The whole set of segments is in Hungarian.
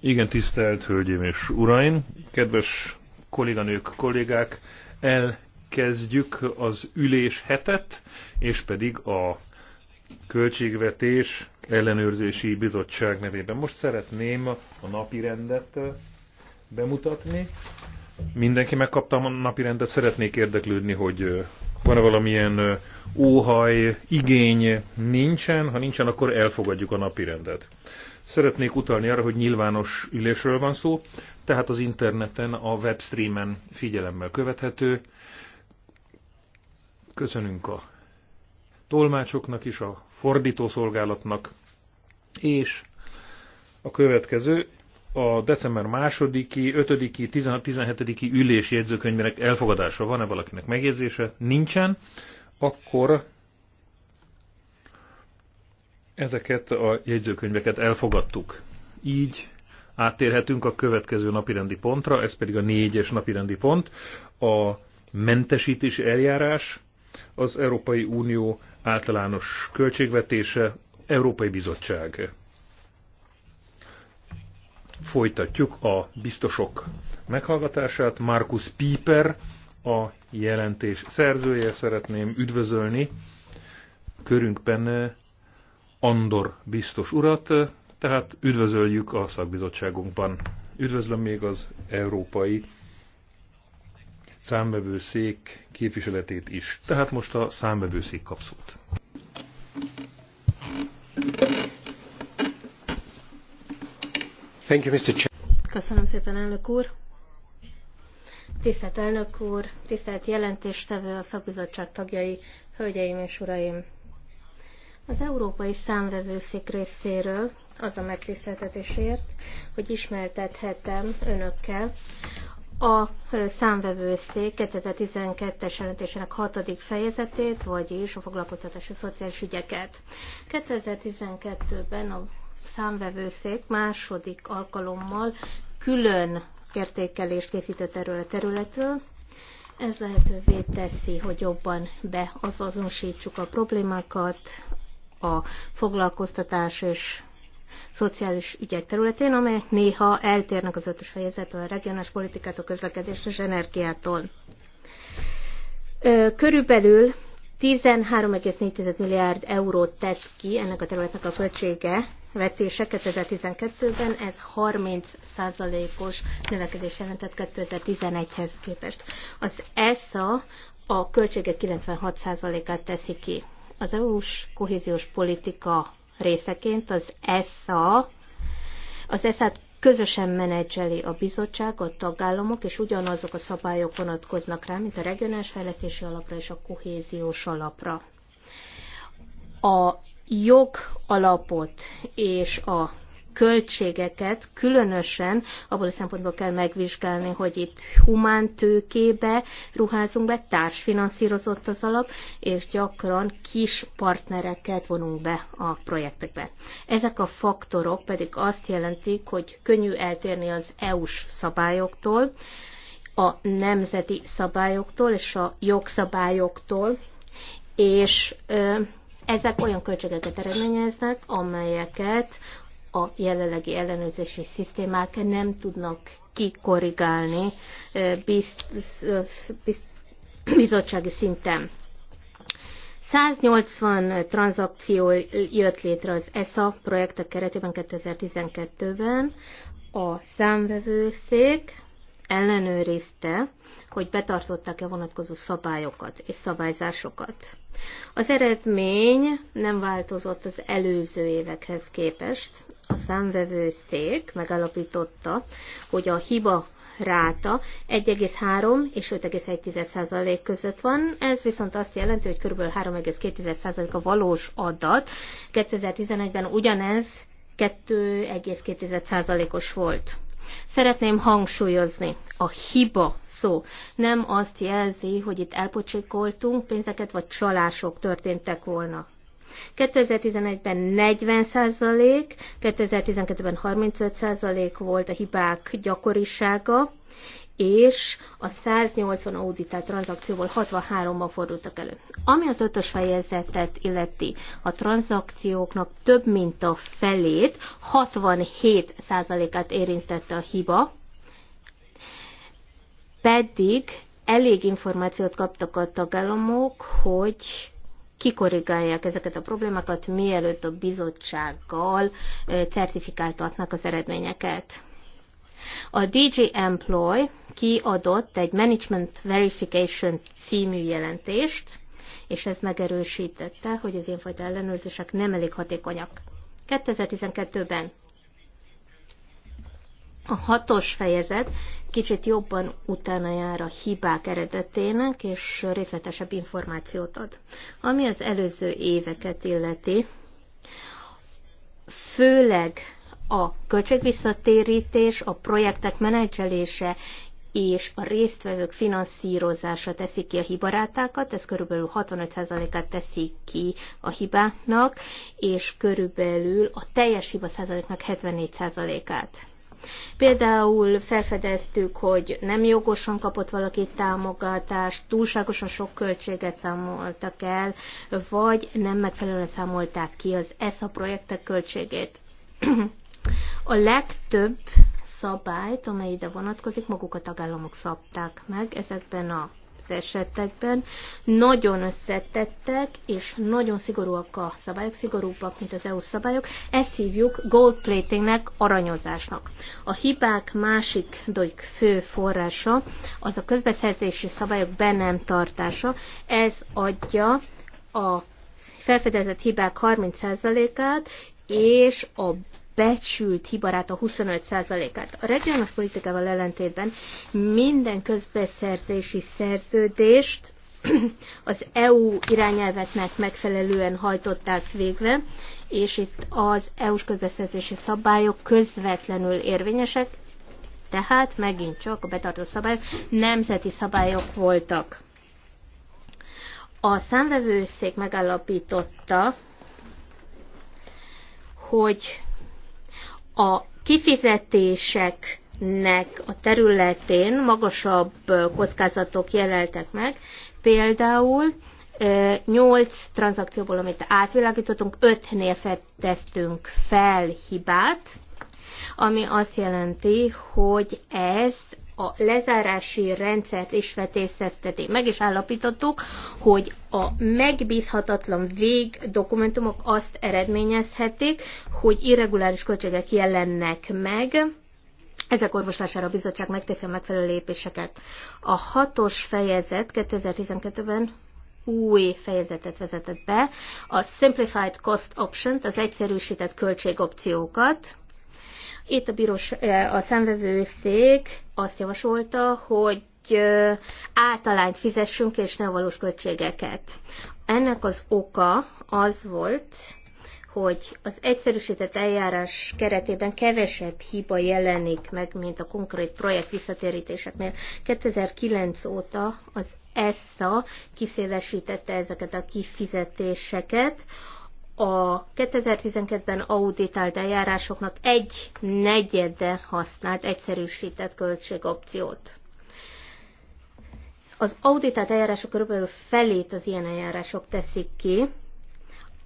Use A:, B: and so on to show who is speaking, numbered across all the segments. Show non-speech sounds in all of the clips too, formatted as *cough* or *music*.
A: Igen, tisztelt Hölgyeim és Uraim, kedves kolléganők, kollégák, elkezdjük az ülés hetet, és pedig a költségvetés ellenőrzési bizottság nevében. Most szeretném a napirendet bemutatni. Mindenki megkapta a napirendet. szeretnék érdeklődni, hogy van-e valamilyen óhaj, igény nincsen, ha nincsen, akkor elfogadjuk a napirendet. Szeretnék utalni arra, hogy nyilvános ülésről van szó, tehát az interneten, a webstreamen figyelemmel követhető. Köszönünk a tolmácsoknak is, a fordítószolgálatnak, és a következő a december 2-i, 5-i, 17-i ülési jegyzőkönyvének elfogadása. Van-e valakinek megjegyzése? Nincsen. Akkor ezeket a jegyzőkönyveket elfogadtuk. Így áttérhetünk a következő napirendi pontra, ez pedig a négyes napirendi pont, a mentesítés eljárás, az Európai Unió általános költségvetése Európai Bizottság. Folytatjuk a biztosok meghallgatását. Markus Pieper, a jelentés szerzője, szeretném üdvözölni körünkben Andor biztos urat, tehát üdvözöljük a szakbizottságunkban. Üdvözlöm még az Európai Számbevőszék képviseletét is. Tehát most a számbevőszék kapszót. Thank you, Mr.
B: Köszönöm szépen, elnök úr. Tisztelt elnök úr, tisztelt jelentéstevő, a szakbizottság tagjai, hölgyeim és uraim! Az Európai Számvevőszék részéről az a megtiszteltetésért, hogy ismertethetem önökkel a számvevőszék 2012-es jelentésének hatodik fejezetét, vagyis a foglalkoztatási szociális ügyeket. 2012-ben a számvevőszék második alkalommal külön értékelést készített erről a területről. Ez lehetővé teszi, hogy jobban beazonosítsuk a problémákat a foglalkoztatás és szociális ügyek területén, amelyek néha eltérnek az ötös fejezettől, a regionális politikától, közlekedés és energiától. Körülbelül 13,4 milliárd eurót tett ki ennek a területnek a költsége vetése 2012-ben, ez 30%-os növekedés jelentett 2011-hez képest. Az ESA a költségek 96%-át teszi ki. Az EU-s kohéziós politika részeként az ESA, az esa közösen menedzseli a bizottság, a tagállamok, és ugyanazok a szabályok vonatkoznak rá, mint a regionális fejlesztési alapra és a kohéziós alapra. A jogalapot és a költségeket különösen abból a szempontból kell megvizsgálni, hogy itt humán tőkébe ruházunk be, társfinanszírozott az alap, és gyakran kis partnereket vonunk be a projektekbe. Ezek a faktorok pedig azt jelentik, hogy könnyű eltérni az EU-s szabályoktól, a nemzeti szabályoktól és a jogszabályoktól, és ezek olyan költségeket eredményeznek, amelyeket a jelenlegi ellenőrzési szisztémák nem tudnak kikorrigálni bizottsági szinten. 180 tranzakció jött létre az ESA projektek keretében 2012-ben. A számvevőszék ellenőrizte, hogy betartották-e vonatkozó szabályokat és szabályzásokat. Az eredmény nem változott az előző évekhez képest. A számvevőszék megalapította, hogy a hiba ráta 1,3 és 5,1% között van. Ez viszont azt jelenti, hogy kb. 3,2% a valós adat. 2011-ben ugyanez 22 százalékos volt. Szeretném hangsúlyozni, a hiba szó nem azt jelzi, hogy itt elpocsikoltunk pénzeket, vagy csalások történtek volna. 2011-ben 40 százalék, 2012-ben 35 százalék volt a hibák gyakorisága, és a 180 auditált tranzakcióból 63-ban fordultak elő. Ami az ötös fejezetet illeti, a tranzakcióknak több mint a felét, 67%-át érintette a hiba, pedig elég információt kaptak a tagállamok, hogy kikorrigálják ezeket a problémákat, mielőtt a bizottsággal certifikáltatnak az eredményeket a DG Employ kiadott egy Management Verification című jelentést, és ez megerősítette, hogy az ilyenfajta ellenőrzések nem elég hatékonyak. 2012-ben a hatos fejezet kicsit jobban utána jár a hibák eredetének, és részletesebb információt ad. Ami az előző éveket illeti, főleg a költségvisszatérítés, a projektek menedzselése és a résztvevők finanszírozása teszi ki a hibarátákat, ez körülbelül 65%-át teszi ki a hibáknak, és körülbelül a teljes hiba százaléknak 74%-át. Például felfedeztük, hogy nem jogosan kapott valaki támogatást, túlságosan sok költséget számoltak el, vagy nem megfelelően számolták ki az ESZA projektek költségét. A legtöbb szabályt, amely ide vonatkozik, maguk a tagállamok szabták meg ezekben a esetekben nagyon összetettek, és nagyon szigorúak a szabályok, szigorúbbak, mint az EU szabályok. Ezt hívjuk gold platingnek, aranyozásnak. A hibák másik doik fő forrása az a közbeszerzési szabályok be nem tartása. Ez adja a felfedezett hibák 30%-át, és a becsült hibarát a 25%-át. A regionális politikával ellentétben minden közbeszerzési szerződést az EU irányelveknek megfelelően hajtották végre, és itt az EU-s közbeszerzési szabályok közvetlenül érvényesek, tehát megint csak a betartó szabályok nemzeti szabályok voltak. A számvevőszék megállapította, hogy a kifizetéseknek a területén magasabb kockázatok jeleltek meg, például 8 tranzakcióból, amit átvilágítottunk, 5-nél fedeztünk fel hibát, ami azt jelenti, hogy ez a lezárási rendszert is vetészezteti. Meg is állapítottuk, hogy a megbízhatatlan dokumentumok azt eredményezhetik, hogy irreguláris költségek jelennek meg, ezek orvoslására a bizottság megteszi a megfelelő lépéseket. A hatos fejezet 2012-ben új fejezetet vezetett be, a Simplified Cost Option, az egyszerűsített költségopciókat, itt a, bíros, eh, a szemvevőszék azt javasolta, hogy általányt fizessünk, és ne valós költségeket. Ennek az oka az volt, hogy az egyszerűsített eljárás keretében kevesebb hiba jelenik meg, mint a konkrét projekt visszatérítéseknél. 2009 óta az ESSA kiszélesítette ezeket a kifizetéseket a 2012-ben auditált eljárásoknak egy negyede használt egyszerűsített költségopciót. Az auditált eljárások körülbelül felét az ilyen eljárások teszik ki.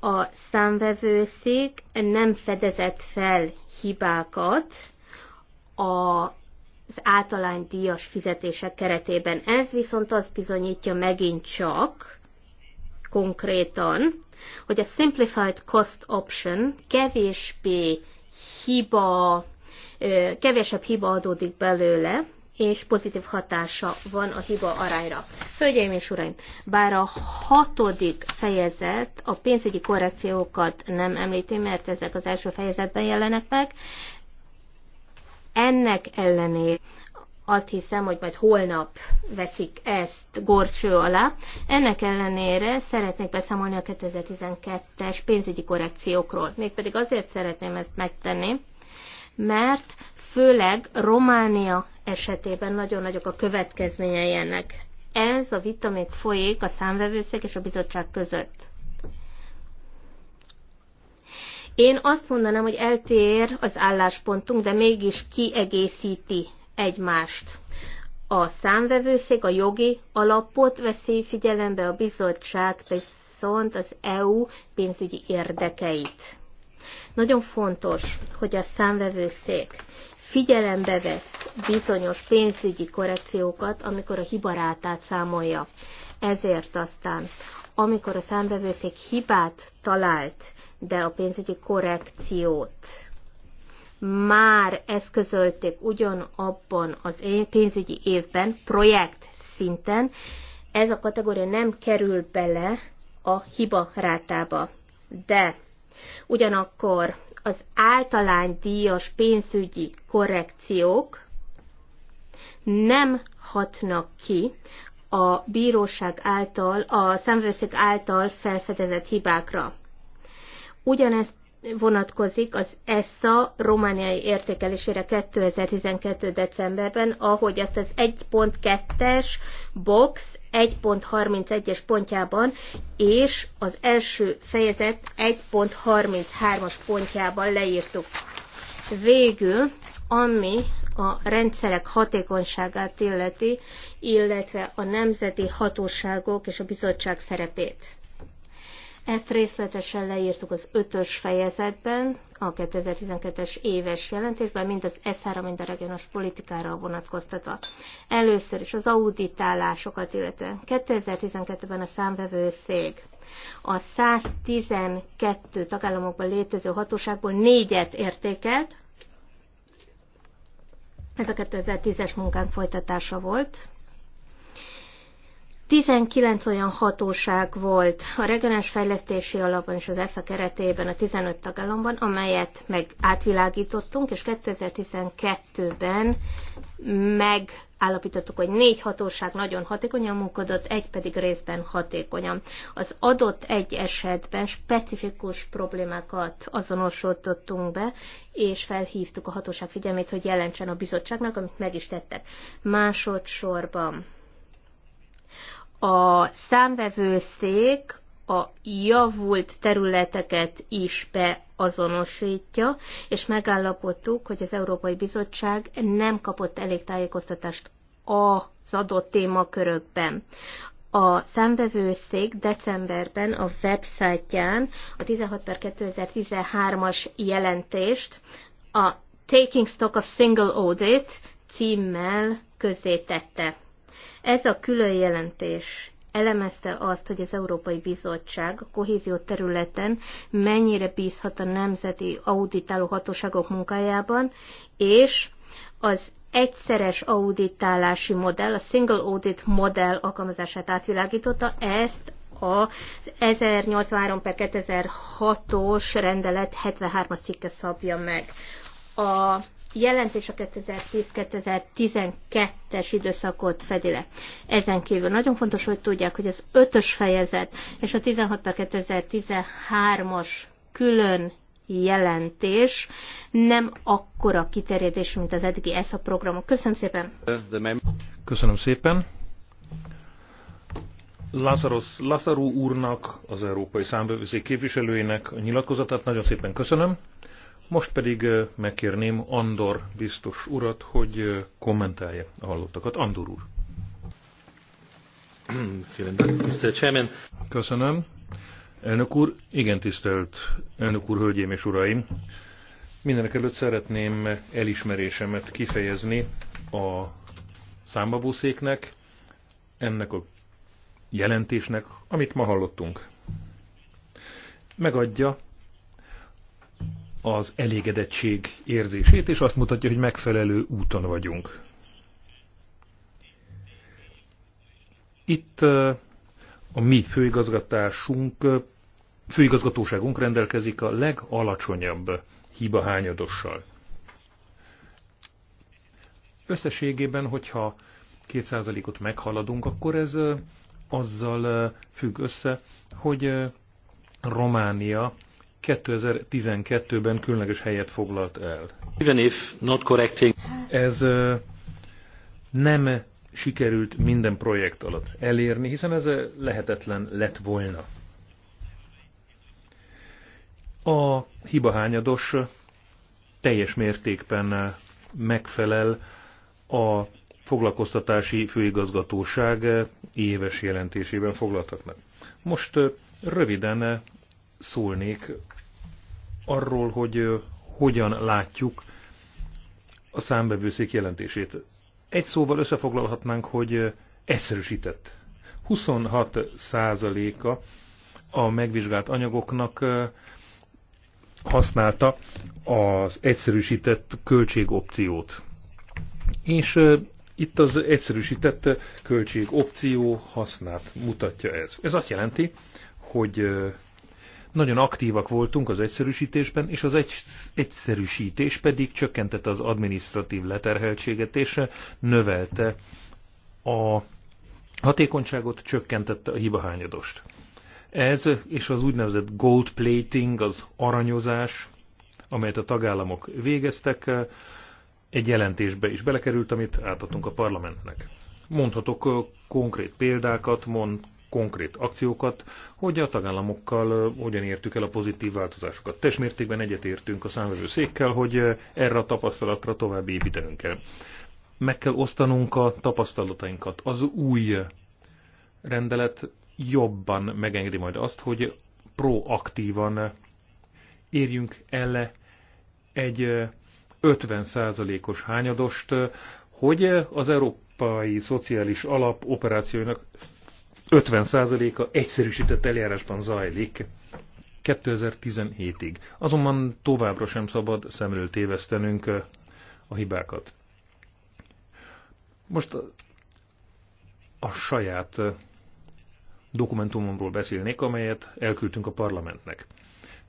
B: A számvevőszék nem fedezett fel hibákat a az általány díjas fizetések keretében. Ez viszont azt bizonyítja megint csak konkrétan, hogy a Simplified Cost Option kevésbé hiba, kevesebb hiba adódik belőle, és pozitív hatása van a hiba arányra. Hölgyeim és uraim, bár a hatodik fejezet a pénzügyi korrekciókat nem említi, mert ezek az első fejezetben jelenek meg, ennek ellenére azt hiszem, hogy majd holnap veszik ezt gorcső alá. Ennek ellenére szeretnék beszámolni a 2012-es pénzügyi korrekciókról. Mégpedig azért szeretném ezt megtenni, mert főleg Románia esetében nagyon nagyok a következményei ennek. Ez a vita még folyik a számvevőszék és a bizottság között. Én azt mondanám, hogy eltér az álláspontunk, de mégis kiegészíti egymást. A számvevőszék a jogi alapot veszi figyelembe, a bizottság viszont az EU pénzügyi érdekeit. Nagyon fontos, hogy a számvevőszék figyelembe vesz bizonyos pénzügyi korrekciókat, amikor a hibarátát számolja. Ezért aztán, amikor a számvevőszék hibát talált, de a pénzügyi korrekciót már eszközölték ugyanabban az pénzügyi évben, projekt szinten, ez a kategória nem kerül bele a hiba rátába. De ugyanakkor az díjas pénzügyi korrekciók nem hatnak ki a bíróság által, a szemvőszék által felfedezett hibákra. Ugyanezt vonatkozik az ESSA romániai értékelésére 2012. decemberben, ahogy azt az 1.2-es box 1.31-es pontjában és az első fejezet 1.33-as pontjában leírtuk. Végül, ami a rendszerek hatékonyságát illeti, illetve a nemzeti hatóságok és a bizottság szerepét. Ezt részletesen leírtuk az ötös fejezetben, a 2012-es éves jelentésben, mind az s ra mind a regionális politikára vonatkoztatva. Először is az auditálásokat, illetve 2012-ben a számvevő szég, a 112 tagállamokban létező hatóságból négyet értékelt. Ez a 2010-es munkánk folytatása volt. 19 olyan hatóság volt a regionális fejlesztési alapban és az ESZA keretében a 15 tagállamban, amelyet meg átvilágítottunk, és 2012-ben megállapítottuk, hogy négy hatóság nagyon hatékonyan munkodott, egy pedig részben hatékonyan. Az adott egy esetben specifikus problémákat azonosítottunk be, és felhívtuk a hatóság figyelmét, hogy jelentsen a bizottságnak, amit meg is tettek. Másodszorban a számvevőszék a javult területeket is beazonosítja, és megállapodtuk, hogy az Európai Bizottság nem kapott elég tájékoztatást az adott témakörökben. A számvevőszék decemberben a websájtján a 16 per 2013-as jelentést a Taking Stock of Single Audit címmel közzétette. Ez a külön jelentés elemezte azt, hogy az Európai Bizottság a kohézió területen mennyire bízhat a nemzeti auditáló hatóságok munkájában, és az egyszeres auditálási modell, a single audit modell alkalmazását átvilágította, ezt a 1083 per 2006-os rendelet 73-as szabja meg. A jelentés a 2010-2012-es időszakot fedi le. Ezen kívül nagyon fontos, hogy tudják, hogy az ötös fejezet és a 16 2013-as külön jelentés nem akkora kiterjedés, mint az eddigi ESZA programok. Köszönöm szépen!
A: Köszönöm szépen! Lázaros, Lázaró úrnak, az Európai Számbevőzék képviselőjének a nyilatkozatát nagyon szépen köszönöm. Most pedig megkérném Andor biztos urat, hogy kommentálja a hallottakat. Andor úr. Köszönöm. Elnök úr, igen tisztelt elnök úr, hölgyeim és uraim. Mindenek előtt szeretném elismerésemet kifejezni a számbabúszéknek, ennek a jelentésnek, amit ma hallottunk. Megadja az elégedettség érzését, és azt mutatja, hogy megfelelő úton vagyunk. Itt uh, a mi főigazgatásunk, uh, főigazgatóságunk rendelkezik a legalacsonyabb hibahányadossal. Összességében, hogyha 2%-ot meghaladunk, akkor ez uh, azzal függ össze, hogy Románia 2012-ben különleges helyet foglalt el. Even if not correcting. Ez nem sikerült minden projekt alatt elérni, hiszen ez lehetetlen lett volna. A hibahányados teljes mértékben megfelel a foglalkoztatási főigazgatóság éves jelentésében foglaltaknak. Most röviden szólnék arról, hogy hogyan látjuk a számbevőszék jelentését. Egy szóval összefoglalhatnánk, hogy egyszerűsített. 26 százaléka a megvizsgált anyagoknak használta az egyszerűsített költségopciót. És itt az egyszerűsített költségopció hasznát mutatja ez. Ez azt jelenti, hogy nagyon aktívak voltunk az egyszerűsítésben, és az egyszerűsítés pedig csökkentette az administratív leterheltséget, és növelte a hatékonyságot, csökkentette a hibahányadost. Ez és az úgynevezett gold plating, az aranyozás, amelyet a tagállamok végeztek, egy jelentésbe is belekerült, amit átadtunk a parlamentnek. Mondhatok konkrét példákat, mond konkrét akciókat, hogy a tagállamokkal hogyan értük el a pozitív változásokat. Testmértékben egyetértünk a székkel, hogy erre a tapasztalatra további építenünk kell. Meg kell osztanunk a tapasztalatainkat. Az új rendelet jobban megengedi majd azt, hogy proaktívan érjünk el egy 50%-os hányadost, hogy az Európai Szociális Alap operációinak 50%-a egyszerűsített eljárásban zajlik 2017-ig. Azonban továbbra sem szabad szemről tévesztenünk eh, a hibákat. Most a, a saját eh, dokumentumomról beszélnék, amelyet elküldtünk a parlamentnek.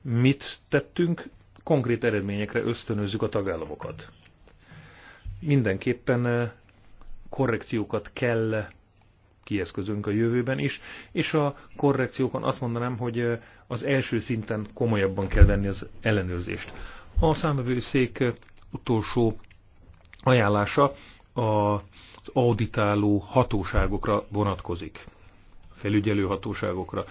A: Mit tettünk? Konkrét eredményekre ösztönözzük a tagállamokat. Mindenképpen eh, korrekciókat kell kieszközünk a jövőben is, és a korrekciókon azt mondanám, hogy az első szinten komolyabban kell venni az ellenőrzést. A számbevőszék utolsó ajánlása az auditáló hatóságokra vonatkozik, felügyelő hatóságokra.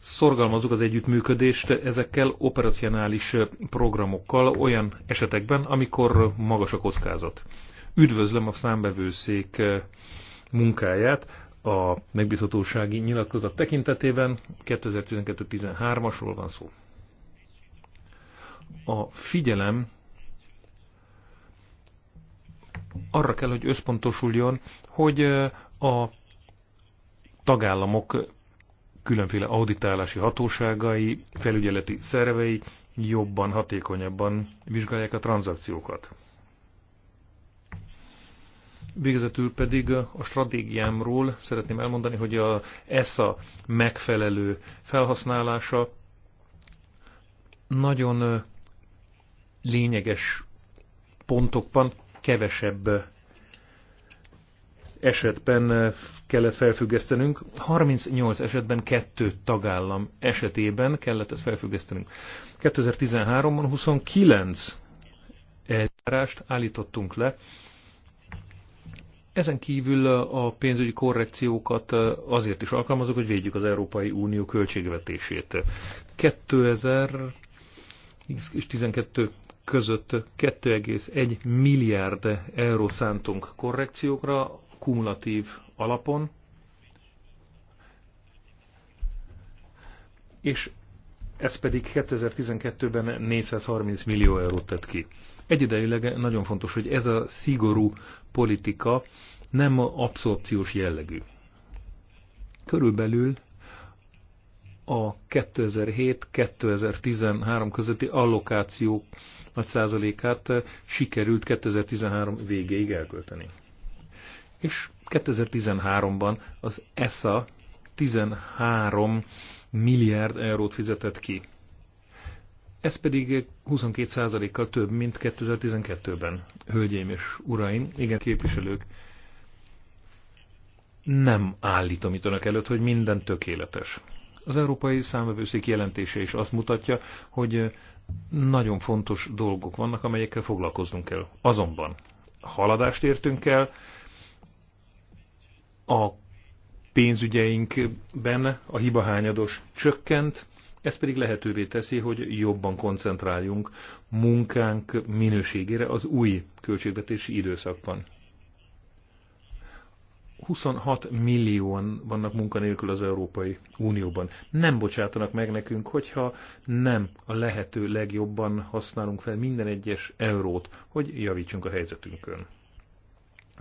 A: Szorgalmazunk az együttműködést ezekkel operacionális programokkal olyan esetekben, amikor magas a kockázat. Üdvözlöm a számbevőszék munkáját, a megbízhatósági nyilatkozat tekintetében 2012-13-asról van szó. A figyelem arra kell, hogy összpontosuljon, hogy a tagállamok különféle auditálási hatóságai, felügyeleti szervei jobban, hatékonyabban vizsgálják a tranzakciókat. Végezetül pedig a stratégiámról szeretném elmondani, hogy a ESA megfelelő felhasználása nagyon lényeges pontokban kevesebb esetben kellett felfüggesztenünk. 38 esetben kettő tagállam esetében kellett ezt felfüggesztenünk. 2013-ban 29 eljárást állítottunk le, ezen kívül a pénzügyi korrekciókat azért is alkalmazok, hogy védjük az Európai Unió költségvetését. 2012 között 2,1 milliárd euró szántunk korrekciókra, kumulatív alapon, és ez pedig 2012-ben 430 millió eurót tett ki. Egyidejűleg nagyon fontos, hogy ez a szigorú politika nem abszorpciós jellegű. Körülbelül a 2007-2013 közötti allokációk nagy százalékát eh, sikerült 2013 végéig elkölteni. És 2013-ban az ESA 13 milliárd eurót fizetett ki. Ez pedig 22%-kal több, mint 2012-ben. Hölgyeim és uraim, igen képviselők, nem állítom itt önök előtt, hogy minden tökéletes. Az Európai Számövőszék jelentése is azt mutatja, hogy eh, nagyon fontos dolgok vannak, amelyekkel foglalkoznunk kell. Azonban haladást értünk el, a pénzügyeinkben a hibahányados csökkent, ez pedig lehetővé teszi, hogy jobban koncentráljunk munkánk minőségére az új költségvetési időszakban. 26 millióan vannak munkanélkül az Európai Unióban. Nem bocsátanak meg nekünk, hogyha nem a lehető legjobban használunk fel minden egyes eurót, hogy javítsunk a helyzetünkön.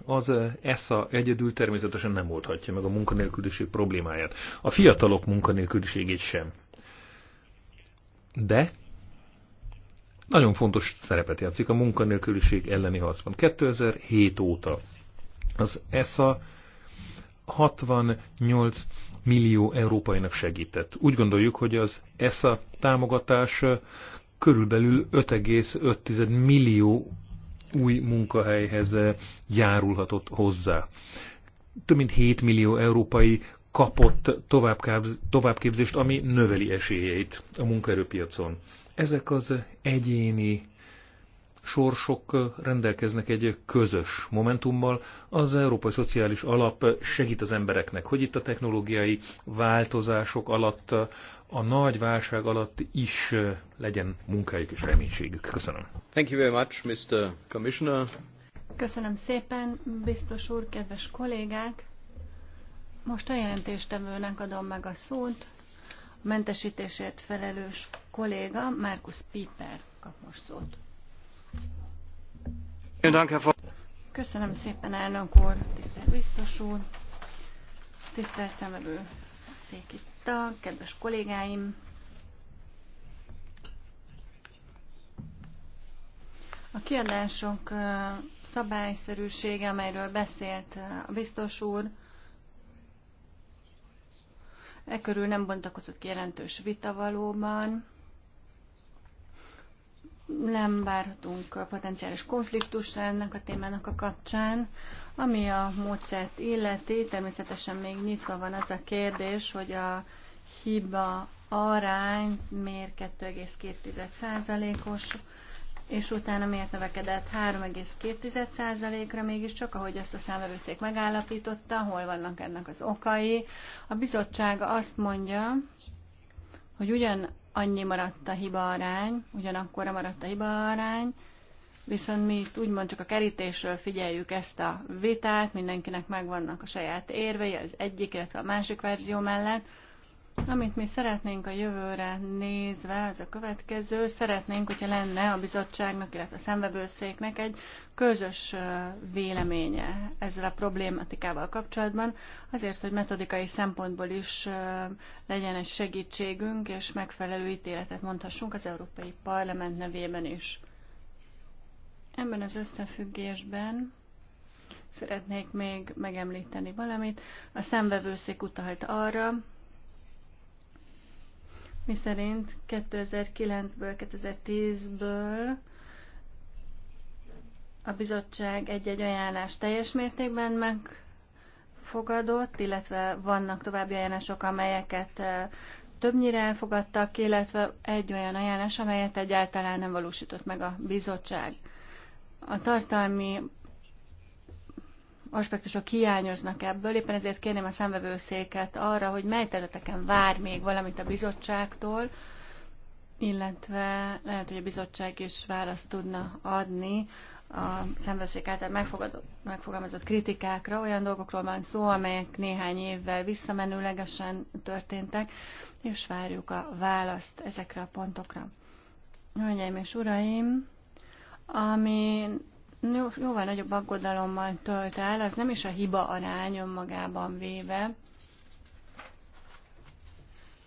A: Az ESSA egyedül természetesen nem oldhatja meg a munkanélküliség problémáját. A fiatalok munkanélküliségét sem. De nagyon fontos szerepet játszik a munkanélküliség elleni harcban. 2007 óta az ESSA 68 millió európainak segített. Úgy gondoljuk, hogy az ESA támogatás körülbelül 5,5 millió új munkahelyhez járulhatott hozzá. Több mint 7 millió európai kapott továbbképzést, ami növeli esélyeit a munkaerőpiacon. Ezek az egyéni sorsok rendelkeznek egy közös momentummal. Az Európai Szociális Alap segít az embereknek, hogy itt a technológiai változások alatt, a nagy válság alatt is legyen munkájuk és reménységük. Köszönöm. Thank you very much, Mr. Commissioner.
C: Köszönöm szépen, biztos úr, kedves kollégák! Most a jelentéstevőnek adom meg a szót. A mentesítésért felelős kolléga Markus Piper kap most szót. Köszönöm szépen, elnök úr, tisztelt biztos úr, tisztelt szemvevő széki tag, kedves kollégáim! A kiadások szabályszerűsége, amelyről beszélt a biztos úr, e körül nem bontakozott ki jelentős vita valóban nem várhatunk a potenciális konfliktusra ennek a témának a kapcsán. Ami a módszert illeti, természetesen még nyitva van az a kérdés, hogy a hiba arány miért 2,2%-os, és utána miért növekedett 3,2%-ra mégiscsak, ahogy azt a számvevőszék megállapította, hol vannak ennek az okai. A bizottság azt mondja, hogy ugyan annyi maradt a hiba arány, ugyanakkor maradt a hiba arány, viszont mi itt úgymond csak a kerítésről figyeljük ezt a vitát, mindenkinek megvannak a saját érvei az egyik, illetve a másik verzió mellett, amit mi szeretnénk a jövőre nézve, az a következő, szeretnénk, hogyha lenne a bizottságnak, illetve a szembebőszéknek egy közös véleménye ezzel a problématikával kapcsolatban, azért, hogy metodikai szempontból is legyen egy segítségünk, és megfelelő ítéletet mondhassunk az Európai Parlament nevében is. Ebben az összefüggésben szeretnék még megemlíteni valamit. A szemvevőszék utalhat arra, mi szerint 2009-ből, 2010-ből a bizottság egy-egy ajánlást teljes mértékben megfogadott, illetve vannak további ajánlások, amelyeket eh, többnyire elfogadtak, illetve egy olyan ajánlás, amelyet egyáltalán nem valósított meg a bizottság. A tartalmi aspektusok hiányoznak ebből, éppen ezért kérném a szemvevőszéket arra, hogy mely területeken vár még valamit a bizottságtól, illetve lehet, hogy a bizottság is választ tudna adni a szemvevőszék által megfogalmazott kritikákra. Olyan dolgokról van szó, amelyek néhány évvel visszamenőlegesen történtek, és várjuk a választ ezekre a pontokra. Hölgyeim és uraim, ami jóval nagyobb aggodalommal tölt el, az nem is a hiba arány önmagában véve.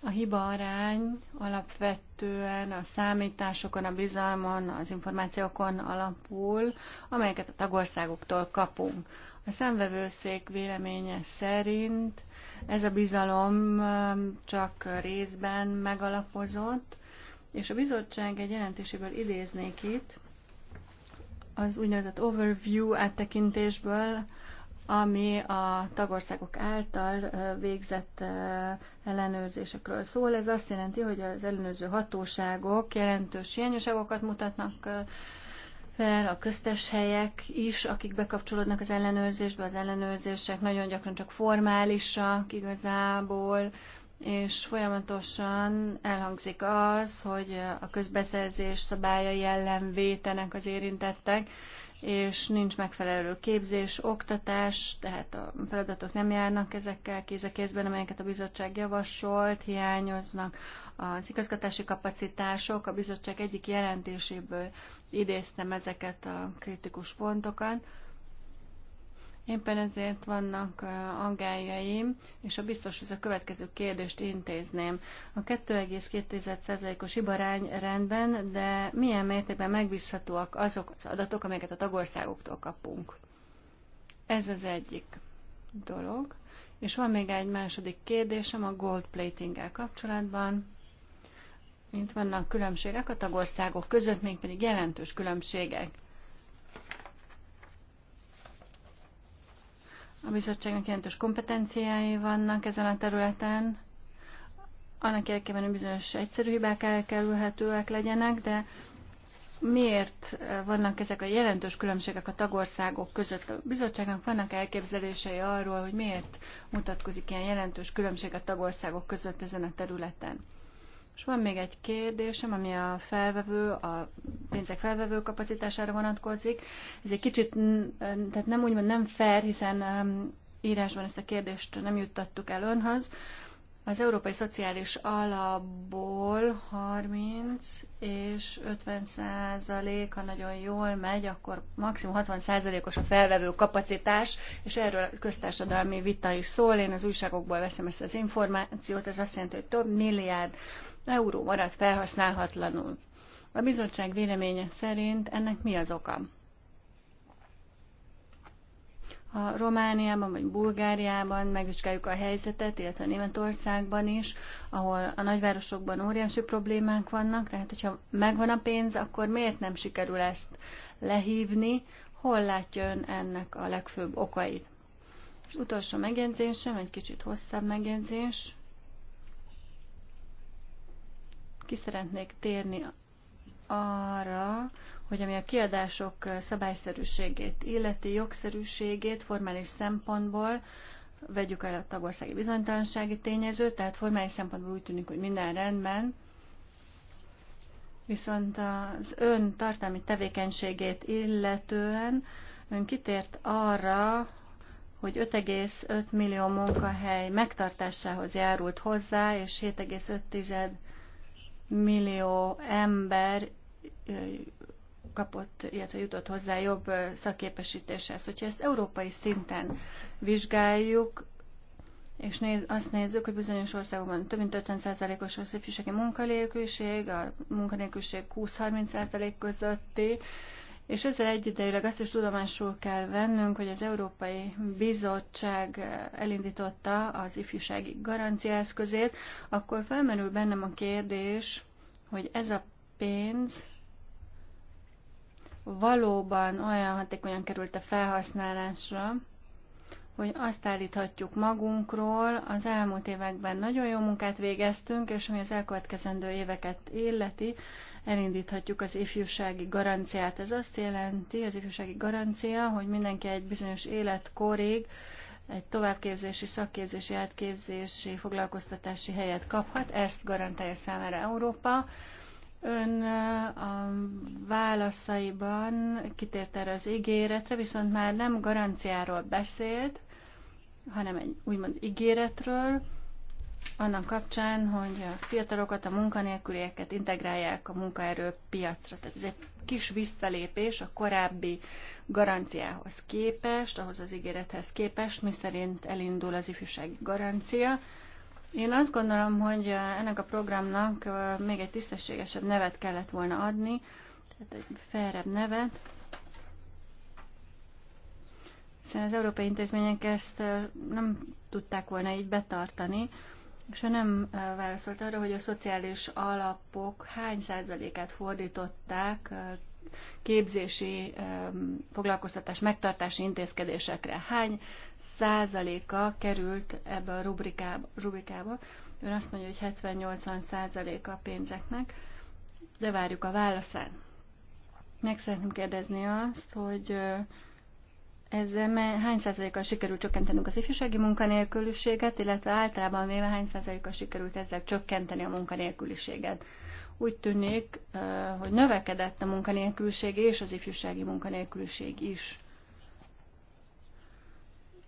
C: A hiba arány alapvetően a számításokon, a bizalmon, az információkon alapul, amelyeket a tagországoktól kapunk. A szemvevőszék véleménye szerint ez a bizalom um, csak részben megalapozott, és a bizottság egy jelentéséből idéznék itt, az úgynevezett overview áttekintésből, ami a tagországok által végzett ellenőrzésekről szól. Ez azt jelenti, hogy az ellenőrző hatóságok jelentős hiányosságokat mutatnak fel, a köztes helyek is, akik bekapcsolódnak az ellenőrzésbe. Az ellenőrzések nagyon gyakran csak formálisak igazából, és folyamatosan elhangzik az, hogy a közbeszerzés szabályai ellen vétenek az érintettek, és nincs megfelelő képzés, oktatás, tehát a feladatok nem járnak ezekkel kéz a kézben, amelyeket a bizottság javasolt, hiányoznak az igazgatási kapacitások. A bizottság egyik jelentéséből idéztem ezeket a kritikus pontokat. Éppen ezért vannak aggájaim, és a biztos, hogy a következő kérdést intézném. A 2,2%-os ibarány rendben, de milyen mértékben megbízhatóak azok az adatok, amelyeket a tagországoktól kapunk? Ez az egyik dolog. És van még egy második kérdésem a gold plating-el kapcsolatban. Itt vannak különbségek a tagországok között, mégpedig jelentős különbségek. A bizottságnak jelentős kompetenciái vannak ezen a területen. Annak érdekében, hogy bizonyos egyszerű hibák elkerülhetőek legyenek, de miért vannak ezek a jelentős különbségek a tagországok között? A bizottságnak vannak elképzelései arról, hogy miért mutatkozik ilyen jelentős különbség a tagországok között ezen a területen? És van még egy kérdésem, ami a felvevő, a pénzek felvevő kapacitására vonatkozik. Ez egy kicsit, tehát nem úgymond nem fair, hiszen um, írásban ezt a kérdést nem juttattuk el önhöz. Az Európai Szociális Alapból 30 és 50 százalék, ha nagyon jól megy, akkor maximum 60 százalékos a felvevő kapacitás, és erről a köztársadalmi vita is szól. Én az újságokból veszem ezt az információt, ez azt jelenti, hogy több milliárd euró marad felhasználhatlanul. A bizottság véleménye szerint ennek mi az oka? A Romániában vagy Bulgáriában megvizsgáljuk a helyzetet, illetve Németországban is, ahol a nagyvárosokban óriási problémák vannak, tehát hogyha megvan a pénz, akkor miért nem sikerül ezt lehívni, hol látja ön ennek a legfőbb okait? És utolsó megjegyzésem, egy kicsit hosszabb megjegyzés. Ki szeretnék térni arra, hogy ami a kiadások szabályszerűségét illeti, jogszerűségét formális szempontból, vegyük el a tagországi bizonytalansági tényezőt, tehát formális szempontból úgy tűnik, hogy minden rendben, viszont az ön tartalmi tevékenységét illetően ön kitért arra, hogy 5,5 millió munkahely megtartásához járult hozzá, és 7,5 millió ember kapott, illetve jutott hozzá jobb szakképesítéshez. Hogyha ezt európai szinten vizsgáljuk, és néz, azt nézzük, hogy bizonyos országokban több mint 50%-os a szépségi munkanélküliség, a munkanélküliség 20-30% közötti, és ezzel egyidejűleg azt is tudomásul kell vennünk, hogy az Európai Bizottság elindította az ifjúsági garancia akkor felmerül bennem a kérdés, hogy ez a pénz valóban olyan hatékonyan került a felhasználásra, hogy azt állíthatjuk magunkról, az elmúlt években nagyon jó munkát végeztünk, és ami az elkövetkezendő éveket illeti, elindíthatjuk az ifjúsági garanciát. Ez azt jelenti, az ifjúsági garancia, hogy mindenki egy bizonyos életkorig egy továbbképzési, szakképzési, átképzési, foglalkoztatási helyet kaphat. Ezt garantálja számára Európa. Ön a válaszaiban kitért erre az ígéretre, viszont már nem garanciáról beszélt, hanem egy úgymond ígéretről, annak kapcsán, hogy a fiatalokat, a munkanélkülieket integrálják a munkaerőpiacra. Tehát ez egy kis visszalépés a korábbi garanciához képest, ahhoz az ígérethez képest, miszerint elindul az ifjúsági garancia. Én azt gondolom, hogy ennek a programnak még egy tisztességesebb nevet kellett volna adni, tehát egy felrebb nevet, hiszen az európai intézmények ezt nem tudták volna így betartani, és ő nem válaszolt arra, hogy a szociális alapok hány százalékát fordították képzési foglalkoztatás megtartási intézkedésekre. Hány százaléka került ebbe a rubrikába? rubrikába. Ő azt mondja, hogy 70-80 százaléka a pénzeknek, de várjuk a válaszát. Meg szeretném kérdezni azt, hogy ez hány százalékkal sikerült csökkentenünk az ifjúsági munkanélküliséget, illetve általában véve hány százalékkal sikerült ezzel csökkenteni a munkanélküliséget? Úgy tűnik, hogy növekedett a munkanélküliség és az ifjúsági munkanélküliség is.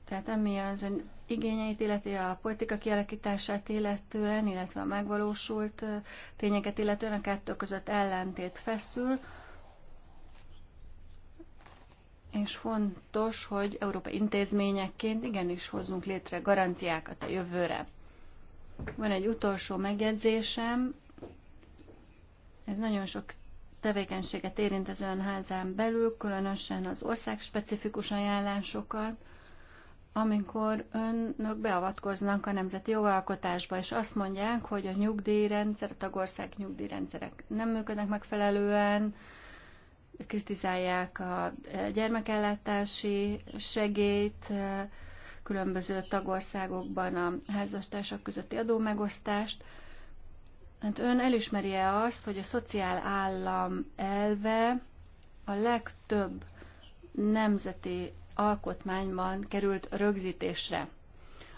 C: Tehát ami az ön igényeit illeti, a politika kialakítását illetően, illetve a megvalósult tényeket illetően a kettő között ellentét feszül, és fontos, hogy Európa intézményekként igenis hozzunk létre garanciákat a jövőre. Van egy utolsó megjegyzésem, ez nagyon sok tevékenységet érint az önházán belül, különösen az ország specifikus ajánlásokat, amikor önök beavatkoznak a nemzeti jogalkotásba, és azt mondják, hogy a nyugdíjrendszer, a tagország nyugdíjrendszerek nem működnek megfelelően, kritizálják a gyermekellátási segélyt, különböző tagországokban a házastársak közötti adómegosztást. Hát ön elismeri-e azt, hogy a szociál állam elve a legtöbb nemzeti alkotmányban került rögzítésre?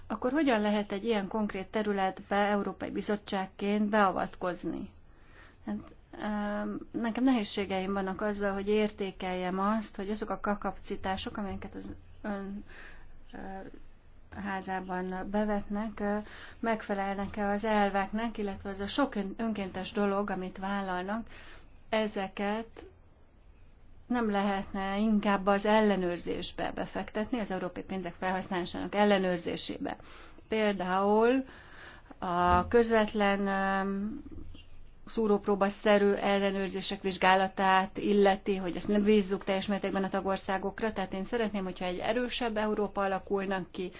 C: Akkor hogyan lehet egy ilyen konkrét területbe Európai Bizottságként beavatkozni? Hát Nekem nehézségeim vannak azzal, hogy értékeljem azt, hogy azok a kapacitások, amelyeket az ön házában bevetnek, megfelelnek-e az elveknek, illetve az a sok önkéntes dolog, amit vállalnak, ezeket nem lehetne inkább az ellenőrzésbe befektetni, az európai pénzek felhasználásának ellenőrzésébe. Például a közvetlen szerű ellenőrzések vizsgálatát illeti, hogy ezt nem bízzuk teljes mértékben a tagországokra. Tehát én szeretném, hogyha egy erősebb Európa alakulnak ki,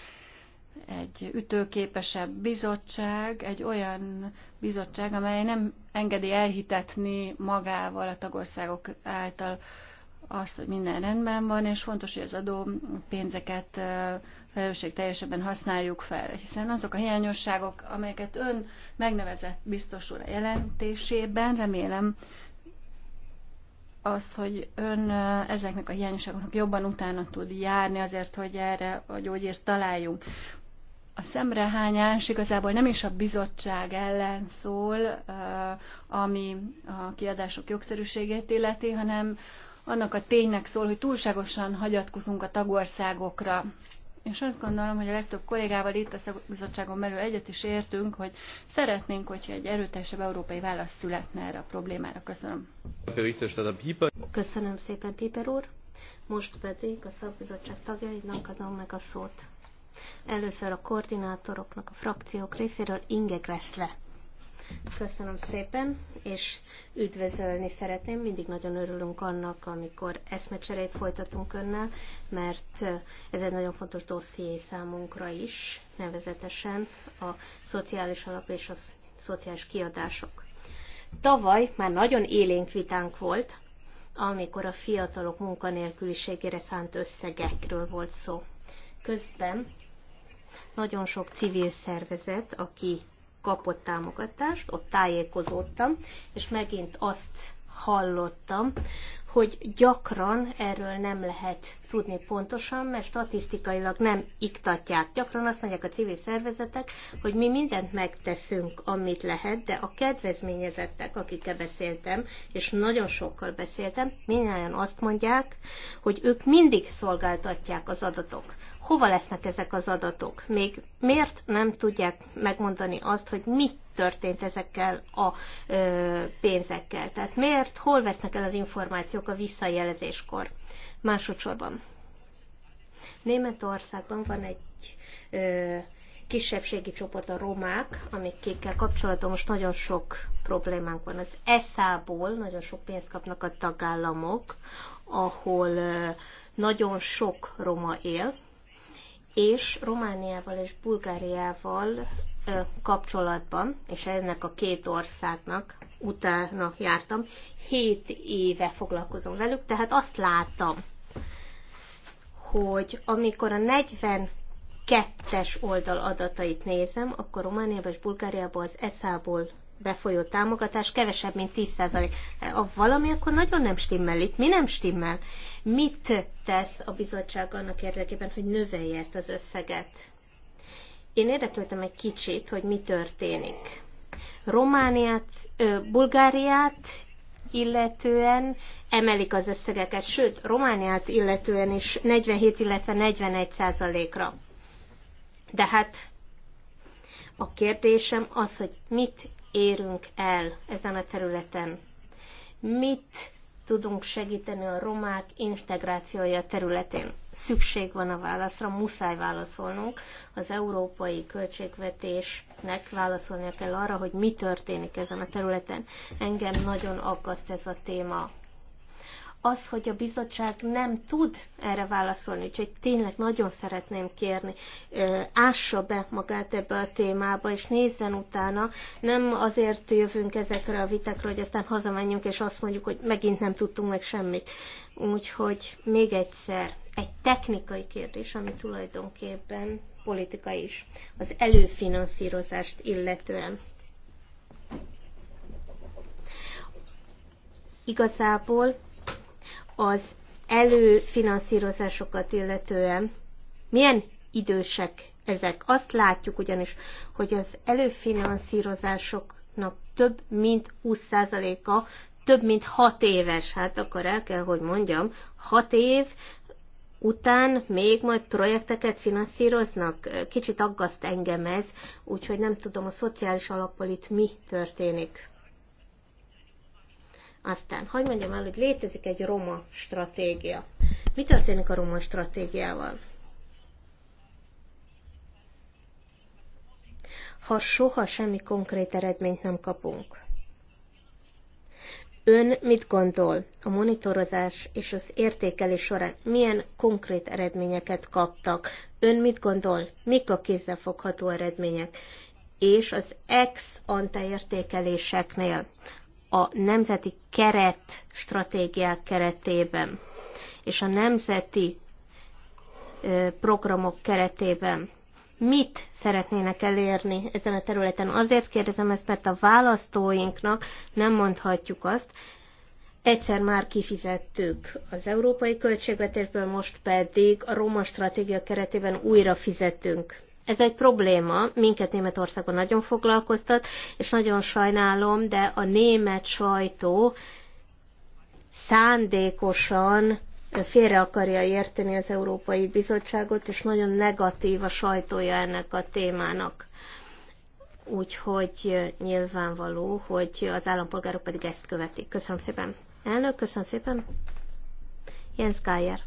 C: egy ütőképesebb bizottság, egy olyan bizottság, amely nem engedi elhitetni magával a tagországok által azt, hogy minden rendben van, és fontos, hogy az adó pénzeket felelősség teljesebben használjuk fel, hiszen azok a hiányosságok, amelyeket ön megnevezett biztos úr a jelentésében, remélem azt, hogy ön ezeknek a hiányosságoknak jobban utána tud járni azért, hogy erre a gyógyért találjunk. A szemrehányás igazából nem is a bizottság ellen szól, ami a kiadások jogszerűségét illeti, hanem annak a ténynek szól, hogy túlságosan hagyatkozunk a tagországokra és azt gondolom, hogy a legtöbb kollégával itt a szakbizottságon belül egyet is értünk, hogy szeretnénk, hogyha egy erőteljesebb európai válasz születne
B: erre a problémára. Köszönöm. Köszönöm szépen, Piper úr. Most pedig a szakbizottság tagjainak adom meg a szót. Először a koordinátoroknak, a frakciók részéről Inge Gressle. Köszönöm szépen, és üdvözölni szeretném. Mindig nagyon örülünk annak, amikor eszmecserét folytatunk önnel, mert ez egy nagyon fontos dosszié számunkra is, nevezetesen a szociális alap és a szociális kiadások. Tavaly már nagyon élénk vitánk volt, amikor a fiatalok munkanélküliségére szánt összegekről volt szó. Közben nagyon sok civil szervezet, aki kapott támogatást, ott tájékozódtam, és megint azt hallottam, hogy gyakran erről nem lehet tudni pontosan, mert statisztikailag nem iktatják. Gyakran azt mondják a civil szervezetek, hogy mi mindent megteszünk, amit lehet, de a kedvezményezettek, akikkel beszéltem, és nagyon sokkal beszéltem, mindjárt azt mondják, hogy ők mindig szolgáltatják az adatok hova lesznek ezek az adatok? Még miért nem tudják megmondani azt, hogy mi történt ezekkel a ö, pénzekkel? Tehát miért, hol vesznek el az információk a visszajelezéskor? Másodszorban. Németországban van egy ö, kisebbségi csoport, a romák, amikkel kapcsolatban most nagyon sok problémánk van. Az ESZÁ-ból nagyon sok pénzt kapnak a tagállamok, ahol nagyon sok roma él, és Romániával és Bulgáriával kapcsolatban, és ennek a két országnak utána jártam, hét éve foglalkozom velük, tehát azt láttam, hogy amikor a 42-es oldal adatait nézem, akkor Romániában és Bulgáriában az ESZA-ból befolyó támogatás kevesebb, mint 10%. Ha valami, akkor nagyon nem stimmel itt. Mi nem stimmel? Mit tesz a bizottság annak érdekében, hogy növelje ezt az összeget? Én érdeklődtem egy kicsit, hogy mi történik. Romániát, Bulgáriát illetően emelik az összegeket, sőt, Romániát illetően is 47, illetve 41 százalékra. De hát a kérdésem az, hogy mit érünk el ezen a területen? Mit tudunk segíteni a romák integrációja területén? Szükség van a válaszra, muszáj válaszolnunk. Az európai költségvetésnek válaszolnia kell arra, hogy mi történik ezen a területen. Engem nagyon aggaszt ez a téma az, hogy a bizottság nem tud erre válaszolni, úgyhogy tényleg nagyon szeretném kérni, ássa be magát ebbe a témába, és nézzen utána. Nem azért jövünk ezekre a vitekre, hogy aztán hazamenjünk, és azt mondjuk, hogy megint nem tudtunk meg semmit. Úgyhogy még egyszer, egy technikai kérdés, ami tulajdonképpen politika is, az előfinanszírozást illetően. Igazából az előfinanszírozásokat illetően milyen idősek ezek. Azt látjuk ugyanis, hogy az előfinanszírozásoknak több mint 20%-a több mint 6 éves. Hát akkor el kell, hogy mondjam, 6 év után még majd projekteket finanszíroznak? Kicsit aggaszt engem ez, úgyhogy nem tudom a szociális alappal itt mi történik. Aztán, hogy mondjam el, hogy létezik egy roma stratégia. Mi történik a roma stratégiával? Ha soha semmi konkrét eredményt nem kapunk. Ön mit gondol a monitorozás és az értékelés során? Milyen konkrét eredményeket kaptak? Ön mit gondol? Mik a kézzelfogható eredmények? És az ex ante értékeléseknél a nemzeti keret stratégiák keretében és a nemzeti programok keretében mit szeretnének elérni ezen a területen. Azért kérdezem ezt, mert a választóinknak nem mondhatjuk azt, egyszer már kifizettük az európai költségvetésből, most pedig a roma stratégia keretében újra fizetünk. Ez egy probléma, minket Németországban nagyon foglalkoztat, és nagyon sajnálom, de a német sajtó szándékosan félre akarja érteni az Európai Bizottságot, és nagyon negatív a sajtója ennek a témának. Úgyhogy nyilvánvaló, hogy az állampolgárok pedig ezt követik. Köszönöm szépen. Elnök, köszönöm szépen. Jens Geier.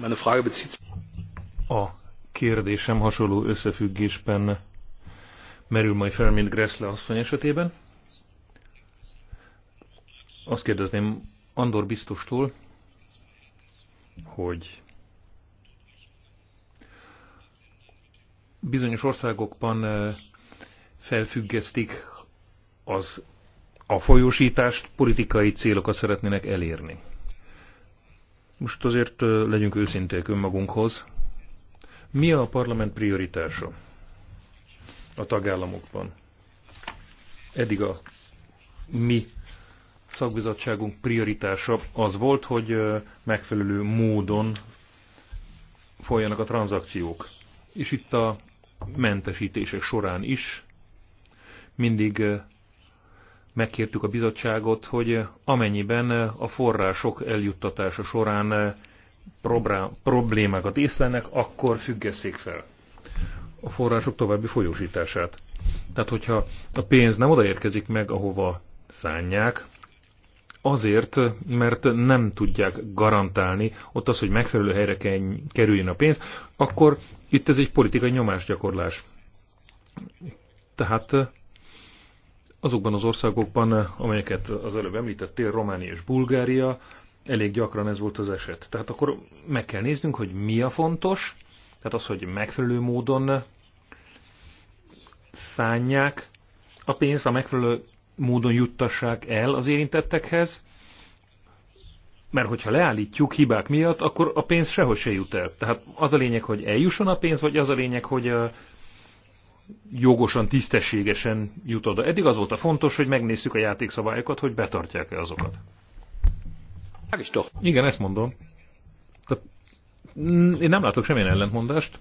A: Meine Frage bezieht a kérdésem hasonló összefüggésben merül majd fel, mint Gressle asszony esetében. Azt kérdezném Andor biztostól, hogy bizonyos országokban eh, felfüggesztik az a folyósítást, politikai célokat szeretnének elérni. Most azért eh, legyünk őszinték önmagunkhoz, mi a parlament prioritása a tagállamokban? Eddig a mi szakbizottságunk prioritása az volt, hogy megfelelő módon folyjanak a tranzakciók. És itt a mentesítések során is mindig megkértük a bizottságot, hogy amennyiben a források eljuttatása során problémákat észlelnek, akkor függesszék fel a források további folyósítását. Tehát, hogyha a pénz nem odaérkezik meg, ahova szánják, azért, mert nem tudják garantálni ott az, hogy megfelelő helyre kerüljön a pénz, akkor itt ez egy politikai nyomásgyakorlás. Tehát eh, azokban az országokban, eh, amelyeket az előbb említettél, Románia és Bulgária, Elég gyakran ez volt az eset. Tehát akkor meg kell néznünk, hogy mi a fontos, tehát az, hogy megfelelő módon szánják a pénzt, a megfelelő módon juttassák el az érintettekhez, mert hogyha leállítjuk hibák miatt, akkor a pénz sehogy se jut el. Tehát az a lényeg, hogy eljusson a pénz, vagy az a lényeg, hogy jogosan, tisztességesen jut oda. Eddig az volt a fontos, hogy megnézzük a játékszabályokat, hogy betartják-e azokat. Igen, ezt mondom. Tehát, mm, én nem látok semmilyen ellentmondást.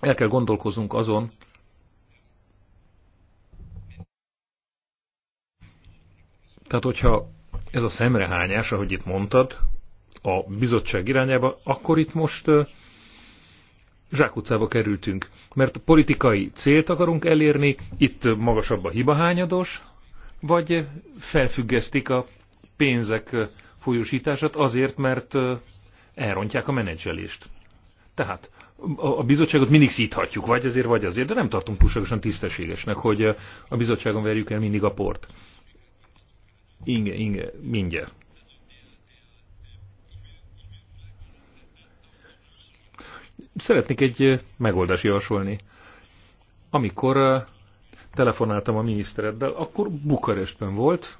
A: El kell gondolkoznunk azon, Tehát, hogyha ez a szemrehányás, ahogy itt mondtad, a bizottság irányába, akkor itt most zsákutcába kerültünk. Mert politikai célt akarunk elérni, itt magasabb a hibahányados, vagy felfüggesztik a pénzek folyósítását azért, mert elrontják a menedzselést. Tehát a bizottságot mindig szíthatjuk, vagy azért, vagy azért, de nem tartunk túlságosan tisztességesnek, hogy a bizottságon verjük el mindig a port. Inge, inge, mindjárt. Szeretnék egy megoldást javasolni. Amikor telefonáltam a minisztereddel, akkor Bukarestben volt,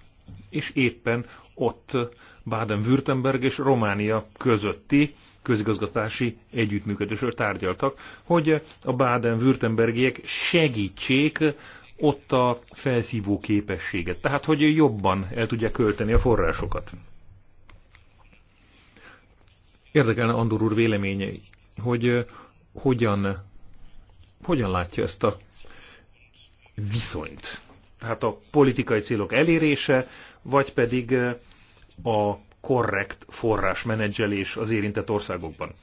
A: és éppen ott Baden-Württemberg és Románia közötti közigazgatási együttműködésről tárgyaltak, hogy a Baden-Württembergiek segítsék ott a felszívó képességet, tehát hogy jobban el tudják költeni a forrásokat. Érdekelne Andor úr véleményei, hogy eh, hogyan, hogyan látja ezt a viszonyt? Tehát a politikai célok elérése, vagy pedig eh, a korrekt forrásmenedzselés az érintett országokban.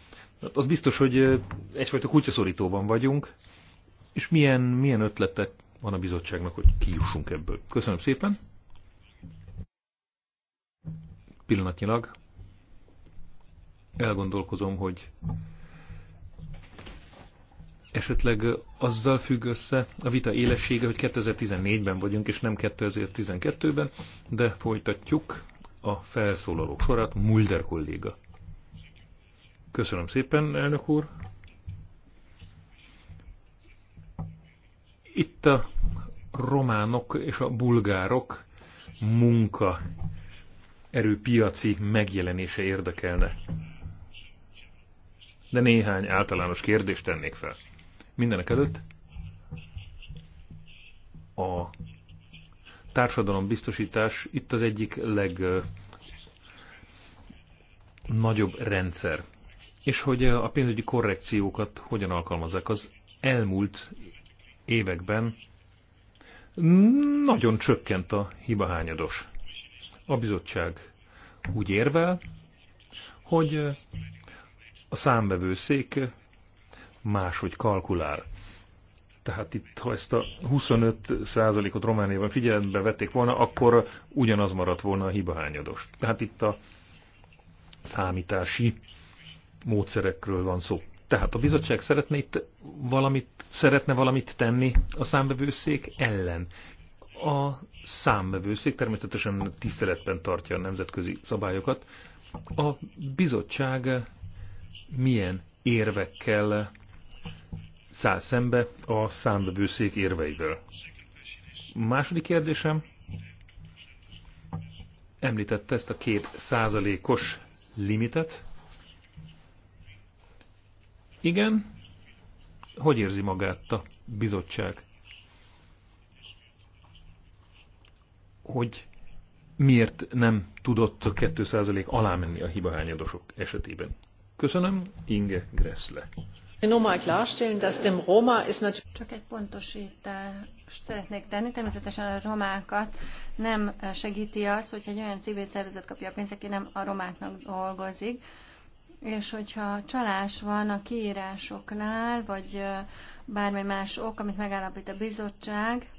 A: Hát az biztos, hogy egyfajta kutyaszorítóban vagyunk, és milyen, milyen ötletek van a bizottságnak, hogy kijussunk ebből. Köszönöm szépen. Pillanatnyilag elgondolkozom, hogy esetleg azzal függ össze a vita élessége, hogy 2014-ben vagyunk, és nem 2012-ben, de folytatjuk a felszólalók sorát, Mulder kolléga. Köszönöm szépen, elnök úr. Itt a románok és a bulgárok munka erőpiaci megjelenése érdekelne. De néhány általános kérdést tennék fel. Mindenek előtt a társadalombiztosítás itt az egyik legnagyobb rendszer. És hogy a pénzügyi korrekciókat hogyan alkalmazzák az elmúlt években nagyon csökkent a hibahányados. A bizottság úgy érvel, hogy a számvevőszék máshogy kalkulál. Tehát itt, ha ezt a 25%-ot Romániában figyelembe vették volna, akkor ugyanaz maradt volna a hibahányados. Tehát itt a számítási módszerekről van szó. Tehát a bizottság szeretne itt valamit, szeretne valamit tenni a számbevőszék ellen. A számbevőszék természetesen tiszteletben tartja a nemzetközi szabályokat. A bizottság milyen érvekkel száll szembe a számbevőszék érveiből. Második kérdésem, említette ezt a két százalékos limitet. Igen, hogy érzi magát a bizottság? Hogy miért nem tudott a 2% alá menni a hibahányadosok esetében? Köszönöm, Inge Gressle.
C: Csak egy pontostást szeretnék tenni. Természetesen a romákat nem segti az, hogyha egy olyan civil szervezet kapja a pénzt, aki nem a romáknak dolgozik. És hogyha csalás van a kiírásoknál, vagy bármely más ok, amit megállapít a bizottság,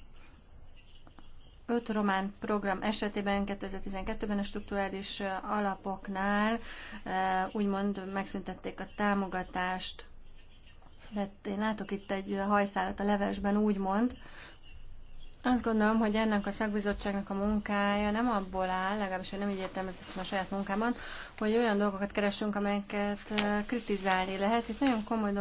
C: öt román program esetében 2012-ben a strukturális alapoknál úgymond megszüntették a támogatást mert én látok itt egy hajszálat a levesben, úgymond. Azt gondolom, hogy ennek a szakbizottságnak a munkája nem abból áll, legalábbis én nem így értem, ezt a saját munkában, hogy olyan dolgokat keresünk, amelyeket kritizálni lehet. Itt nagyon komoly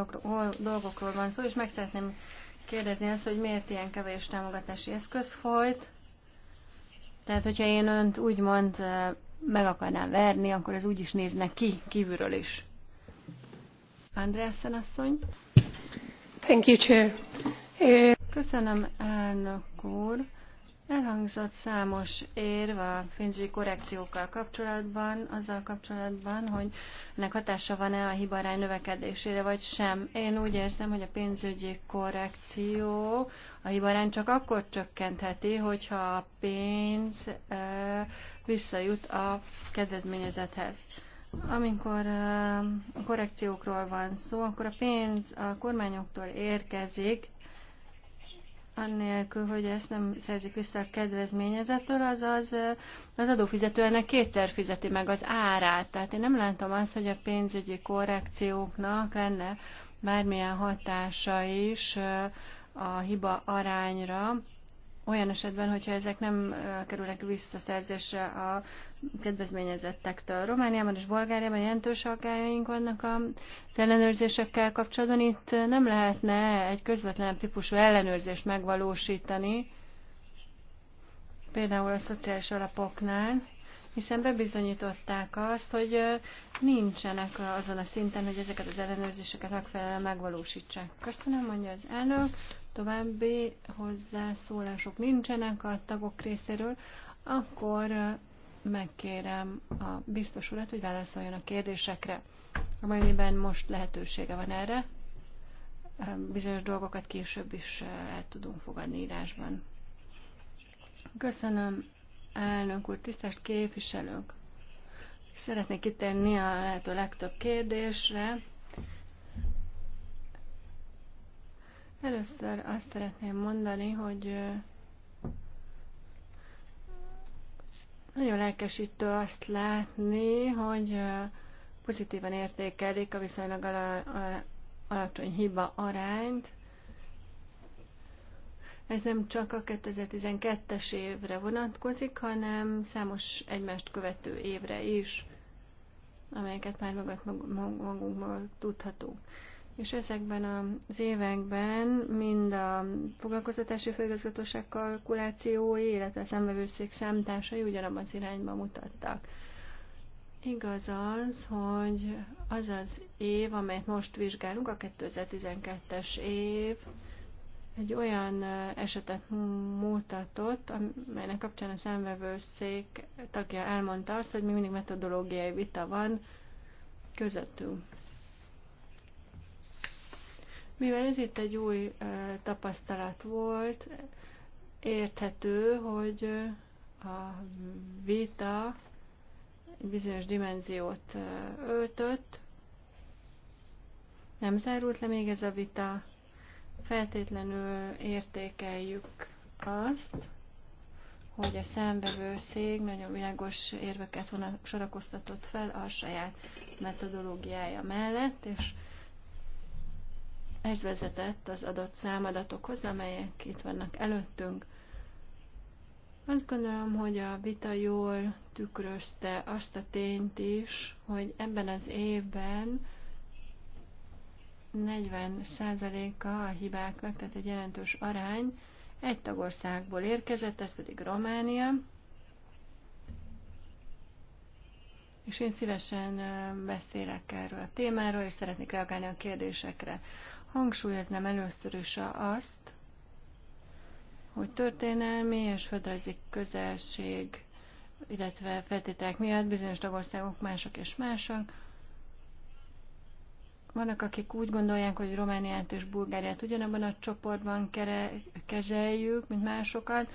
C: dolgokról van szó, és meg szeretném kérdezni azt, hogy miért ilyen kevés támogatási eszköz folyt. Tehát, hogyha én önt úgymond meg akarnám verni, akkor ez úgy is nézne ki, kívülről is. Andreasen asszony. Köszönöm, elnök úr. Elhangzott számos érv a pénzügyi korrekciókkal kapcsolatban, azzal kapcsolatban, hogy ennek hatása van-e a hibarány növekedésére, vagy sem. Én úgy érzem, hogy a pénzügyi korrekció a hibarány csak akkor csökkentheti, hogyha a pénz visszajut a kedvezményezethez. Amikor eh, a korrekciókról van szó, akkor a pénz a kormányoktól érkezik, annélkül, hogy ezt nem szerzik vissza a kedvezményezettől, azaz eh, az adófizető ennek kétszer fizeti meg az árát. Tehát én nem látom azt, hogy a pénzügyi korrekcióknak lenne bármilyen hatása is eh, a hiba arányra, olyan esetben, hogyha ezek nem kerülnek visszaszerzésre a kedvezményezettektől. Romániában és Bulgáriában jelentős aggájaink vannak a ellenőrzésekkel kapcsolatban. Itt nem lehetne egy közvetlenebb típusú ellenőrzést megvalósítani, például a szociális alapoknál, hiszen bebizonyították azt, hogy nincsenek azon a szinten, hogy ezeket az ellenőrzéseket megfelelően megvalósítsák. Köszönöm, mondja az elnök további hozzászólások nincsenek a tagok részéről, akkor megkérem a biztos urat, hogy válaszoljon a kérdésekre. Amennyiben most lehetősége van erre, bizonyos dolgokat később is el tudunk fogadni írásban. Köszönöm, elnök úr, tisztelt képviselők! Szeretnék kitérni a lehető legtöbb kérdésre. Először azt szeretném mondani, hogy nagyon lelkesítő azt látni, hogy pozitívan értékelik a viszonylag alacsony hiba arányt. Ez nem csak a 2012-es évre vonatkozik, hanem számos egymást követő évre is, amelyeket már magunk magunk tudhatunk. És ezekben az években mind a foglalkoztatási főigazgatóság kalkulációi, illetve a szemvevőszék számtásai ugyanabban az irányba mutattak. Igaz az, hogy az az év, amelyet most vizsgálunk, a 2012-es év, egy olyan esetet mutatott, amelynek kapcsán a szemvevőszék tagja elmondta azt, hogy még mindig metodológiai vita van közöttünk. Mivel ez itt egy új tapasztalat volt, érthető, hogy a vita egy bizonyos dimenziót öltött. Nem zárult le még ez a vita. Feltétlenül értékeljük azt, hogy a szég nagyon világos érveket sorakoztatott fel a saját metodológiája mellett, és ez vezetett az adott számadatokhoz, amelyek itt vannak előttünk. Azt gondolom, hogy a vita jól tükrözte azt a tényt is, hogy ebben az évben 40%-a a hibáknak, tehát egy jelentős arány egy tagországból érkezett, ez pedig Románia. És én szívesen beszélek erről a témáról, és szeretnék reagálni a kérdésekre hangsúlyoznám először is azt, hogy történelmi és földrajzi közelség, illetve feltételek miatt bizonyos tagországok mások és mások. Vannak, akik úgy gondolják, hogy Romániát és Bulgáriát ugyanabban a csoportban kere, kezeljük, mint másokat,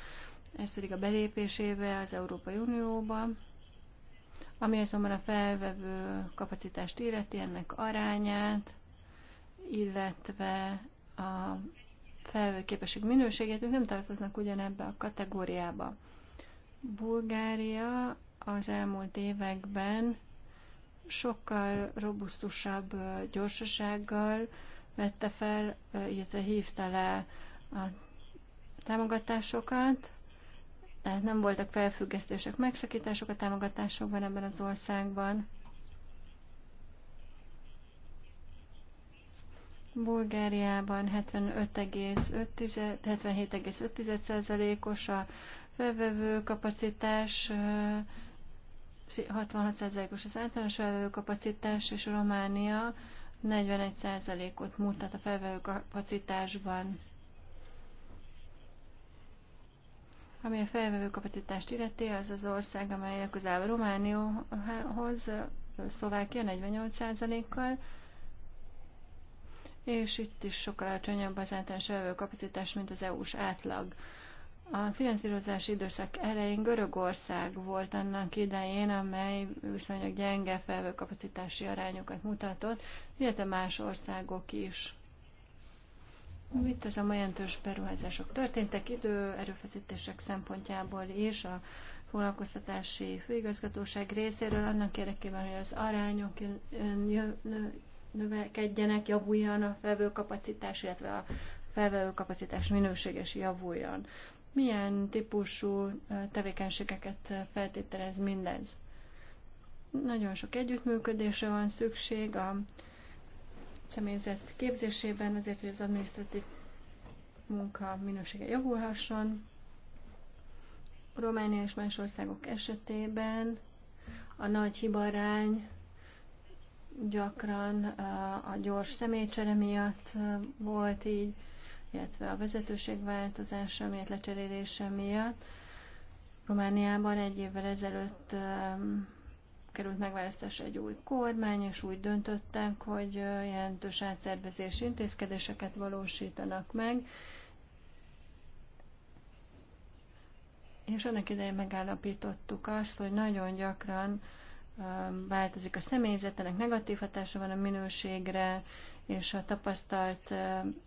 C: ez pedig a belépésével az Európai Unióba, ami azonban a felvevő kapacitást illeti, ennek arányát, illetve a felvőképesség minőségét ők nem tartoznak ugyanebbe a kategóriába. Bulgária az elmúlt években sokkal robusztusabb gyorsasággal vette fel, illetve hívta le a támogatásokat, tehát nem voltak felfüggesztések, megszakítások a támogatásokban ebben az országban. Bulgáriában 75,5-77,5%-os a felvevő kapacitás, 66%-os az általános felvevő kapacitás, és Románia 41%-ot mutat a felvevő kapacitásban. Ami a felvevő kapacitást illeti, az az ország, amely közel Romániahoz, Szlovákia 48%-kal, és itt is sokkal alacsonyabb az általános vevő kapacitás, mint az EU-s átlag. A finanszírozási időszak elején Görögország volt annak idején, amely viszonylag gyenge felvőkapacitási arányokat mutatott, illetve más országok is. Itt az a jelentős beruházások történtek idő, erőfeszítések szempontjából is a foglalkoztatási főigazgatóság részéről annak érdekében, hogy az arányok növekedjenek, javuljon a felvőkapacitás, illetve a felvevőkapacitás minőséges javuljon. Milyen típusú tevékenységeket feltételez mindez? Nagyon sok együttműködésre van szükség a személyzet képzésében, azért, hogy az administratív munka minősége javulhasson. Románia és más országok esetében a nagy hibarány gyakran a gyors személycsere miatt volt így, illetve a vezetőség változása miatt, lecserélése miatt. Romániában egy évvel ezelőtt került megválasztásra egy új kormány, és úgy döntöttek, hogy jelentős átszervezési intézkedéseket valósítanak meg. És annak idején megállapítottuk azt, hogy nagyon gyakran uh, változik a személyzet, ennek negatív hatása van a minőségre, és a tapasztalt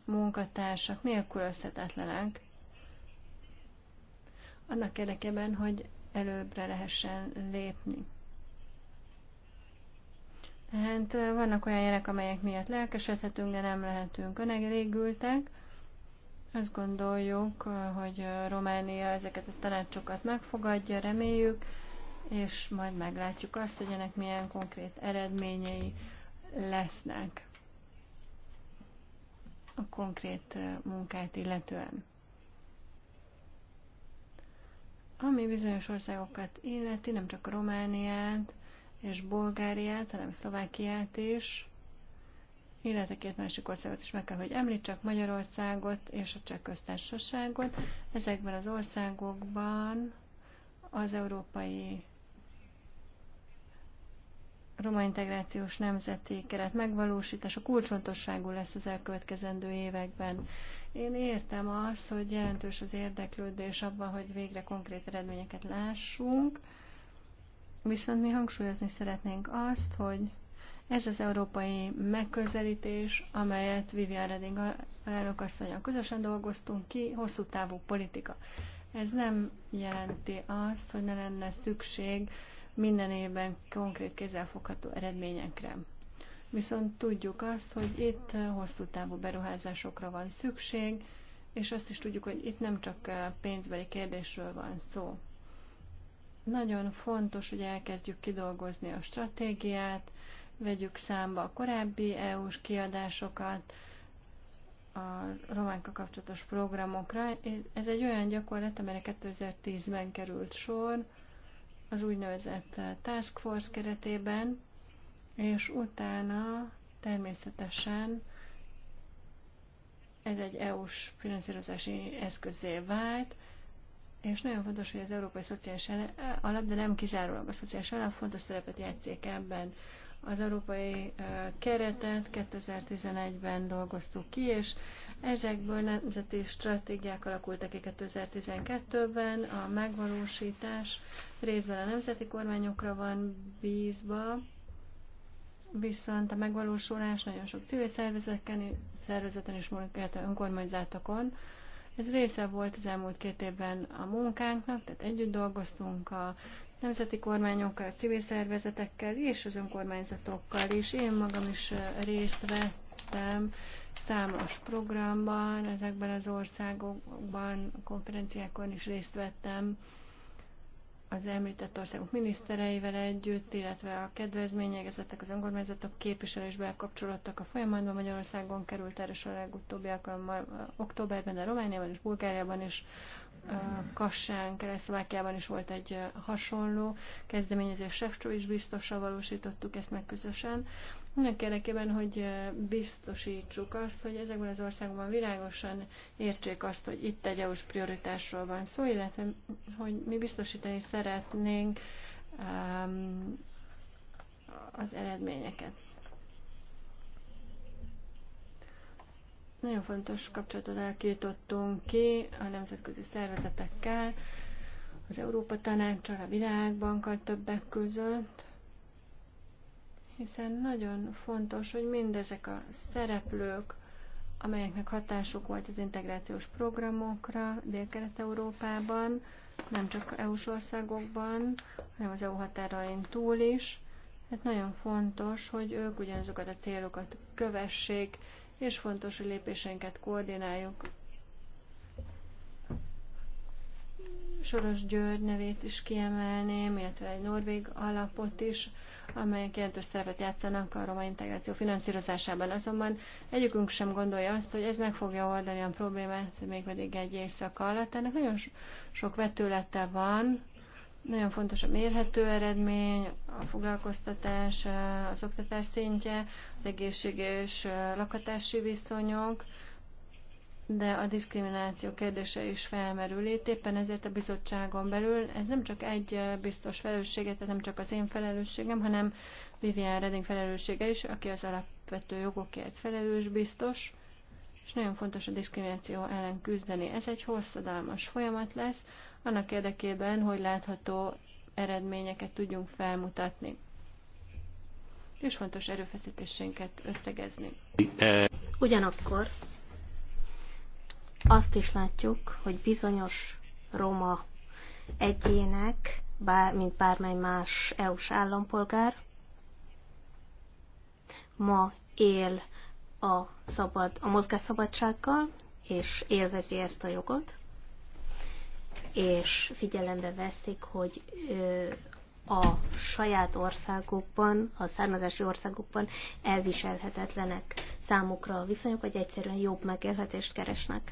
C: munkatársak összetetlenek. Annak érdekében, hogy előbbre lehessen lépni. Tehát vannak olyan jelek, amelyek miatt lelkesedhetünk, de nem lehetünk önelégültek. Azt gondoljuk, hogy Románia ezeket a tanácsokat megfogadja, reméljük, és majd meglátjuk azt, hogy ennek milyen konkrét eredményei lesznek a konkrét munkát illetően. Ami bizonyos országokat illeti, nem csak Romániát és Bulgáriát, hanem Szlovákiát is, illetve két másik országot is meg kell, hogy említsek, Magyarországot és a Cseh köztársaságot. Ezekben az országokban az európai roma integrációs nemzeti keret megvalósítása kulcsfontosságú lesz az elkövetkezendő években. Én értem azt, hogy jelentős az érdeklődés abban, hogy végre konkrét eredményeket lássunk, viszont mi hangsúlyozni szeretnénk azt, hogy ez az európai megközelítés, amelyet Vivian Redding elnök közösen dolgoztunk ki, hosszú távú politika. Ez nem jelenti azt, hogy ne lenne szükség minden évben konkrét kézzelfogható eredményekre. Viszont tudjuk azt, hogy itt hosszú távú beruházásokra van szükség, és azt is tudjuk, hogy itt nem csak pénzbeli kérdésről van szó. Nagyon fontos, hogy elkezdjük kidolgozni a stratégiát, vegyük számba a korábbi EU-s kiadásokat, a románka kapcsolatos programokra. Ez egy olyan gyakorlat, amelyre 2010-ben került sor, az úgynevezett eh, task force keretében, és utána természetesen ez egy EU-s finanszírozási eszközé vált, és nagyon fontos, hogy az Európai Szociális Alap, de nem kizárólag a Szociális Alap fontos szerepet játszik ebben az európai keretet 2011-ben dolgoztuk ki, és ezekből nemzeti stratégiák alakultak 2012-ben. A megvalósítás részben a nemzeti kormányokra van bízva, viszont a megvalósulás nagyon sok civil szervezeten szervezeten és önkormányzatokon. Ez része volt az elmúlt két évben a munkánknak, tehát együtt dolgoztunk a nemzeti kormányokkal, civil szervezetekkel és az önkormányzatokkal, és én magam is részt vettem számos programban, ezekben az országokban, konferenciákon is részt vettem, az említett országok minisztereivel együtt, illetve a kedvezményegezettek, az önkormányzatok képviselésbe kapcsolódtak a folyamatban. Magyarországon került erre a legutóbbi alkalommal októberben, de Romániában és Bulgáriában is, Kassán, Keresztvákiában is volt egy hasonló kezdeményezés. Sefcsó is biztosra valósítottuk ezt meg közösen annak érdekében, hogy biztosítsuk azt, hogy ezekben az országokban világosan értsék azt, hogy itt egy EU-s prioritásról van szó, illetve hogy mi biztosítani szeretnénk um, az eredményeket. Nagyon fontos kapcsolatot alakítottunk ki a nemzetközi szervezetekkel, az Európa Tanácssal, a Világbankkal többek között, hiszen nagyon fontos, hogy mindezek a szereplők, amelyeknek hatásuk volt az integrációs programokra Dél-Kelet-Európában, nem csak EU-s országokban, hanem az EU határain túl is. Hát nagyon fontos, hogy ők ugyanazokat a célokat kövessék, és fontos, hogy lépéseinket koordináljuk Soros György nevét is kiemelném, illetve egy norvég alapot is, amelyek jelentős szerepet játszanak a roma integráció finanszírozásában. Azonban egyikünk sem gondolja azt, hogy ez meg fogja oldani a problémát mégpedig egy éjszaka alatt. Ennek nagyon sok vetülete van, nagyon fontos a mérhető eredmény, a foglalkoztatás, az oktatás szintje, az egészség és lakhatási viszonyok, de a diszkrimináció kérdése is felmerül itt. Éppen ezért a bizottságon belül ez nem csak egy eh, biztos felelősséget, tehát nem csak az én felelősségem, hanem Vivian Redding felelőssége is, aki az alapvető jogokért felelős biztos, és nagyon fontos a diszkrimináció ellen küzdeni. Ez egy hosszadalmas folyamat lesz, annak érdekében, hogy látható eredményeket tudjunk felmutatni. És fontos erőfeszítésénket összegezni. Eh. Ugyanakkor
B: azt is látjuk, hogy bizonyos roma egyének, bár, mint bármely más EU-s állampolgár, ma él a, szabad, a mozgásszabadsággal, és élvezi ezt a jogot, és figyelembe veszik, hogy ö, a saját országukban, a származási országukban elviselhetetlenek számukra a viszonyok, vagy egyszerűen jobb megélhetést keresnek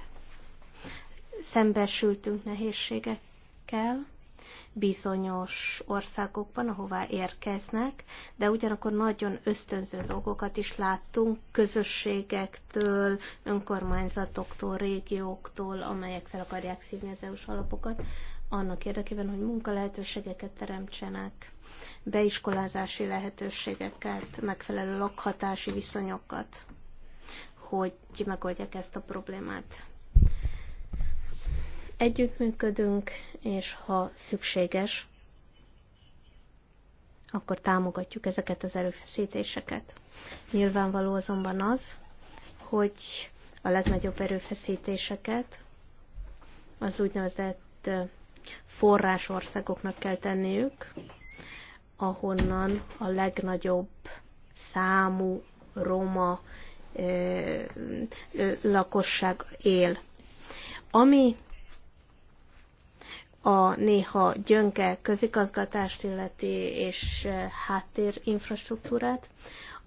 B: szembesültünk nehézségekkel bizonyos országokban, ahová érkeznek, de ugyanakkor nagyon ösztönző dolgokat is láttunk közösségektől, önkormányzatoktól, régióktól, amelyek fel akarják szívni az EU-s alapokat, annak érdekében, hogy munkalehetőségeket teremtsenek, beiskolázási lehetőségeket, megfelelő lakhatási viszonyokat, hogy megoldják ezt a problémát. Együttműködünk, és ha szükséges, akkor támogatjuk ezeket az erőfeszítéseket. Nyilvánvaló azonban az, hogy a legnagyobb erőfeszítéseket az úgynevezett forrásországoknak kell tenniük, ahonnan a legnagyobb számú roma ö, ö, lakosság él. Ami a néha gyönke közigazgatást illeti és eh, háttérinfrastruktúrát,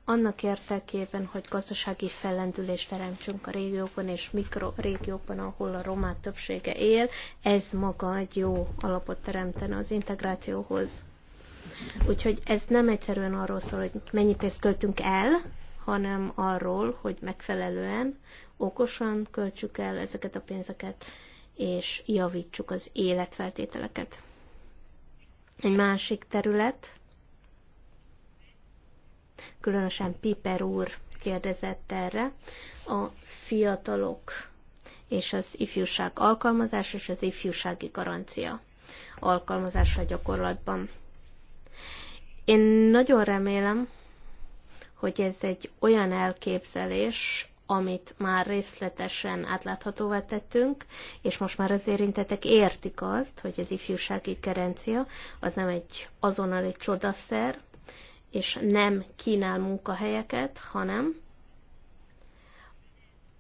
B: annak érdekében, hogy gazdasági fellendülést teremtsünk a régiókban és mikrorégiókban, ahol a romák többsége él, ez maga egy jó alapot teremtene az integrációhoz. Úgyhogy ez nem egyszerűen arról szól, hogy mennyi pénzt költünk el, hanem arról, hogy megfelelően, okosan költsük el ezeket a pénzeket és javítsuk az életfeltételeket. Egy másik terület, különösen Piper úr kérdezett erre, a fiatalok és az ifjúság alkalmazása és az ifjúsági garancia alkalmazása gyakorlatban. Én nagyon remélem, hogy ez egy olyan elképzelés, amit már részletesen átláthatóvá tettünk, és most már az érintetek értik azt, hogy az ifjúsági kerencia az nem egy azonnali csodaszer, és nem kínál munkahelyeket, hanem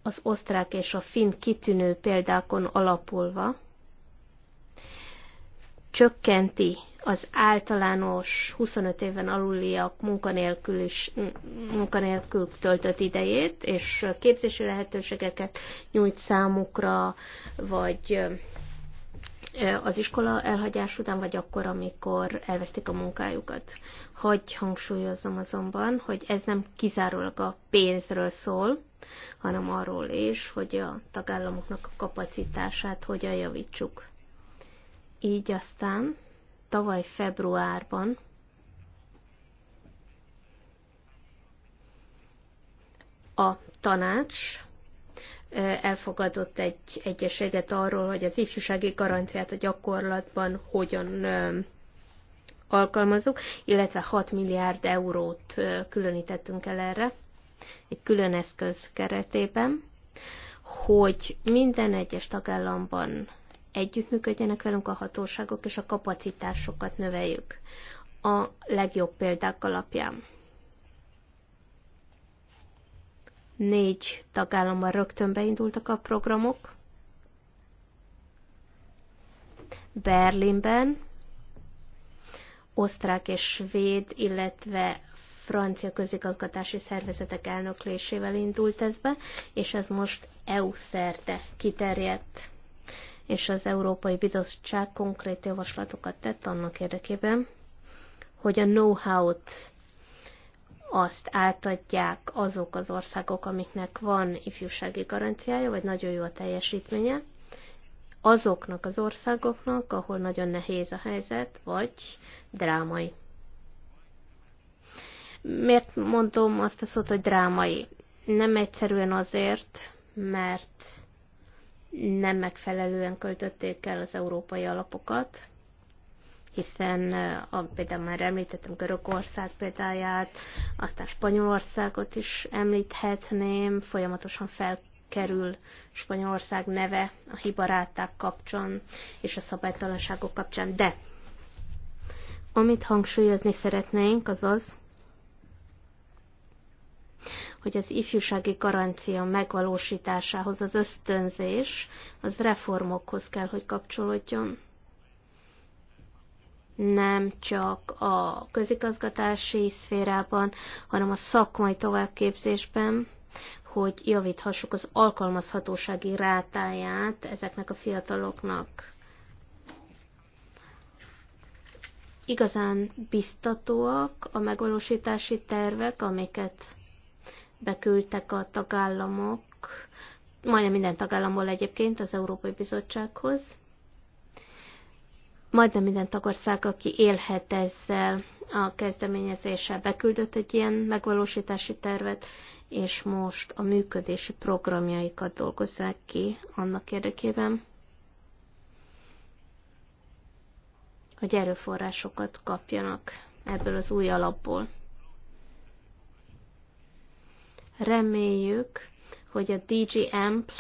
B: az osztrák és a finn kitűnő példákon alapulva csökkenti az általános 25 éven aluliak munkanélkül is, munkanélkül töltött idejét, és képzési lehetőségeket nyújt számukra, vagy az iskola elhagyás után, vagy akkor, amikor elvesztik a munkájukat. Hogy hangsúlyozom azonban, hogy ez nem kizárólag a pénzről szól, hanem arról is, hogy a tagállamoknak a kapacitását hogyan javítsuk. Így aztán tavaly februárban a tanács elfogadott egy egyeséget arról, hogy az ifjúsági garanciát a gyakorlatban hogyan alkalmazunk, illetve 6 milliárd eurót különítettünk el erre egy külön eszköz keretében, hogy minden egyes tagállamban együttműködjenek velünk a hatóságok, és a kapacitásokat növeljük a legjobb példák alapján. Négy tagállammal rögtön beindultak a programok. Berlinben, osztrák és svéd, illetve francia közigazgatási szervezetek elnöklésével indult ez be, és ez most EU szerte kiterjedt és az Európai Bizottság konkrét javaslatokat tett annak érdekében, hogy a know-how-t azt átadják azok az országok, amiknek van ifjúsági garanciája, vagy nagyon jó a teljesítménye, azoknak az országoknak, ahol nagyon nehéz a helyzet, vagy drámai. Miért mondom azt a szót, hogy drámai? Nem egyszerűen azért, mert nem megfelelően költötték el az európai alapokat, hiszen a, például már említettem Görögország példáját, aztán Spanyolországot is említhetném, folyamatosan felkerül Spanyolország neve a hibaráták kapcsán és a szabálytalanságok kapcsán, de amit hangsúlyozni szeretnénk, az az, hogy az ifjúsági garancia megvalósításához az ösztönzés az reformokhoz kell, hogy kapcsolódjon. Nem csak a közigazgatási szférában, hanem a szakmai továbbképzésben, hogy javíthassuk az alkalmazhatósági rátáját ezeknek a fiataloknak. igazán biztatóak a megvalósítási tervek, amiket beküldtek a tagállamok, majdnem minden tagállamból egyébként az Európai Bizottsághoz. Majdnem minden tagország, aki élhet ezzel a kezdeményezéssel, beküldött egy ilyen megvalósítási tervet, és most a működési programjaikat dolgozzák ki annak érdekében, hogy erőforrásokat kapjanak ebből az új alapból. Reméljük, hogy a DG Amp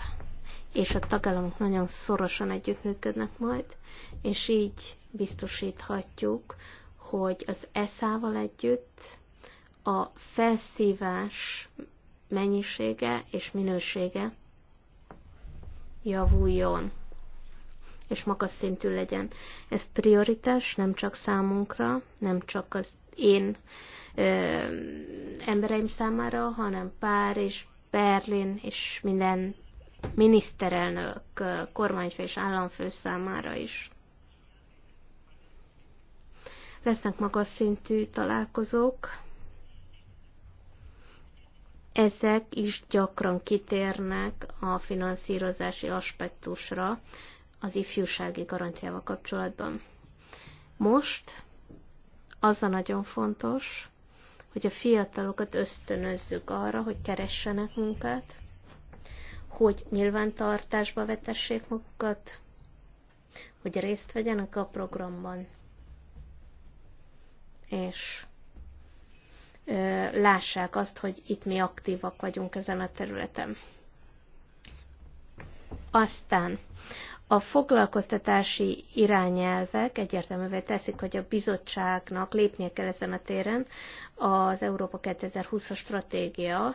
B: és a tagállamok nagyon szorosan együttműködnek majd, és így biztosíthatjuk, hogy az ESZ-val együtt a felszívás mennyisége és minősége javuljon, és magas szintű legyen. Ez prioritás nem csak számunkra, nem csak az én ö, embereim számára, hanem Párizs, Berlin és minden miniszterelnök, kormányfő és államfő számára is. Lesznek magas szintű találkozók. Ezek is gyakran kitérnek a finanszírozási aspektusra az ifjúsági garanciával kapcsolatban. Most az a nagyon fontos, hogy a fiatalokat ösztönözzük arra, hogy keressenek munkát, hogy nyilvántartásba vetessék magukat, hogy részt vegyenek a programban, és ö, lássák azt, hogy itt mi aktívak vagyunk ezen a területen. Aztán a foglalkoztatási irányelvek egyértelművé teszik, hogy a bizottságnak lépnie kell ezen a téren. Az Európa 2020-as stratégia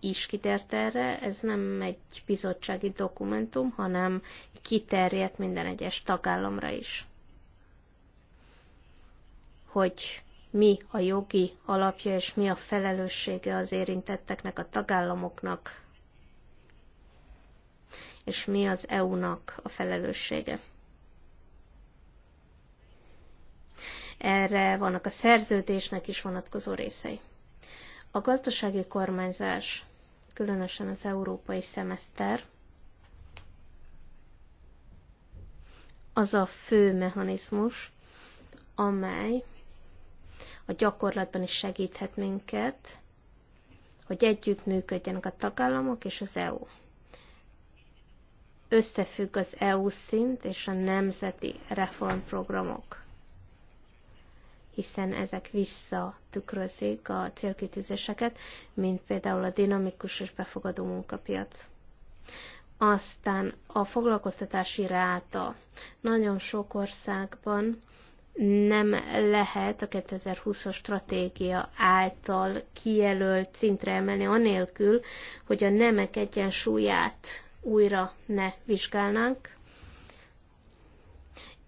B: is kitért erre, ez nem egy bizottsági dokumentum, hanem kiterjedt minden egyes tagállamra is. Hogy mi a jogi alapja és mi a felelőssége az érintetteknek, a tagállamoknak, és mi az EU-nak a felelőssége. Erre vannak a szerződésnek is vonatkozó részei. A gazdasági kormányzás, különösen az európai szemeszter, az a fő mechanizmus, amely a gyakorlatban is segíthet minket, hogy együttműködjenek a tagállamok és az EU összefügg az EU szint és a nemzeti reformprogramok, hiszen ezek visszatükrözik a célkitűzéseket, mint például a dinamikus és befogadó munkapiac. Aztán a foglalkoztatási ráta. Nagyon sok országban nem lehet a 2020-as stratégia által kijelölt szintre emelni, anélkül, hogy a nemek egyensúlyát újra ne vizsgálnánk.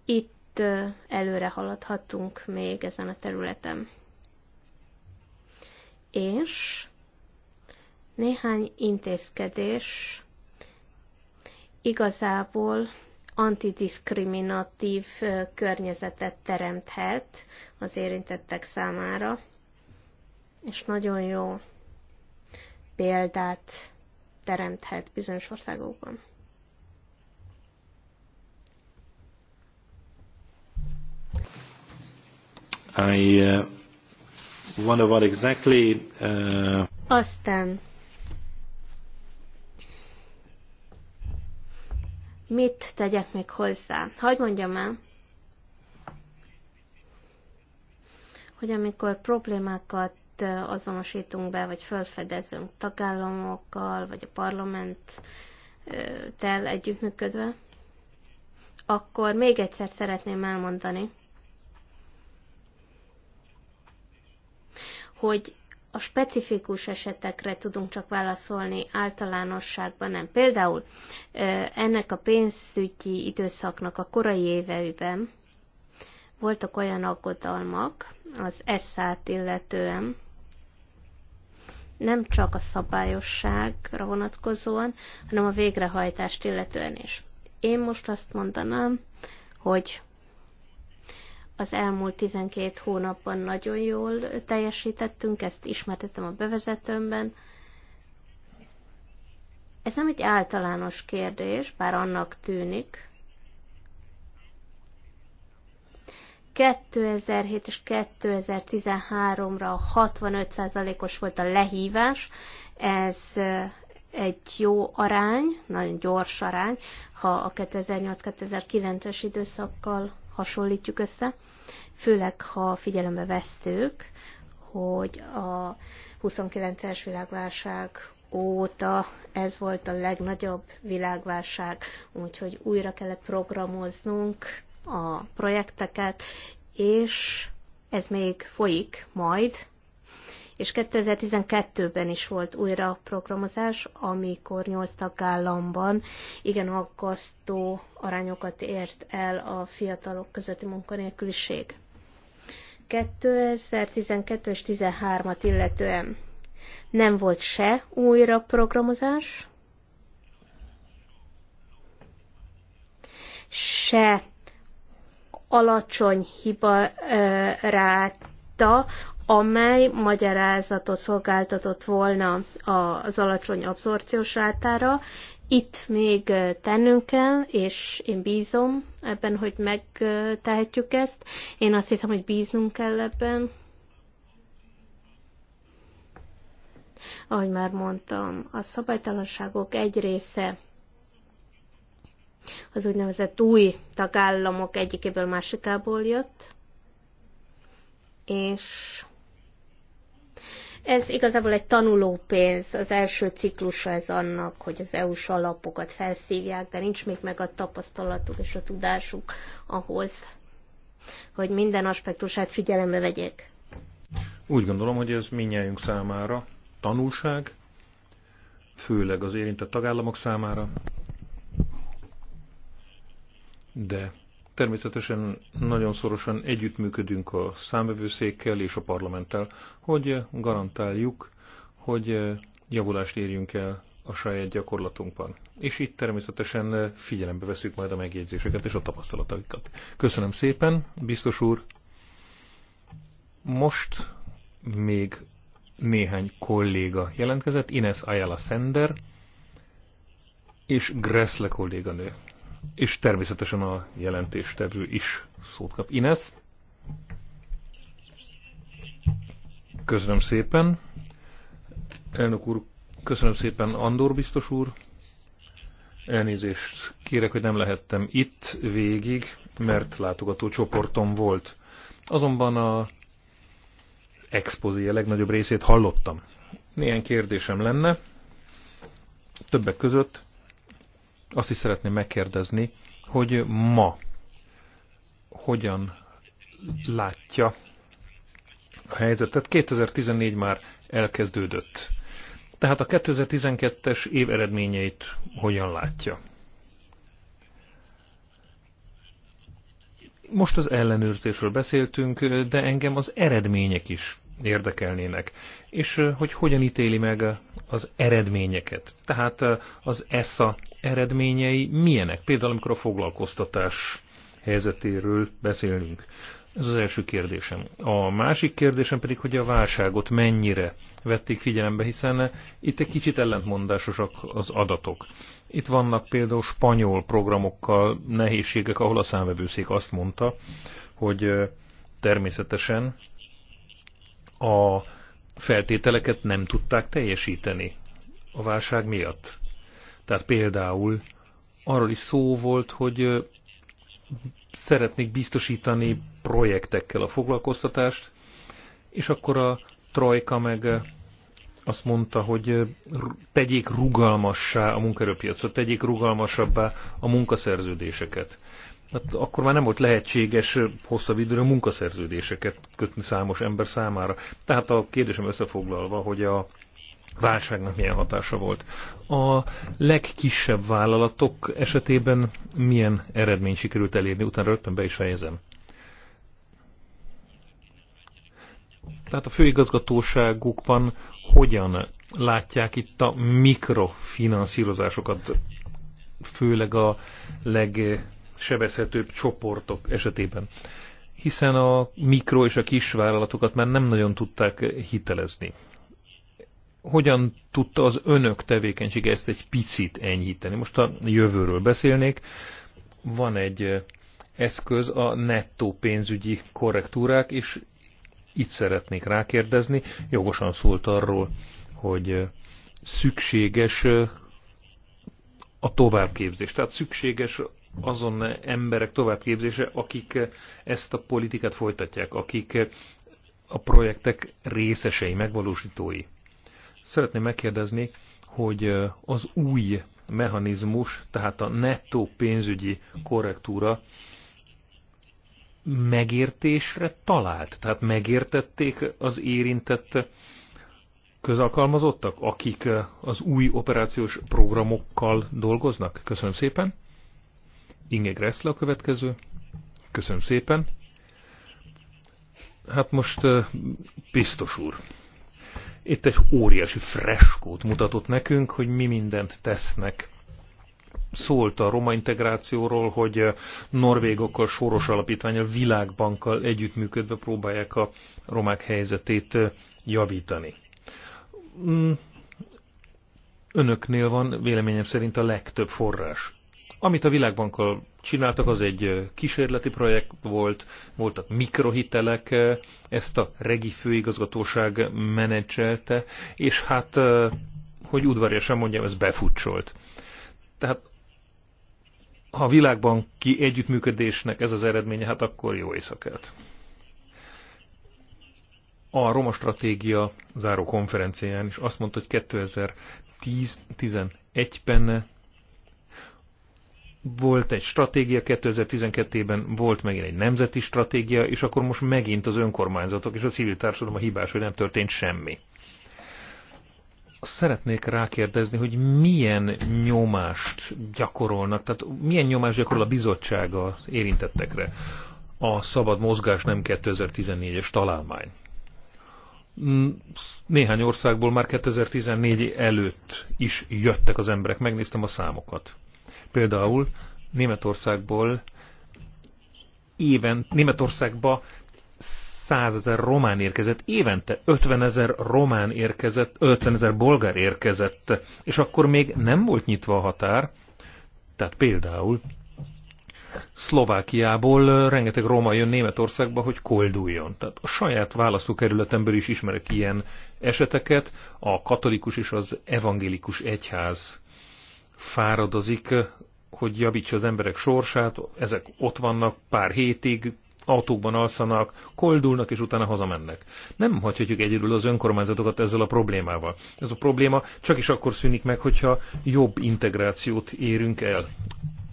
B: Itt előre haladhatunk még ezen a területen. És néhány intézkedés igazából antidiskriminatív környezetet teremthet az érintettek számára, és nagyon jó példát teremthet bizonyos országokban.
A: I uh, wonder what exactly. Uh...
B: Aztán. Mit tegyek még hozzá? Hogy mondjam el? hogy amikor problémákat azonosítunk be, vagy felfedezünk tagállamokkal, vagy a parlamenttel együttműködve, akkor még egyszer szeretném elmondani, hogy a specifikus esetekre tudunk csak válaszolni, általánosságban nem. Például ennek a pénzügyi időszaknak a korai éveiben voltak olyan aggodalmak az esz t illetően, nem csak a szabályosságra vonatkozóan, hanem a végrehajtást illetően is. Én most azt mondanám, hogy az elmúlt 12 hónapban nagyon jól teljesítettünk, ezt ismertettem a bevezetőmben. Ez nem egy általános kérdés, bár annak tűnik, 2007 és 2013-ra 65%-os volt a lehívás, ez egy jó arány, nagyon gyors arány, ha a 2008-2009-es időszakkal hasonlítjuk össze, főleg ha figyelembe vesztük, hogy a 29-es világválság óta ez volt a legnagyobb világválság, úgyhogy újra kellett programoznunk a projekteket, és ez még folyik majd, és 2012-ben is volt újra programozás, amikor nyolc tagállamban igen aggasztó arányokat ért el a fiatalok közötti munkanélküliség. 2012 és 13-at illetően nem volt se újra programozás, se alacsony hiba ráta, amely magyarázatot szolgáltatott volna az alacsony abszorciós rátára. Itt még tennünk kell, és én bízom ebben, hogy megtehetjük ezt. Én azt hiszem, hogy bíznunk kell ebben. Ahogy már mondtam, a szabálytalanságok egy része az úgynevezett új tagállamok egyikéből másikából jött, és ez igazából egy tanulópénz, az első ciklusa ez annak, hogy az EU-s alapokat felszívják, de nincs még meg a tapasztalatuk és a tudásuk ahhoz, hogy minden aspektusát figyelembe vegyék.
A: Úgy gondolom, hogy ez minnyájunk számára tanulság, főleg az érintett tagállamok számára, de természetesen nagyon szorosan együttműködünk a számvevőszékkel és a parlamenttel, hogy garantáljuk, hogy javulást érjünk el a saját gyakorlatunkban. És itt természetesen figyelembe veszük majd a megjegyzéseket és a tapasztalataikat. Köszönöm szépen, biztos úr. Most még néhány kolléga jelentkezett, Ines Ayala Sender és Gressle kolléganő és természetesen a jelentéstevő is szót kap. Inez Köszönöm szépen. Elnök úr, köszönöm szépen Andor biztos úr. Elnézést kérek, hogy nem lehettem itt végig, mert látogató csoportom volt. Azonban a expozé a legnagyobb részét hallottam. Néhány kérdésem lenne, többek között azt is szeretném megkérdezni, hogy ma hogyan látja a helyzetet. 2014 már elkezdődött. Tehát a 2012-es év eredményeit hogyan látja? Most az ellenőrzésről beszéltünk, de engem az eredmények is érdekelnének, és hogy hogyan ítéli meg az eredményeket. Tehát az ESSA eredményei milyenek, például amikor a foglalkoztatás helyzetéről beszélünk. Ez az első kérdésem. A másik kérdésem pedig, hogy a válságot mennyire vették figyelembe, hiszen itt egy kicsit ellentmondásosak az adatok. Itt vannak például spanyol programokkal nehézségek, ahol a számvevőszék azt mondta, hogy természetesen a feltételeket nem tudták teljesíteni a válság miatt. Tehát például arról is szó volt, hogy szeretnék biztosítani projektekkel a foglalkoztatást, és akkor a Trojka meg azt mondta, hogy tegyék rugalmassá a munkaerőpiacot, tegyék rugalmasabbá a munkaszerződéseket. Hát akkor már nem volt lehetséges hosszabb időre munkaszerződéseket kötni számos ember számára. Tehát a kérdésem összefoglalva, hogy a válságnak milyen hatása volt. A legkisebb vállalatok esetében milyen eredmény sikerült elérni, utána rögtön be is fejezem. Tehát a főigazgatóságukban hogyan látják itt a mikrofinanszírozásokat, főleg a leg sebezhetőbb csoportok esetében. Hiszen a mikro és a kisvállalatokat már nem nagyon tudták hitelezni. Hogyan tudta az önök tevékenysége ezt egy picit enyhíteni? Most a jövőről beszélnék. Van egy eh, eszköz a nettó pénzügyi korrektúrák, és itt szeretnék rákérdezni. Jogosan szólt arról, hogy eh, szükséges eh, a továbbképzés. Tehát szükséges azon emberek továbbképzése, akik ezt a politikát folytatják, akik a projektek részesei, megvalósítói. Szeretném megkérdezni, hogy az új mechanizmus, tehát a nettó pénzügyi korrektúra megértésre talált? Tehát megértették az érintett közalkalmazottak, akik az új operációs programokkal dolgoznak? Köszönöm szépen. Inge Gressle a következő. Köszönöm szépen. Hát most biztos úr. Itt egy óriási freskót mutatott nekünk, hogy mi mindent tesznek szólt a roma integrációról, hogy norvégokkal, soros alapítványal, világbankkal együttműködve próbálják a romák helyzetét javítani. Mm, önöknél van véleményem szerint a legtöbb forrás. Amit a világbankkal csináltak, az egy kísérleti projekt volt, voltak mikrohitelek, ezt a regi főigazgatóság menedzselte, és hát, hogy udvariasan mondjam, ez befutcsolt. Tehát ha a világban ki együttműködésnek ez az eredménye, hát akkor jó éjszakát. A Roma Stratégia záró konferencián is azt mondta, hogy 2010-11-ben volt egy stratégia 2012-ben, volt megint egy nemzeti stratégia, és akkor most megint az önkormányzatok és a civil társadalom a hibás, hogy nem történt semmi. Szeretnék rákérdezni, hogy milyen nyomást gyakorolnak, tehát milyen nyomást gyakorol a bizottsága érintettekre. A szabad mozgás nem 2014-es találmány. Mm, néhány országból már 2014 előtt is jöttek az emberek, megnéztem a számokat Például Németországból éven, Németországba százezer román érkezett évente, 50 ezer román érkezett, 50 ezer bolgár érkezett, és akkor még nem volt nyitva a határ, tehát például Szlovákiából rengeteg roma jön Németországba, hogy kolduljon. Tehát a saját választókerületemből is ismerek ilyen eseteket, a katolikus és az evangélikus egyház fáradozik, hogy javítsa az emberek sorsát, ezek ott vannak pár hétig, autókban alszanak, koldulnak, és utána hazamennek. Nem hagyhatjuk egyedül az önkormányzatokat ezzel a problémával. Ez a probléma csak is akkor szűnik meg, hogyha jobb integrációt érünk el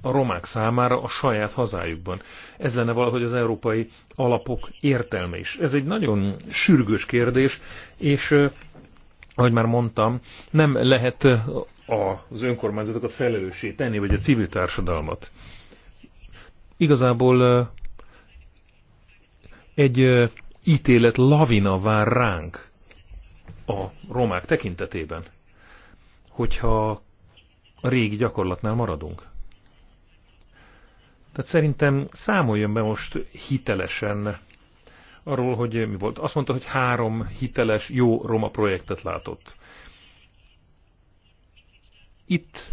A: a romák számára a saját hazájukban. Ez lenne valahogy az európai alapok értelme is. Ez egy nagyon sürgős kérdés, és eh, ahogy már mondtam, nem lehet az önkormányzatokat felelőssé tenni, vagy a civil társadalmat. Igazából egy ítélet lavina vár ránk a romák tekintetében, hogyha a régi gyakorlatnál maradunk. Tehát szerintem számoljon be most hitelesen arról, hogy mi volt. Azt mondta, hogy három hiteles, jó roma projektet látott itt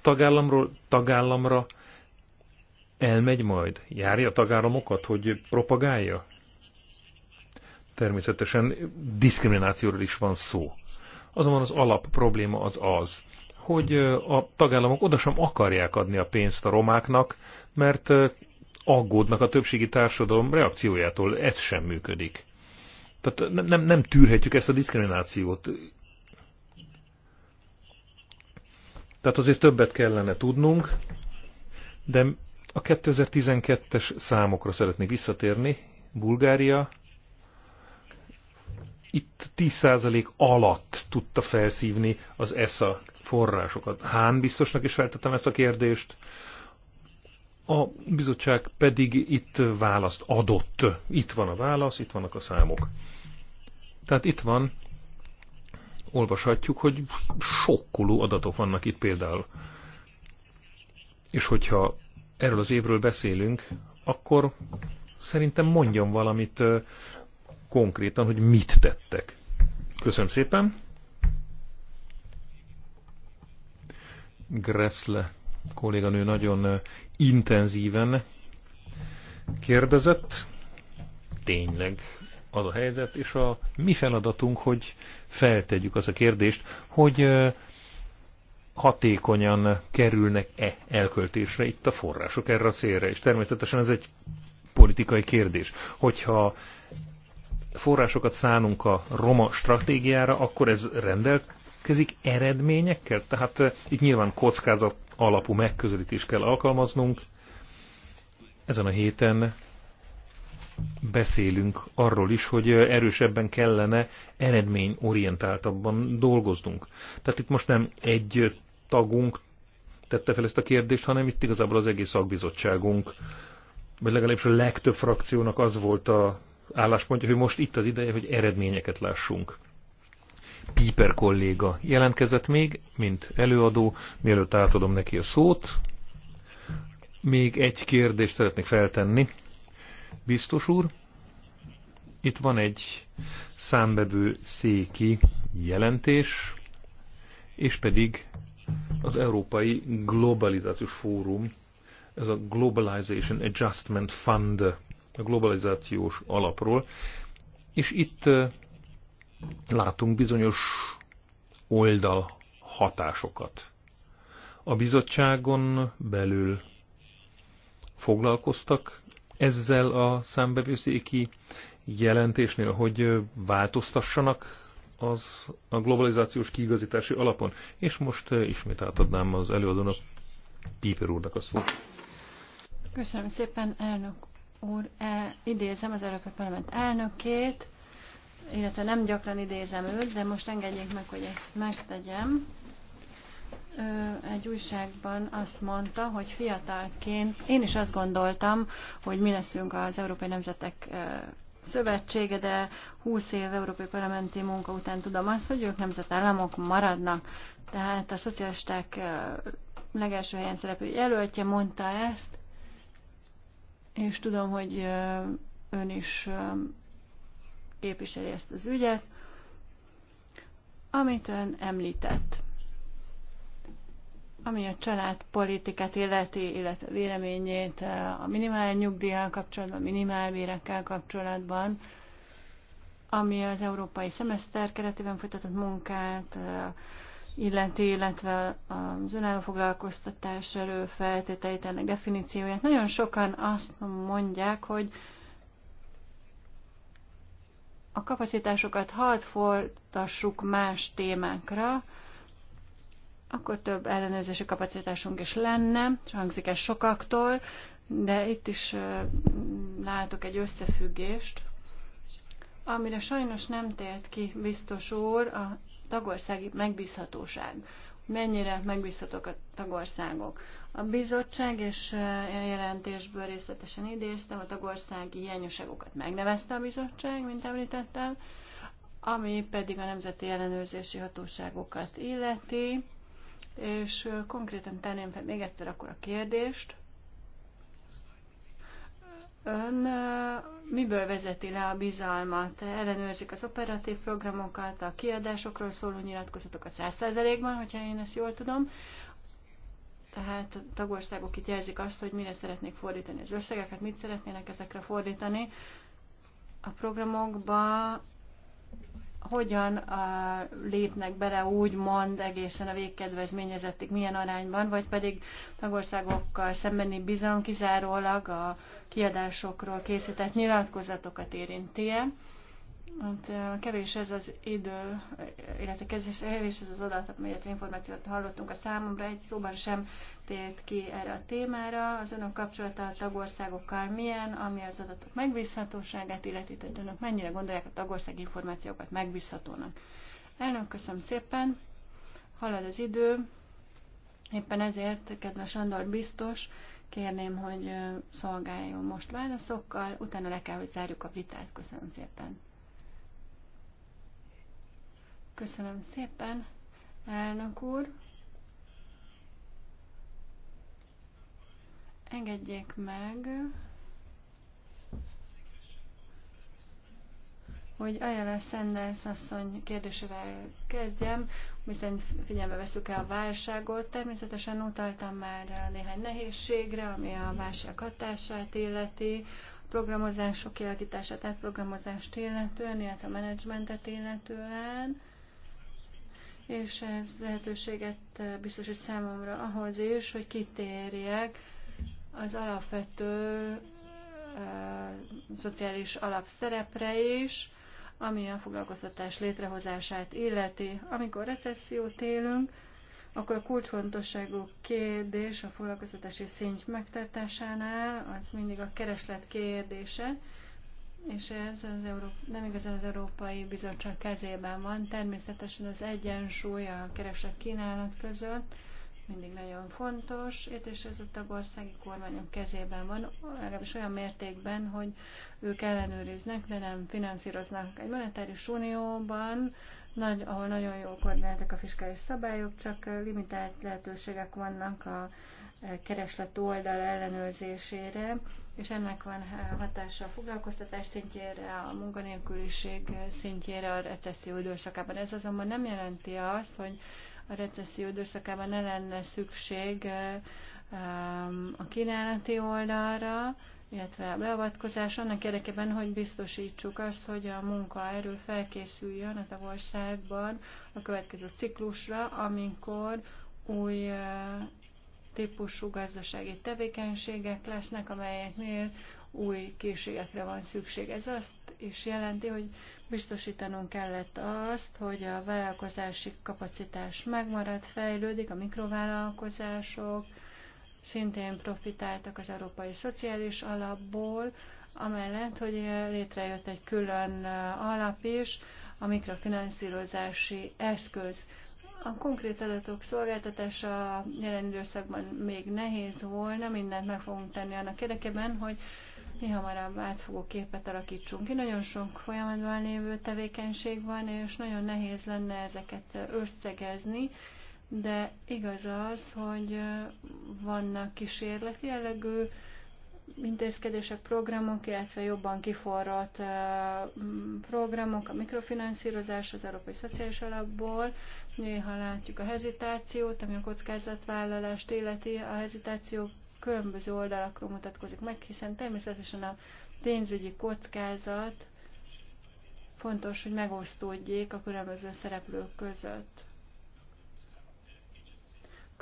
A: tagállamról tagállamra elmegy majd? Járja a tagállamokat, hogy propagálja? Természetesen diszkriminációról is van szó. Azonban az alap probléma az az, hogy a tagállamok oda sem akarják adni a pénzt a romáknak, mert aggódnak a többségi társadalom reakciójától, ez sem működik. Tehát nem, nem tűrhetjük ezt a diszkriminációt. Tehát azért többet kellene tudnunk, de a 2012-es számokra szeretnék visszatérni. Bulgária itt 10% alatt tudta felszívni az ESA forrásokat. Hán biztosnak is feltettem ezt a kérdést. A bizottság pedig itt választ adott. Itt van a válasz, itt vannak a számok. Tehát itt van olvashatjuk, hogy sokkoló adatok vannak itt például. És hogyha erről az évről beszélünk, akkor szerintem mondjon valamit konkrétan, hogy mit tettek. Köszönöm szépen. Gressle kolléganő nagyon intenzíven kérdezett. Tényleg az a helyzet, és a mi feladatunk, hogy feltegyük az a kérdést, hogy hatékonyan kerülnek-e elköltésre itt a források erre a célra, és természetesen ez egy politikai kérdés. Hogyha forrásokat szánunk a roma stratégiára, akkor ez rendelkezik eredményekkel? Tehát itt nyilván kockázat alapú megközelítést kell alkalmaznunk. Ezen a héten beszélünk arról is, hogy erősebben kellene eredményorientáltabban dolgoznunk. Tehát itt most nem egy tagunk tette fel ezt a kérdést, hanem itt igazából az egész szakbizottságunk, vagy legalábbis a legtöbb frakciónak az volt a álláspontja, hogy most itt az ideje, hogy eredményeket lássunk. Piper kolléga jelentkezett még, mint előadó, mielőtt átadom neki a szót. Még egy kérdést szeretnék feltenni. Biztos úr, itt van egy számbevő széki jelentés, és pedig az Európai Globalizációs Fórum, ez a Globalization Adjustment Fund, a globalizációs alapról, és itt látunk bizonyos oldal hatásokat. A bizottságon belül foglalkoztak ezzel a számbevőszéki jelentésnél, hogy változtassanak az a globalizációs kiigazítási alapon. És most ismét átadnám az előadónak, Píper úrnak a szót.
C: Köszönöm szépen, elnök úr. E, idézem az Európai Parlament elnökét, illetve nem gyakran idézem őt, de most engedjék meg, hogy ezt megtegyem egy újságban azt mondta, hogy fiatalként én is azt gondoltam, hogy mi leszünk az Európai Nemzetek Szövetsége, de 20 év Európai Parlamenti munka után tudom azt, hogy ők nemzetállamok maradnak. Tehát a szocialisták legelső helyen szereplő jelöltje mondta ezt, és tudom, hogy ön is képviseli ezt az ügyet, amit ön említett. Ami a családpolitikát illeti, illetve véleményét eh, a minimál nyugdíjjal kapcsolatban, minimálbérekkel kapcsolatban, ami az európai szemeszter keretében folytatott munkát eh, illeti, illetve az önálló foglalkoztatás feltételeit, ennek definícióját. Nagyon sokan azt mondják, hogy a kapacitásokat hadd fordítassuk más témákra, akkor több ellenőrzési kapacitásunk is lenne, és hangzik ez sokaktól, de itt is látok egy összefüggést, amire sajnos nem tért ki biztos úr a tagországi megbízhatóság. Mennyire megbízhatók a tagországok? A bizottság és a jelentésből részletesen idéztem, a tagországi hiányosságokat megnevezte a bizottság, mint említettem, ami pedig a nemzeti ellenőrzési hatóságokat illeti. És konkrétan tenném fel még egyszer akkor a kérdést. Ön miből vezeti le a bizalmat? Ellenőrzik az operatív programokat, a kiadásokról szóló nyilatkozatokat 100%-ban, hogyha én ezt jól tudom. Tehát a tagországok itt jelzik azt, hogy mire szeretnék fordítani az összegeket, mit szeretnének ezekre fordítani. A programokba hogyan a, uh, lépnek bele úgy mond egészen a végkedvezményezettig, milyen arányban, vagy pedig tagországokkal szembeni bizalom kizárólag a kiadásokról készített nyilatkozatokat érinti-e. Hát, kevés ez az idő, illetve kevés ez az adat, amelyet információt hallottunk a számomra, egy szóban sem tért ki erre a témára. Az önök kapcsolata a tagországokkal milyen, ami az adatok megbízhatóságát illeti, tehát önök mennyire gondolják a tagország információkat megbízhatónak. Elnök, köszönöm szépen, halad az idő, éppen ezért, kedves Andor biztos, kérném, hogy szolgáljon most válaszokkal, utána le kell, hogy zárjuk a vitát. Köszönöm szépen. Köszönöm szépen, elnök úr. Engedjék meg, hogy Ajala Sanders asszony kérdésével kezdjem, viszont figyelme veszük el a válságot. Természetesen utaltam már néhány nehézségre, ami a válság hatását illeti, a programozások kialakítását, átprogramozást illetően, illetve a menedzsmentet illetően és ez lehetőséget biztosít számomra ahhoz is, hogy kitérjek az alapvető szociális alapszerepre is, ami a foglalkoztatás létrehozását illeti. Amikor recessziót élünk, akkor a kulcsfontosságú kérdés a foglalkoztatási szint megtartásánál az mindig a kereslet kérdése, és ez az Európa, nem igazán az Európai Bizottság kezében van. Természetesen az egyensúly a kereslet kínálat között mindig nagyon fontos, és ez a tagországi kormányok kezében van, legalábbis olyan mértékben, hogy ők ellenőriznek, de nem finanszíroznak. Egy monetáris unióban, nagy, ahol nagyon jó koordináltak a fiskális szabályok, csak limitált lehetőségek vannak a kereslet oldal ellenőrzésére, és ennek van hatása a foglalkoztatás szintjére, a munkanélküliség szintjére a recesszió időszakában. Ez azonban nem jelenti azt, hogy a recesszió időszakában ne lenne szükség a kínálati oldalra, illetve a beavatkozás annak érdekében, hogy biztosítsuk azt, hogy a munkaerő felkészüljön a tagországban a következő ciklusra, amikor új típusú gazdasági tevékenységek lesznek, amelyeknél új készségekre van szükség. Ez azt is jelenti, hogy biztosítanunk kellett azt, hogy a vállalkozási kapacitás megmarad, fejlődik, a mikrovállalkozások szintén profitáltak az Európai Szociális Alapból, amellett, hogy létrejött egy külön alap is, a mikrofinanszírozási eszköz. A konkrét adatok szolgáltatása jelen időszakban még nehéz volna, mindent meg fogunk tenni annak érdekében, hogy mi hamarabb átfogó képet alakítsunk ki. Nagyon sok folyamatban lévő tevékenység van, és nagyon nehéz lenne ezeket összegezni, de igaz az, hogy vannak kísérleti jellegű intézkedések, programok, illetve jobban kiforrott programok, a mikrofinanszírozás az Európai Szociális Alapból. Néha látjuk a hezitációt, ami a kockázatvállalást illeti. A hezitáció különböző oldalakról mutatkozik meg, hiszen természetesen a pénzügyi kockázat fontos, hogy megosztódjék a különböző szereplők között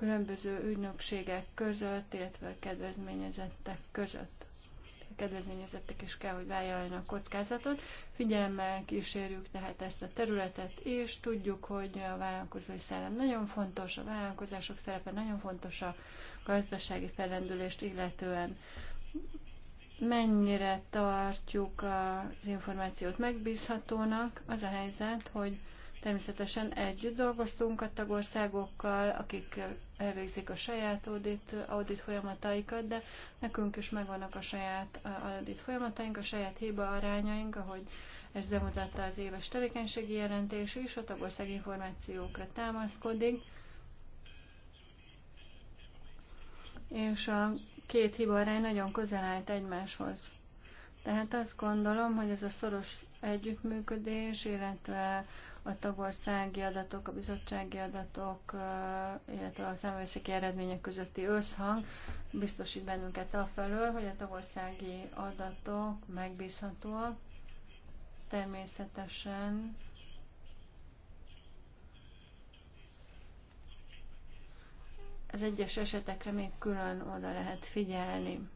C: különböző ügynökségek között, illetve a kedvezményezettek között. A kedvezményezettek is kell, hogy vállaljanak kockázatot. Figyelemmel kísérjük tehát ezt a területet, és tudjuk, hogy a vállalkozói szellem nagyon fontos, a vállalkozások szerepe nagyon fontos a gazdasági fellendülést illetően. Mennyire tartjuk az információt megbízhatónak? Az a helyzet, hogy Természetesen együtt dolgoztunk a tagországokkal, akik elvégzik a saját audit, audit folyamataikat, de nekünk is megvannak a saját audit folyamataink, a saját hiba arányaink, ahogy ez bemutatta az éves tevékenységi jelentés is, a tagország információkra támaszkodik. És a két hiba arány nagyon közel állt egymáshoz. Tehát azt gondolom, hogy ez a szoros együttműködés, illetve a tagországi adatok, a bizottsági adatok, illetve a számvevőszéki eredmények közötti összhang biztosít bennünket afelől, hogy a tagországi adatok megbízhatóak. Természetesen az egyes esetekre még külön oda lehet figyelni.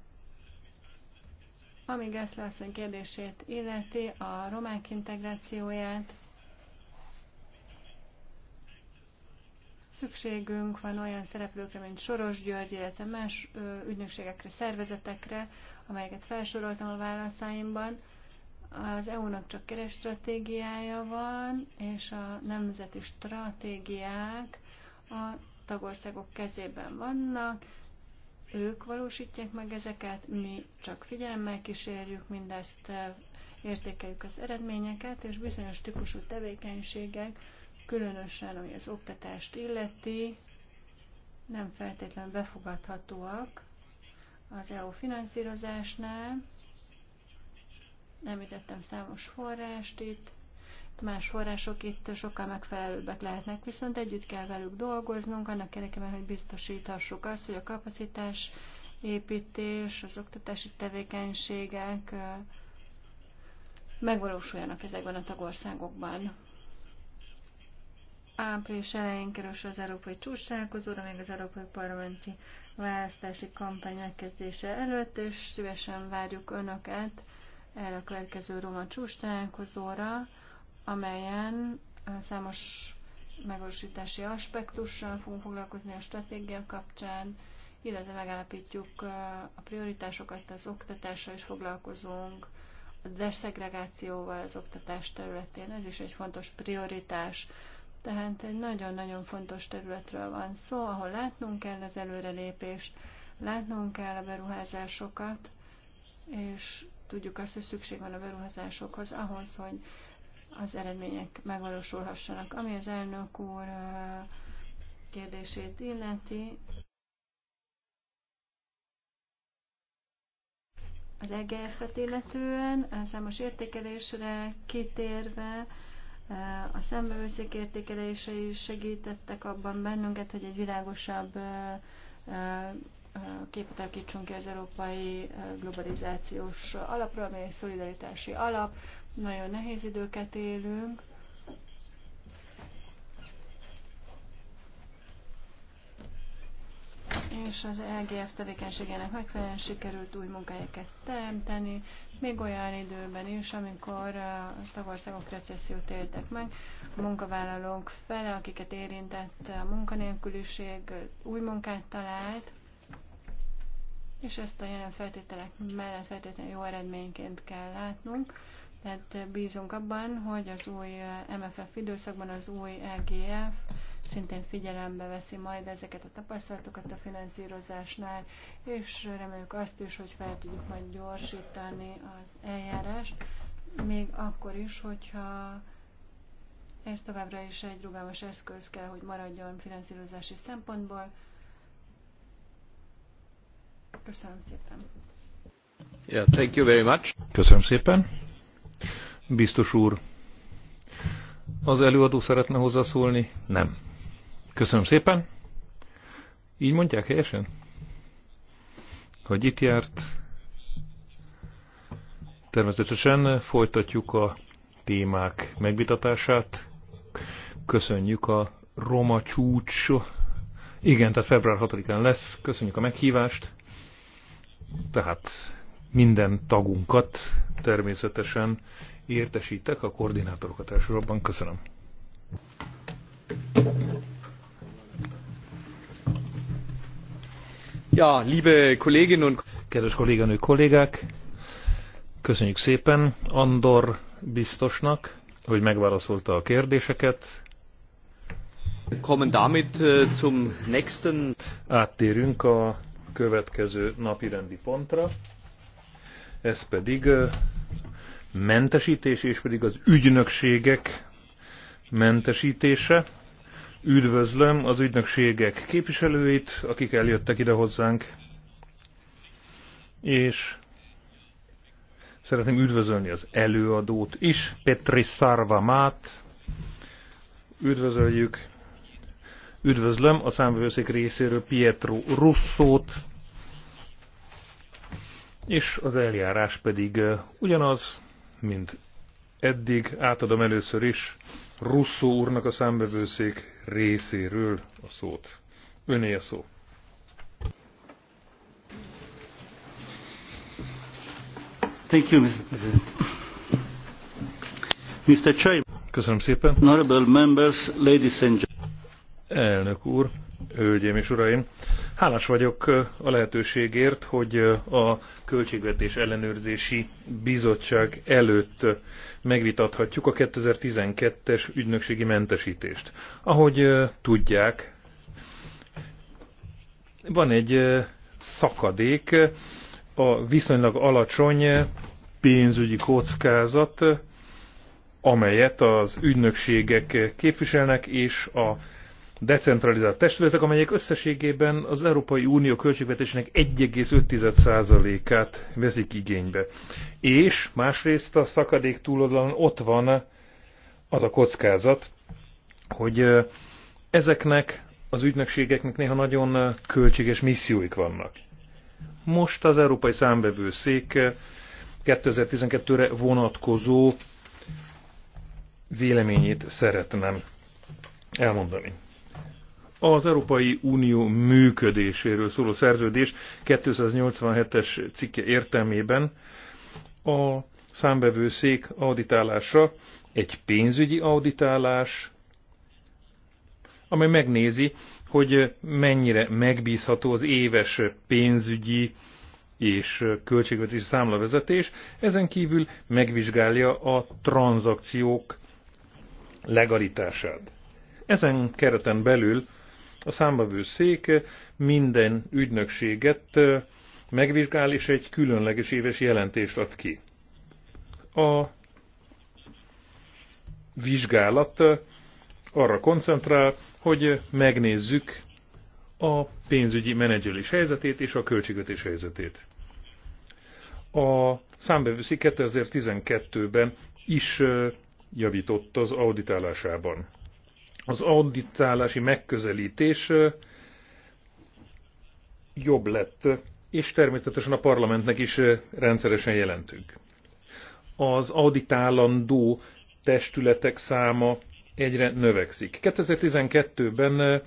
C: amíg ezt lesz a kérdését illeti, a romák integrációját, Szükségünk van olyan szereplőkre, mint Soros György, illetve más ügynökségekre, szervezetekre, amelyeket felsoroltam a válaszaimban. Az EU-nak csak keresztratégiája van, és a nemzeti stratégiák a tagországok kezében vannak, ők valósítják meg ezeket, mi csak figyelemmel kísérjük mindezt, értékeljük az eredményeket, és bizonyos típusú tevékenységek különösen ami az oktatást illeti, nem feltétlenül befogadhatóak az EU finanszírozásnál. ütettem számos forrást itt, más források itt sokkal megfelelőbbek lehetnek, viszont együtt kell velük dolgoznunk, annak érdekében, hogy biztosíthassuk azt, hogy a kapacitás építés, az oktatási tevékenységek megvalósuljanak ezekben a tagországokban április elején kerül az európai csúcsálkozóra, még az európai parlamenti választási kampány megkezdése előtt, és szívesen várjuk Önöket erre a következő roma csúcsálkozóra, amelyen számos megvalósítási aspektussal fogunk foglalkozni a stratégia kapcsán, illetve megállapítjuk a prioritásokat, az oktatással is foglalkozunk, a deszegregációval az oktatás területén, ez is egy fontos prioritás. Tehát egy nagyon-nagyon fontos területről van szó, ahol látnunk kell az előrelépést, látnunk kell a beruházásokat, és tudjuk azt, hogy szükség van a beruházásokhoz ahhoz, hogy az eredmények megvalósulhassanak. Ami az elnök úr kérdését illeti, az EGF-et illetően, számos értékelésre kitérve, a értékelése értékelései segítettek abban bennünket, hogy egy világosabb képet alakítsunk ki az európai globalizációs alapról, ami egy szolidaritási alap. Nagyon nehéz időket élünk, és az LGF e tevékenységének megfelelően sikerült új munkahelyeket teremteni, még olyan időben is, amikor a tagországok recessziót éltek meg, a munkavállalók fele, akiket érintett a munkanélküliség, új munkát talált, és ezt a jelen feltételek mellett feltétlenül jó eredményként kell látnunk. Tehát bízunk abban, hogy az új MFF időszakban az új LGF e szintén figyelembe veszi majd ezeket a tapasztalatokat a finanszírozásnál, és reméljük azt is, hogy fel tudjuk majd gyorsítani az eljárást, még akkor is, hogyha ez továbbra is egy rugalmas eszköz kell, hogy maradjon finanszírozási szempontból. Köszönöm szépen.
A: Yeah, thank you very much. Köszönöm szépen. Biztos úr, az előadó szeretne hozzászólni? Nem. Köszönöm szépen. Így mondják helyesen? Hogy itt járt. Természetesen folytatjuk a témák megvitatását. Köszönjük a Roma csúcs. Igen, tehát február 6-án lesz. Köszönjük a meghívást. Tehát minden tagunkat természetesen értesítek, a koordinátorokat elsősorban. Köszönöm. Ja, liebe Kolleginnen und Kedves kolléganők, kollégák, köszönjük szépen Andor biztosnak, hogy megválaszolta a kérdéseket. Kommen damit äh, zum nächsten. Áttérünk a következő napirendi pontra. Ez pedig äh, mentesítés, és pedig az ügynökségek mentesítése. Üdvözlöm az ügynökségek képviselőit, akik eljöttek ide hozzánk, és szeretném üdvözölni az előadót is, Petri Szarvamát. Üdvözöljük. Üdvözlöm a számvőszék részéről Pietro Russzót, és az eljárás pedig ugyanaz, mint eddig. Átadom először is Russzó úrnak a számbevőszék részéről a szót. Öné a szó. Thank you, Mr. President. Mr. Chair, Köszönöm szépen. Honorable members, ladies and gentlemen. Elnök úr, hölgyeim és uraim, Hálás vagyok a lehetőségért, hogy a Költségvetés Ellenőrzési Bizottság előtt megvitathatjuk a 2012-es ügynökségi mentesítést. Ahogy tudják, van egy szakadék a viszonylag alacsony pénzügyi kockázat, amelyet az ügynökségek képviselnek, és a decentralizált testületek, amelyek összességében az Európai Unió költségvetésének 1,5%-át veszik igénybe. És másrészt a szakadék túloldalon ott van az a kockázat, hogy ezeknek az ügynökségeknek néha nagyon költséges misszióik vannak. Most az Európai Számbevőszék 2012-re vonatkozó véleményét szeretném elmondani az Európai Unió működéséről szóló szerződés 287-es cikke értelmében a számbevőszék auditálása egy pénzügyi auditálás, amely megnézi, hogy mennyire megbízható az éves pénzügyi és költségvetési számlavezetés, ezen kívül megvizsgálja a tranzakciók legalitását. Ezen kereten belül a szék minden ügynökséget megvizsgál, és egy különleges éves jelentést ad ki. A vizsgálat arra koncentrál, hogy megnézzük a pénzügyi menedzselés helyzetét és a költségvetés helyzetét. A számbevőszi 2012-ben is javított az auditálásában az auditálási megközelítés jobb lett, és természetesen a parlamentnek is rendszeresen jelentünk. Az auditálandó testületek száma egyre növekszik. 2012-ben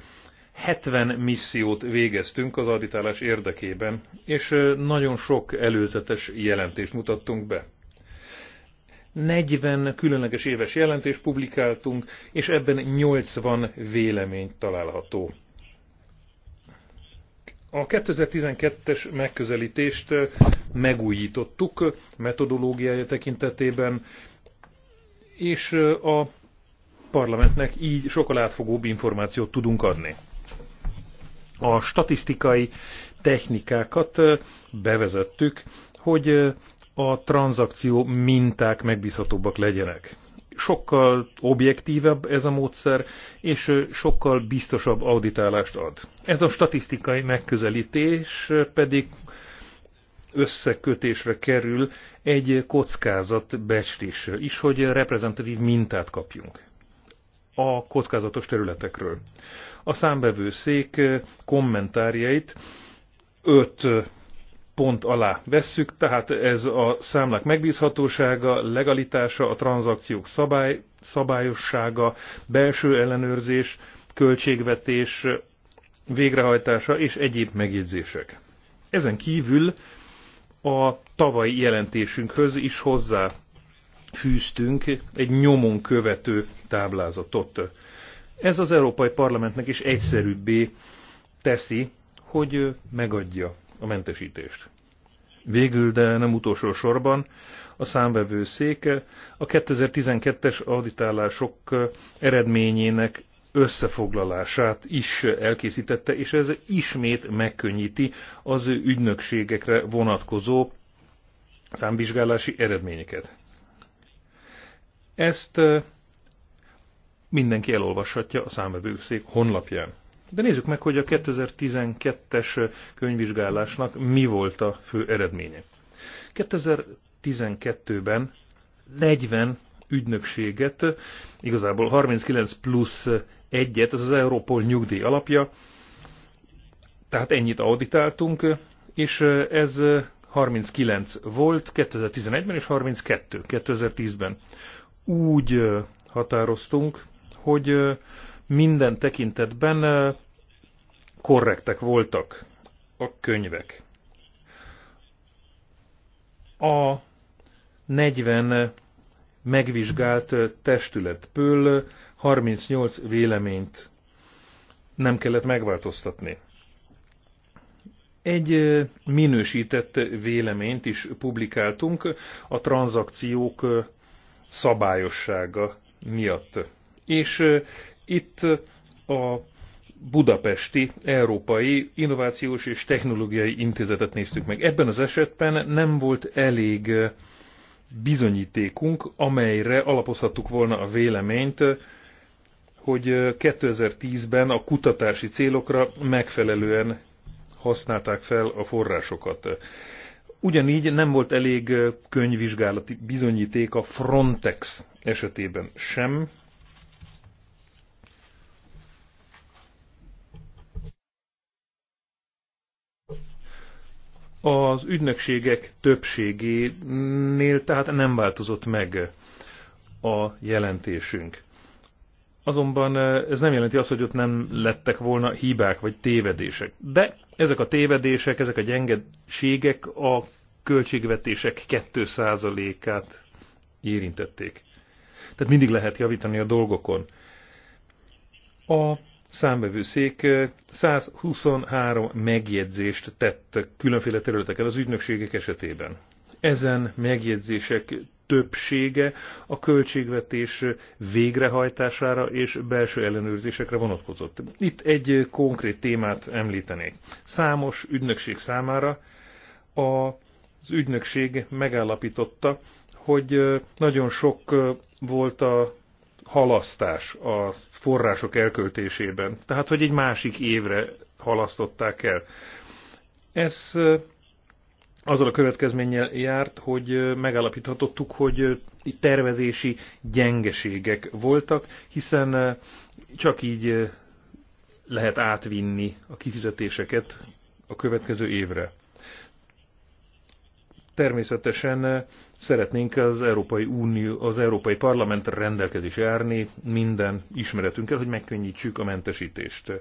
A: 70 missziót végeztünk az auditálás érdekében, és nagyon sok előzetes jelentést mutattunk be. 40 különleges éves jelentést publikáltunk, és ebben 80 vélemény található. A 2012-es megközelítést megújítottuk metodológiája tekintetében, és a parlamentnek így sokkal átfogóbb információt tudunk adni. A statisztikai technikákat bevezettük, hogy a tranzakció minták megbízhatóbbak legyenek. Sokkal objektívebb ez a módszer, és sokkal biztosabb auditálást ad. Ez a statisztikai megközelítés pedig összekötésre kerül egy kockázat becsléssel is, hogy reprezentatív mintát kapjunk a kockázatos területekről. A számbevőszék kommentárjait öt pont alá vesszük, tehát ez a számlák megbízhatósága, legalitása, a tranzakciók szabály, szabályossága, belső ellenőrzés, költségvetés, végrehajtása és egyéb megjegyzések. Ezen kívül a tavalyi jelentésünkhöz is hozzá fűztünk egy nyomon követő táblázatot. Ez az Európai Parlamentnek is egyszerűbbé teszi, hogy megadja a mentesítést. Végül, de nem utolsó sorban, a számvevő széke a 2012-es auditálások eredményének összefoglalását is elkészítette, és ez ismét megkönnyíti az ügynökségekre vonatkozó számvizsgálási eredményeket. Ezt eh, mindenki elolvashatja a számvevőszék honlapján. De nézzük meg, hogy a 2012-es könyvvizsgálásnak mi volt a fő eredménye. 2012-ben 40 ügynökséget, igazából 39 plusz egyet, ez az Európol nyugdíj alapja, tehát ennyit auditáltunk, és ez 39 volt 2011-ben és 32 2010-ben. Úgy határoztunk, hogy minden tekintetben korrektek voltak a könyvek. A 40 megvizsgált testületből 38 véleményt nem kellett megváltoztatni. Egy minősített véleményt is publikáltunk a tranzakciók szabályossága miatt. És itt a Budapesti Európai Innovációs és Technológiai Intézetet néztük meg. Ebben az esetben nem volt elég bizonyítékunk, amelyre alapozhattuk volna a véleményt, hogy 2010-ben a kutatási célokra megfelelően használták fel a forrásokat. Ugyanígy nem volt elég könyvvizsgálati bizonyíték a Frontex esetében sem, az ügynökségek többségénél tehát nem változott meg a jelentésünk. Azonban eh, ez nem jelenti azt, hogy ott nem lettek volna hibák vagy tévedések. De ezek a tévedések, ezek a gyengeségek a költségvetések 2%-át érintették. Tehát mindig lehet javítani a dolgokon. A számbevőszék 123 megjegyzést tett különféle területeken az ügynökségek esetében. Ezen megjegyzések többsége a költségvetés végrehajtására és belső ellenőrzésekre vonatkozott. Itt egy konkrét témát említenék. Számos ügynökség számára az ügynökség megállapította, hogy nagyon sok volt a halasztás az források elköltésében. Tehát, hogy egy másik évre halasztották el. Ez azzal a következménnyel járt, hogy megállapíthatottuk, hogy tervezési gyengeségek voltak, hiszen csak így lehet átvinni a kifizetéseket a következő évre természetesen eh, szeretnénk az Európai Unió, az Európai Parlament rendelkezésre járni minden ismeretünkkel, hogy megkönnyítsük a mentesítést.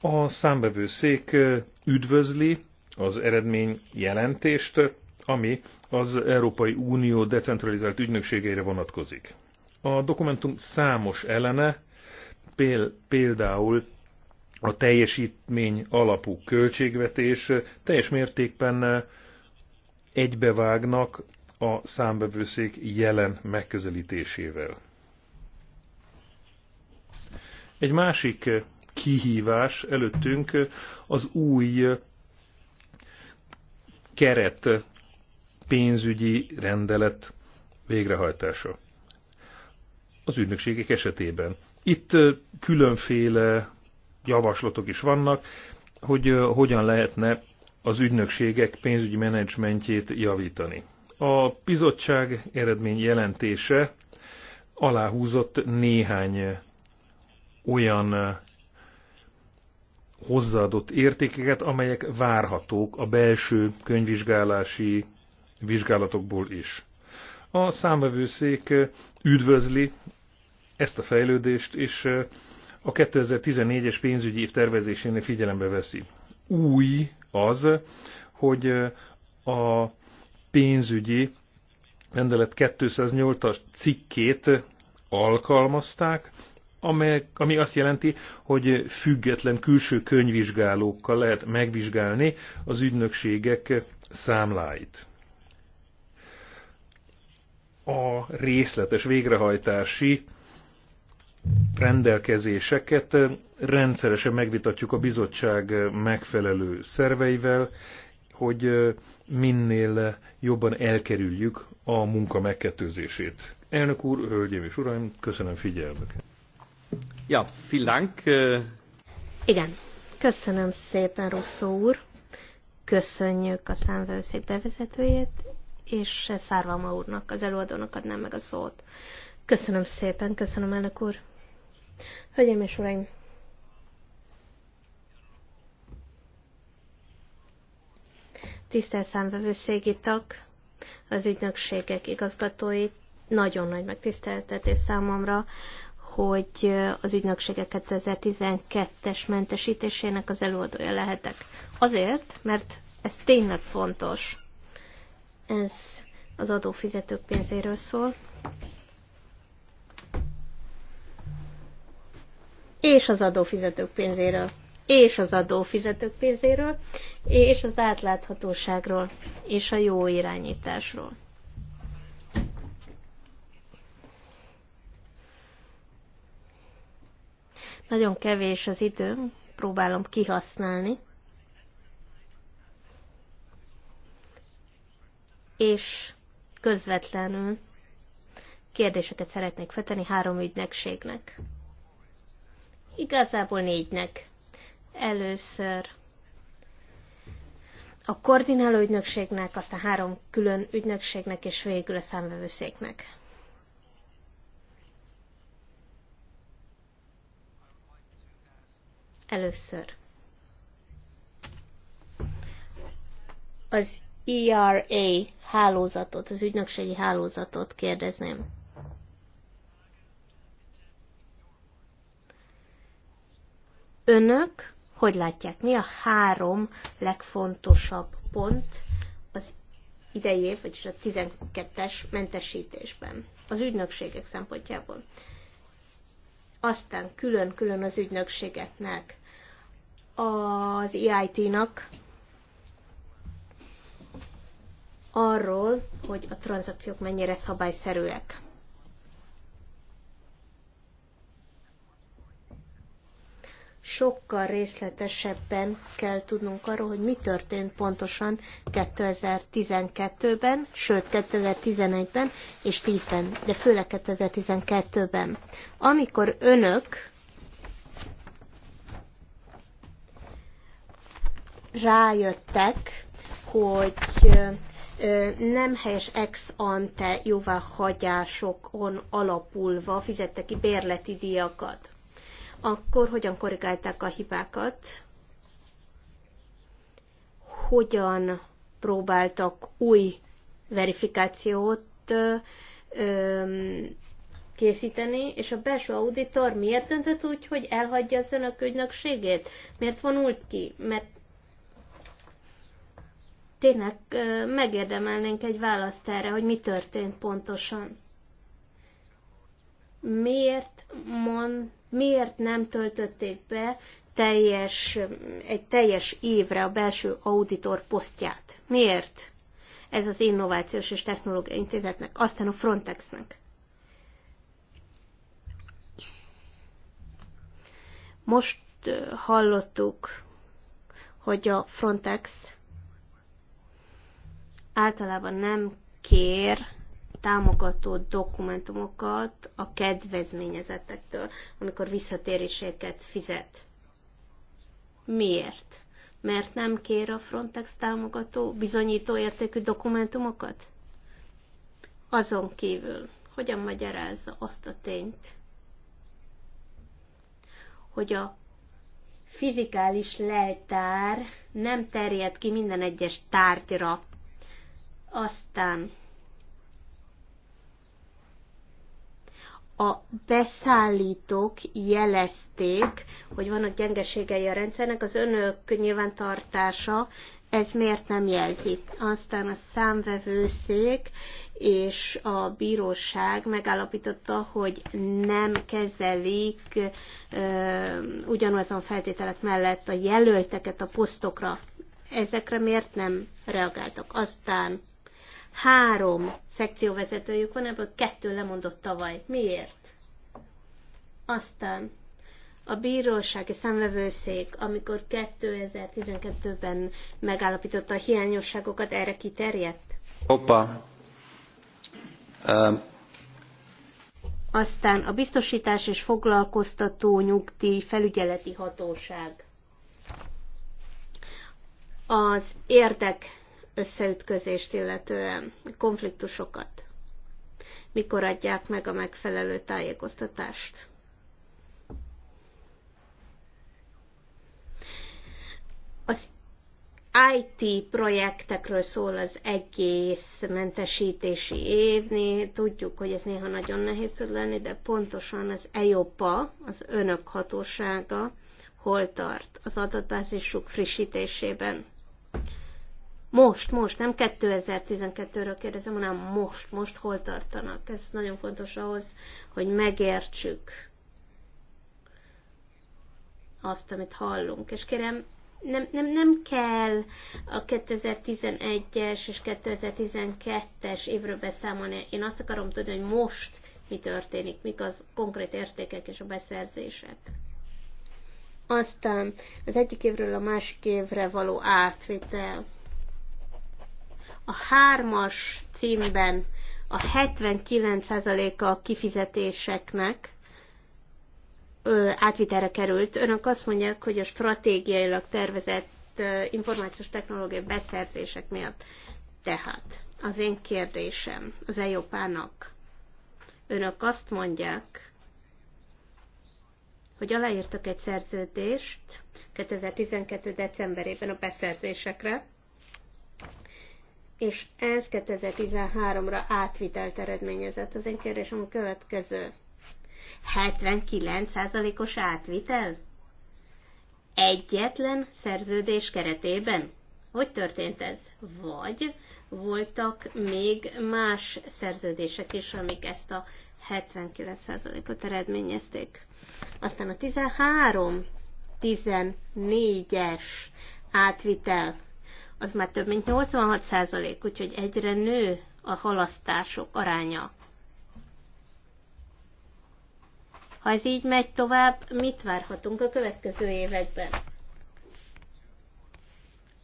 A: A számbevőszék eh, üdvözli az eredmény jelentést, ami az Európai Unió decentralizált ügynökségeire vonatkozik. A dokumentum számos elene, például a teljesítmény alapú költségvetés eh, teljes mértékben egybevágnak a számbevőszék jelen megközelítésével. Egy másik kihívás előttünk az új keret pénzügyi rendelet végrehajtása az ügynökségek esetében. Itt különféle javaslatok is vannak, hogy hogyan lehetne az ügynökségek pénzügyi menedzsmentjét javítani. A bizottság eredmény jelentése aláhúzott néhány olyan hozzáadott értékeket, amelyek várhatók a belső könyvvizsgálási vizsgálatokból is. A számvevőszék üdvözli ezt a fejlődést, és a 2014-es pénzügyi év tervezésénél figyelembe veszi. Új az, hogy a pénzügyi rendelet 208-as cikkét alkalmazták, amely, ami azt jelenti, hogy független külső könyvvizsgálókkal lehet megvizsgálni az ügynökségek számláit. A részletes végrehajtási rendelkezéseket rendszeresen megvitatjuk a bizottság megfelelő szerveivel, hogy minél jobban elkerüljük a munka megkettőzését. Elnök úr, hölgyeim és uraim, köszönöm figyelmüket. Ja, vielen
B: Igen, köszönöm szépen, Russzó úr. Köszönjük a számvőszék bevezetőjét, és Szárvalma úrnak, az előadónak adnám meg a szót. Köszönöm szépen, köszönöm, elnök úr. Hölgyeim és Uraim! Tisztelt számvevőszégi tag, az ügynökségek igazgatói, nagyon nagy megtiszteltetés számomra, hogy az ügynökségek 2012-es mentesítésének az előadója lehetek. Azért, mert ez tényleg fontos. Ez az adófizetők pénzéről szól, és az adófizetők pénzéről, és az adófizetők pénzéről, és az átláthatóságról, és a jó irányításról. Nagyon kevés az időm, próbálom kihasználni. És közvetlenül kérdéseket szeretnék feteni három ügynökségnek. Igazából négynek. Először a koordináló ügynökségnek, aztán három külön ügynökségnek, és végül a számvevőszéknek. Először. Az ERA hálózatot, az ügynökségi hálózatot kérdezném. Önök hogy látják, mi a három legfontosabb pont az idei év, vagyis a 12-es mentesítésben az ügynökségek szempontjából? Aztán külön-külön az ügynökségeknek, az EIT-nak, arról, hogy a tranzakciók mennyire szabályszerűek. sokkal részletesebben kell tudnunk arról, hogy mi történt pontosan 2012-ben, sőt 2011-ben és 10-ben, de főleg 2012-ben. Amikor önök rájöttek, hogy nem helyes ex ante jóváhagyásokon alapulva fizette ki bérleti díjakat akkor hogyan korrigálták a hibákat, hogyan próbáltak új verifikációt készíteni, és a belső auditor miért döntött úgy, hogy elhagyja az önök ügynökségét? Miért vonult ki? Mert tényleg megérdemelnénk egy választ erre, hogy mi történt pontosan. Miért mond miért nem töltötték be teljes, egy teljes évre a belső auditor posztját. Miért? Ez az Innovációs és Technológiai Intézetnek, aztán a Frontexnek. Most hallottuk, hogy a Frontex általában nem kér támogató dokumentumokat a kedvezményezettektől, amikor visszatéréséket fizet. Miért? Mert nem kér a Frontex támogató bizonyító értékű dokumentumokat? Azon kívül, hogyan magyarázza azt a tényt, hogy a fizikális leltár nem terjed ki minden egyes tárgyra. Aztán a beszállítók jelezték, hogy vannak gyengeségei a rendszernek, az önök nyilvántartása ez miért nem jelzi. Aztán a számvevőszék és a bíróság megállapította, hogy nem kezelik ö, ugyanazon feltételek mellett a jelölteket a posztokra. Ezekre miért nem reagáltak? Aztán három szekcióvezetőjük van, ebből kettő lemondott tavaly. Miért? Aztán a bírósági szemvevőszék, amikor 2012-ben megállapította a hiányosságokat, erre kiterjedt? Hoppa. Um. Aztán a biztosítás és foglalkoztató nyugdíj felügyeleti hatóság. Az érdek összeütközést illetően, konfliktusokat? Mikor adják meg a megfelelő tájékoztatást? Az IT projektekről szól az egész mentesítési évni. Tudjuk, hogy ez néha nagyon nehéz tud lenni, de pontosan az eOPA, az önök hatósága, hol tart az adatbázisuk frissítésében. Most, most, nem 2012-ről kérdezem, hanem most, most hol tartanak. Ez nagyon fontos ahhoz, hogy megértsük azt, amit hallunk. És kérem, nem, nem, nem kell a 2011-es és 2012-es évről beszámolni. Én azt akarom tudni, hogy most mi történik, mik az konkrét értékek és a beszerzések. Aztán az egyik évről a másik évre való átvitel. A hármas címben a 79%-a kifizetéseknek ö, átvitelre került. Önök azt mondják, hogy a stratégiailag tervezett ö, információs technológiai beszerzések miatt. Tehát az én kérdésem az EIOPának. Önök azt mondják, hogy aláírtak egy szerződést 2012. decemberében a beszerzésekre, és ez 2013-ra átvitelt eredményezett. Az én kérdésem a következő. 79%-os átvitel? Egyetlen szerződés keretében? Hogy történt ez? Vagy voltak még más szerződések is, amik ezt a 79%-ot eredményezték. Aztán a 13-14-es átvitel az már több mint 86 százalék, úgyhogy egyre nő a halasztások aránya. Ha ez így megy tovább, mit várhatunk a következő években?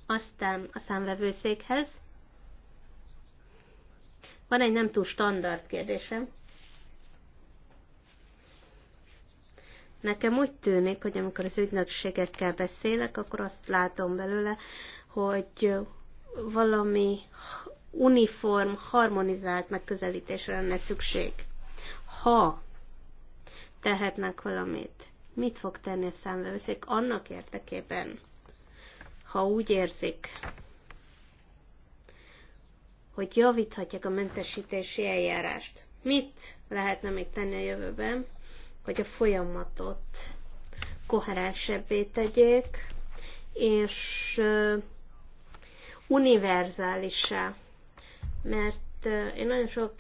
B: Aztán a számvevőszékhez. Van egy nem túl standard kérdésem. Nekem úgy tűnik, hogy amikor az ügynökségekkel beszélek, akkor azt látom belőle, hogy valami uniform, harmonizált megközelítésre lenne szükség. Ha tehetnek valamit, mit fog tenni a számvevőszék annak érdekében, ha úgy érzik, hogy javíthatják a mentesítési eljárást. Mit lehetne még tenni a jövőben, hogy a folyamatot koherensebbé tegyék, és univerzálissá. Mert én nagyon sok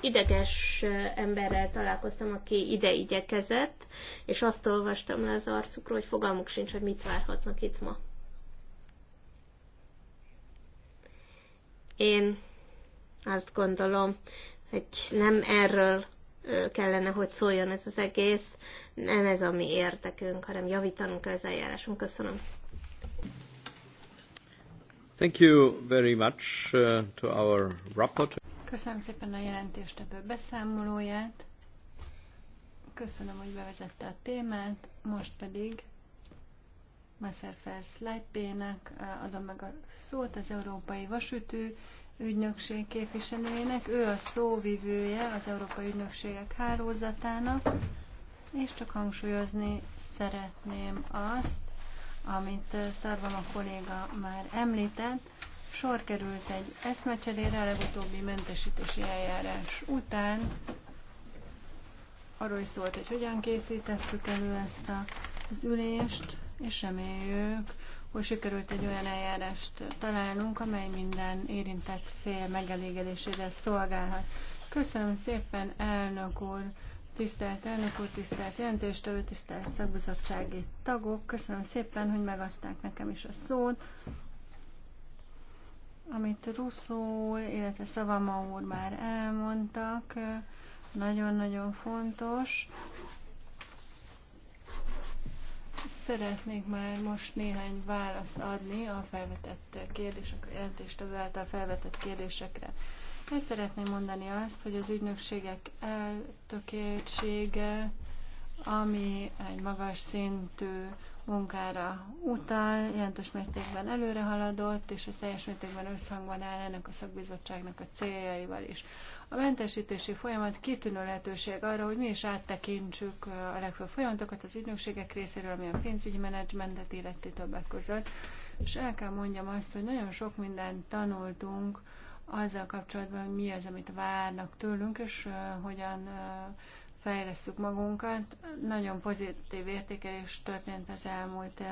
B: ideges emberrel találkoztam, aki ide igyekezett, és azt olvastam le az arcukról, hogy fogalmuk sincs, hogy mit várhatnak itt ma. Én azt gondolom, hogy nem erről kellene, hogy szóljon ez az egész, nem ez a mi érdekünk, hanem javítanunk kell az eljárásunk. Köszönöm. Thank you very much uh, to our Köszönöm szépen a jelentést
C: a beszámolóját. Köszönöm, hogy bevezette a témát. Most pedig Messerfers Leipének uh, adom meg a szót az Európai Vasütő Ügynökség képviselőjének. Ő a szóvivője az Európai Ügynökségek hálózatának, és csak hangsúlyozni szeretném azt, amit eh, Szarvam a kolléga már említett, sor került egy eszmecserére a legutóbbi mentesítési eljárás után. Arról is szólt, hogy hogyan készítettük elő ezt az ülést, és reméljük, hogy sikerült egy olyan eljárást találnunk, amely minden érintett fél megelégedésére szolgálhat. Köszönöm szépen, elnök úr! Tisztelt elnök úr, tisztelt jelentéstevő, tisztelt szakbizottsági tagok, köszönöm szépen, hogy megadták nekem is a szót. Amit Ruszó, illetve Szavama úr már elmondtak, nagyon-nagyon fontos. Szeretnék már most néhány választ adni a felvetett kérdésekre, jelentéstevő által felvetett kérdésekre. El szeretném mondani azt, hogy az ügynökségek eltökéltsége, ami egy magas szintű munkára utal, jelentős mértékben előre haladott, és ez teljes mértékben összhangban áll ennek a szakbizottságnak a céljaival is. A mentesítési folyamat kitűnő lehetőség arra, hogy mi is áttekintsük a legfőbb folyamatokat az ügynökségek részéről, ami a pénzügyi menedzsmentet illeti többek között. És el kell mondjam azt, hogy nagyon sok mindent tanultunk azzal kapcsolatban, hogy mi az, amit várnak tőlünk, és hogyan fejlesztjük magunkat. Nagyon pozitív értékelés történt az elmúlt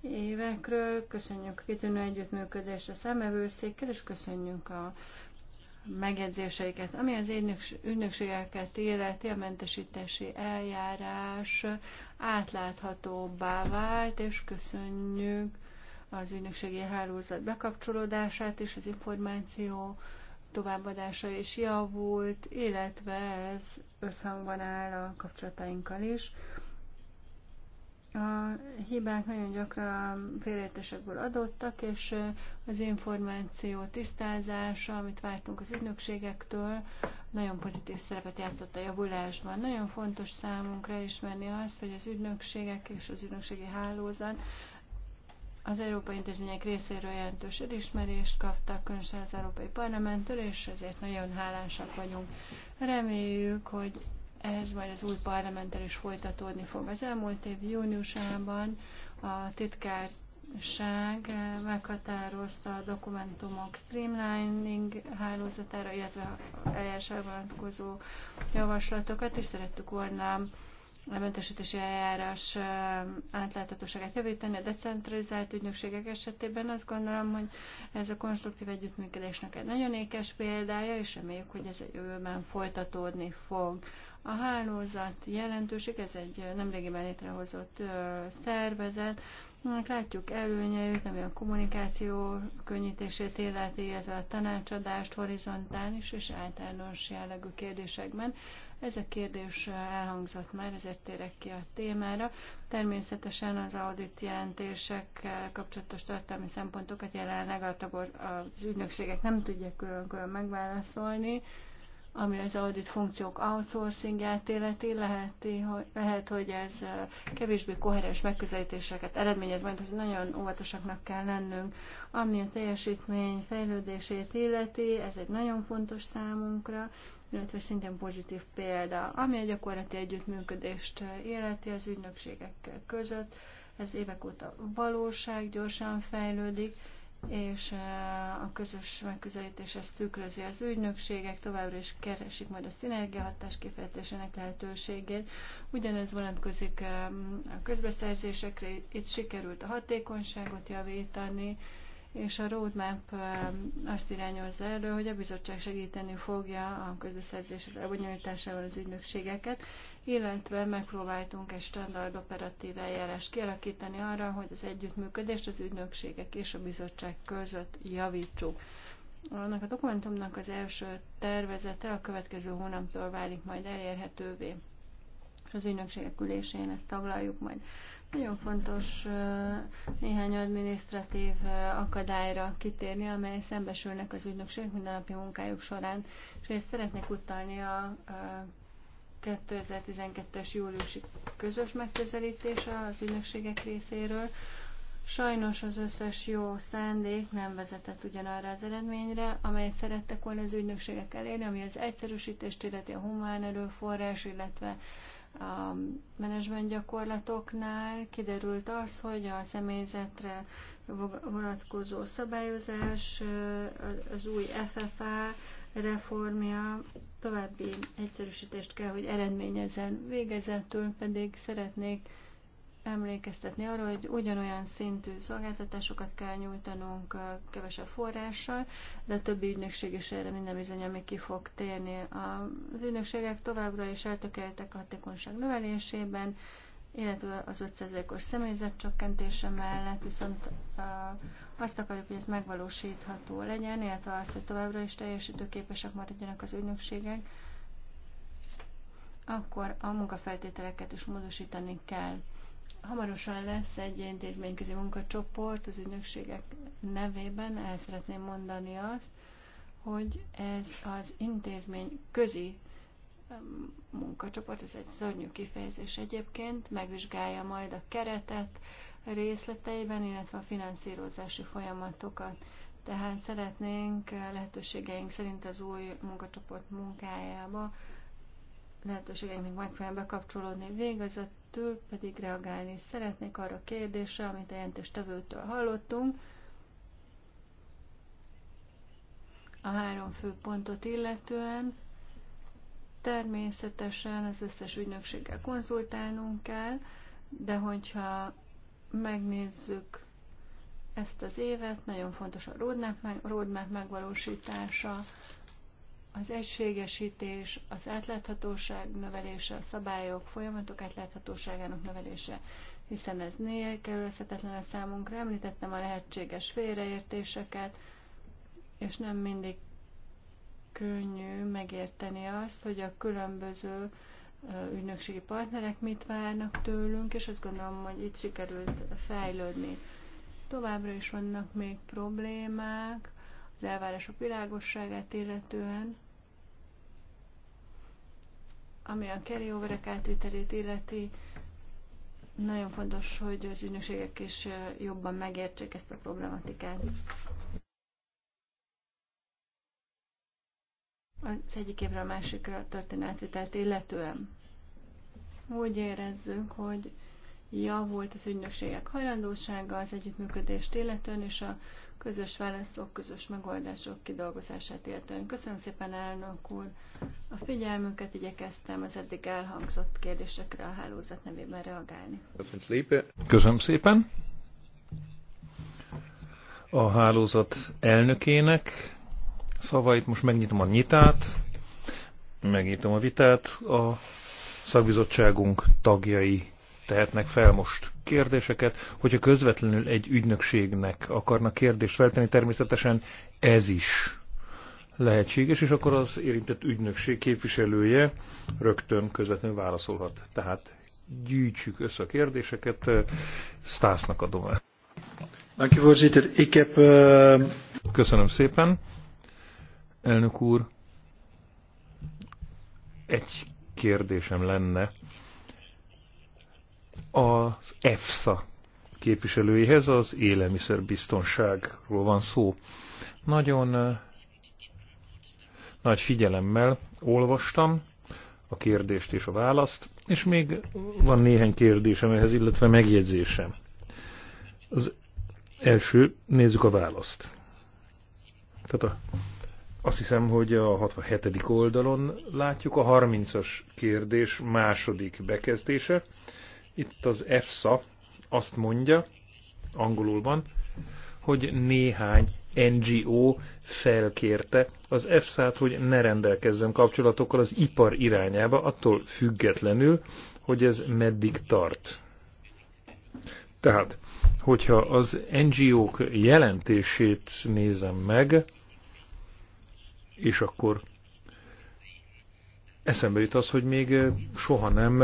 C: évekről. Köszönjük a kitűnő együttműködést a szemevőszékkel, és köszönjük a megjegyzéseiket. Ami az ügynökségeket illeti, a mentesítési eljárás átláthatóbbá vált, és köszönjük az ügynökségi hálózat bekapcsolódását és az információ továbbadása is javult, illetve ez összhangban áll a kapcsolatainkkal is. A hibák nagyon gyakran félértésekből adottak, és az információ tisztázása, amit vártunk az ügynökségektől, nagyon pozitív szerepet játszott a javulásban. Nagyon fontos számunkra ismerni azt, hogy az ügynökségek és az ügynökségi hálózat az európai intézmények részéről jelentős elismerést kaptak, különösen az Európai Parlamenttől, és ezért nagyon hálásak vagyunk. Reméljük, hogy ez majd az új parlamenttel is folytatódni fog. Az elmúlt év júniusában a titkárság meghatározta a dokumentumok streamlining hálózatára, illetve eljárásra vonatkozó javaslatokat, és szerettük volna a mentesítési eljárás átláthatóságát javítani a decentralizált ügynökségek esetében. Azt gondolom, hogy ez a konstruktív együttműködésnek egy nagyon ékes példája, és reméljük, hogy ez a jövőben folytatódni fog. A hálózat jelentőség, ez egy nemrégiben létrehozott szervezet, Látjuk előnyeit, ami a kommunikáció könnyítését illeti, illetve a tanácsadást horizontális és általános jellegű kérdésekben. Ez a kérdés elhangzott már, ezért térek ki a témára. Természetesen az audit jelentésekkel kapcsolatos tartalmi szempontokat jelenleg a tagor, az ügynökségek nem tudják külön-külön megválaszolni, ami az audit funkciók outsourcingját illeti, leheti, lehet, hogy ez kevésbé koherens megközelítéseket eredményez, majd hogy nagyon óvatosaknak kell lennünk. Ami a teljesítmény fejlődését illeti, ez egy nagyon fontos számunkra, illetve szintén pozitív példa, ami a gyakorlati együttműködést életi eh, az ügynökségekkel között. Ez évek óta valóság, gyorsan fejlődik, és eh, a közös megközelítés ezt tükrözi az ügynökségek, továbbra is keresik majd a szinergiahatás kifejtésének lehetőségét. Ugyanez vonatkozik eh, a közbeszerzésekre, itt sikerült a hatékonyságot javítani, és a roadmap eh, azt irányozza elő, hogy a bizottság segíteni fogja a közbeszerzés lebonyolításával az ügynökségeket, illetve megpróbáltunk egy standard operatív eljárást kialakítani arra, hogy az együttműködést az ügynökségek és a bizottság között javítsuk. Annak a dokumentumnak az első tervezete a következő hónaptól válik majd elérhetővé. Az ügynökségek ülésén ezt taglaljuk majd. Nagyon fontos néhány adminisztratív akadályra kitérni, amely szembesülnek az ügynökségek mindennapi munkájuk során. És én szeretnék utalni a 2012-es júliusi közös megközelítése az ügynökségek részéről. Sajnos az összes jó szándék nem vezetett ugyanarra az eredményre, amelyet szerettek volna az ügynökségek elérni, ami az egyszerűsítést illeti a humán erőforrás, illetve a menedzsment gyakorlatoknál kiderült az, hogy a személyzetre vonatkozó szabályozás, az új FFA reformja további egyszerűsítést kell, hogy eredményezzen. Végezetül pedig szeretnék emlékeztetni arra, hogy ugyanolyan szintű szolgáltatásokat kell nyújtanunk kevesebb forrással, de a többi ügynökség is erre minden bizony, ami ki fog térni. Az ügynökségek továbbra is eltökéltek a hatékonyság növelésében, illetve az 5%-os személyzet csökkentése mellett, viszont azt akarjuk, hogy ez megvalósítható legyen, illetve az, hogy továbbra is teljesítőképesek maradjanak az ügynökségek, akkor a munkafeltételeket is módosítani kell. Hamarosan lesz egy intézményközi munkacsoport az ügynökségek nevében. El szeretném mondani azt, hogy ez az intézmény közi munkacsoport, ez egy szörnyű kifejezés egyébként, megvizsgálja majd a keretet részleteiben, illetve a finanszírozási folyamatokat. Tehát szeretnénk eh, lehetőségeink szerint az új munkacsoport munkájába lehetőségeinknek megfelelően bekapcsolódni végezetül, pedig reagálni szeretnék arra a kérdésre, amit a jelentéstevőtől hallottunk. A három fő pontot illetően természetesen az összes ügynökséggel konzultálnunk kell, de hogyha megnézzük ezt az évet, nagyon fontos a roadmap, meg, roadmap megvalósítása, az egységesítés, az átláthatóság növelése, a szabályok, folyamatok átláthatóságának növelése, hiszen ez nélkülözhetetlen a számunkra. Említettem a lehetséges félreértéseket, és nem mindig könnyű megérteni azt, hogy a különböző ügynökségi partnerek mit várnak tőlünk, és azt gondolom, hogy itt sikerült fejlődni. Továbbra is vannak még problémák az elvárások világosságát illetően, ami a carryoverek átvitelét illeti, nagyon fontos, hogy az ügynökségek is jobban megértsék ezt a problematikát. Az egyik évre a másikra történő átvitelt illetően úgy érezzük, hogy javult az ügynökségek hajlandósága az együttműködést illetően, és a közös válaszok, közös megoldások kidolgozását illetően. Köszönöm szépen, elnök úr! A figyelmünket igyekeztem az eddig elhangzott kérdésekre a hálózat nevében reagálni.
A: Köszönöm szépen! A hálózat elnökének szavait most megnyitom a nyitát, megnyitom a vitát a szakbizottságunk tagjai tehetnek fel most kérdéseket. Hogyha közvetlenül egy ügynökségnek akarnak kérdést feltenni, természetesen ez is lehetséges, és akkor az érintett ügynökség képviselője rögtön közvetlenül válaszolhat. Tehát gyűjtsük össze a kérdéseket, Stásznak adom el. Eh, Köszönöm szépen. Elnök úr, egy kérdésem lenne az EFSA képviselőihez, az élelmiszerbiztonságról van szó. Nagyon nagy figyelemmel olvastam a kérdést és a választ, és még van néhány kérdésem ehhez, illetve megjegyzésem. Az első, nézzük a választ. Tehát a, azt hiszem, hogy a 67. oldalon látjuk a 30-as kérdés második bekezdése. Itt az EFSA azt mondja, angolul van, hogy néhány NGO felkérte az EFSA-t, hogy ne rendelkezzen kapcsolatokkal az ipar irányába, attól függetlenül, hogy ez meddig tart. Tehát, hogyha az NGO-k jelentését nézem meg, és akkor eszembe jut az, hogy még soha nem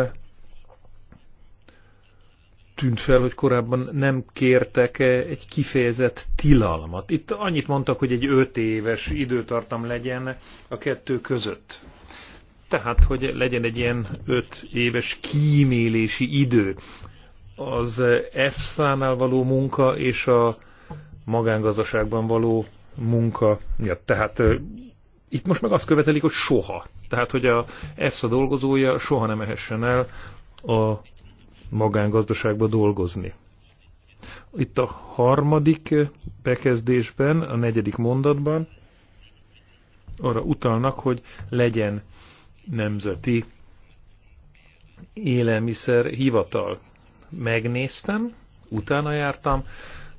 A: tűnt fel, hogy korábban nem kértek -e egy kifejezett tilalmat. Itt annyit mondtak, hogy egy öt éves időtartam legyen a kettő között. Tehát, hogy legyen egy ilyen öt éves kímélési idő. Az EFSA-nál való munka és a magángazdaságban való munka miatt. Ja, tehát itt most meg azt követelik, hogy soha. Tehát, hogy a EFSA dolgozója soha nem ehessen el a magángazdaságba dolgozni. Itt a harmadik bekezdésben, a negyedik mondatban arra utalnak, hogy legyen nemzeti élelmiszer hivatal. Megnéztem, utána jártam,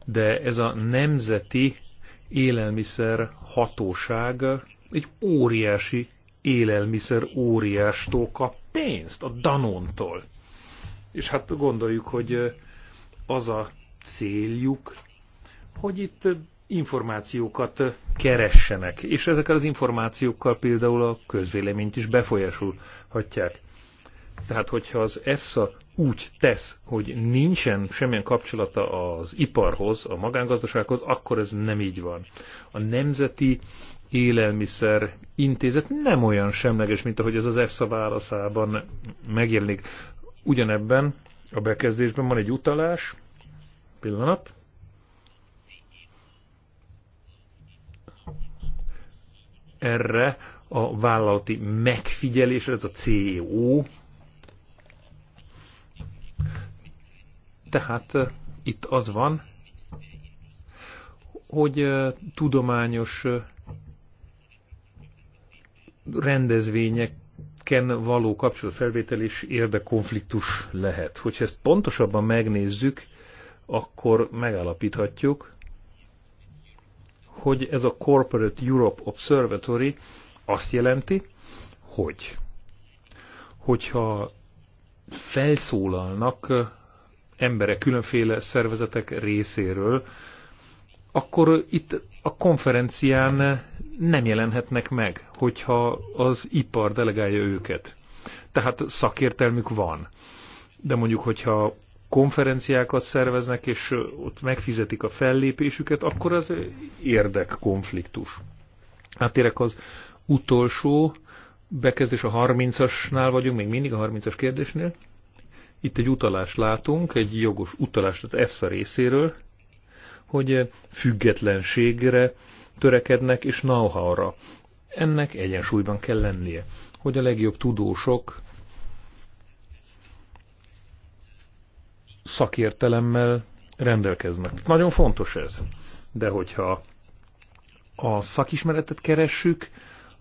A: de ez a nemzeti élelmiszer hatóság egy óriási élelmiszer óriástól kap pénzt, a Danontól. És hát gondoljuk, hogy az a céljuk, hogy itt információkat keressenek, és ezekkel az információkkal például a közvéleményt is befolyásolhatják. Tehát, hogyha az EFSA úgy tesz, hogy nincsen semmilyen kapcsolata az iparhoz, a magángazdasághoz, akkor ez nem így van. A Nemzeti Élelmiszer Intézet nem olyan semleges, mint ahogy ez az EFSA válaszában megjelenik. Ugyanebben a bekezdésben van egy utalás, pillanat, erre a vállalati megfigyelésre, ez a CEO. Tehát eh, itt az van, hogy eh, tudományos eh, rendezvények ken való kapcsolatfelvétel is érdekkonfliktus lehet. Hogyha ezt pontosabban megnézzük, akkor megállapíthatjuk, hogy ez a Corporate Europe Observatory azt jelenti, hogy hogyha felszólalnak emberek különféle szervezetek részéről, akkor itt a konferencián nem jelenhetnek meg, hogyha az ipar delegálja őket. Tehát szakértelmük van. De mondjuk, hogyha konferenciákat szerveznek, és ott megfizetik a fellépésüket, akkor az érdekkonfliktus. Átérek az utolsó bekezdés, a 30-asnál vagyunk, még mindig a 30-as kérdésnél. Itt egy utalást látunk, egy jogos utalást az EFSA részéről, hogy függetlenségre törekednek és nauhára. Ennek egyensúlyban kell lennie, hogy a legjobb tudósok szakértelemmel rendelkeznek. Nagyon fontos ez. De hogyha a szakismeretet keressük,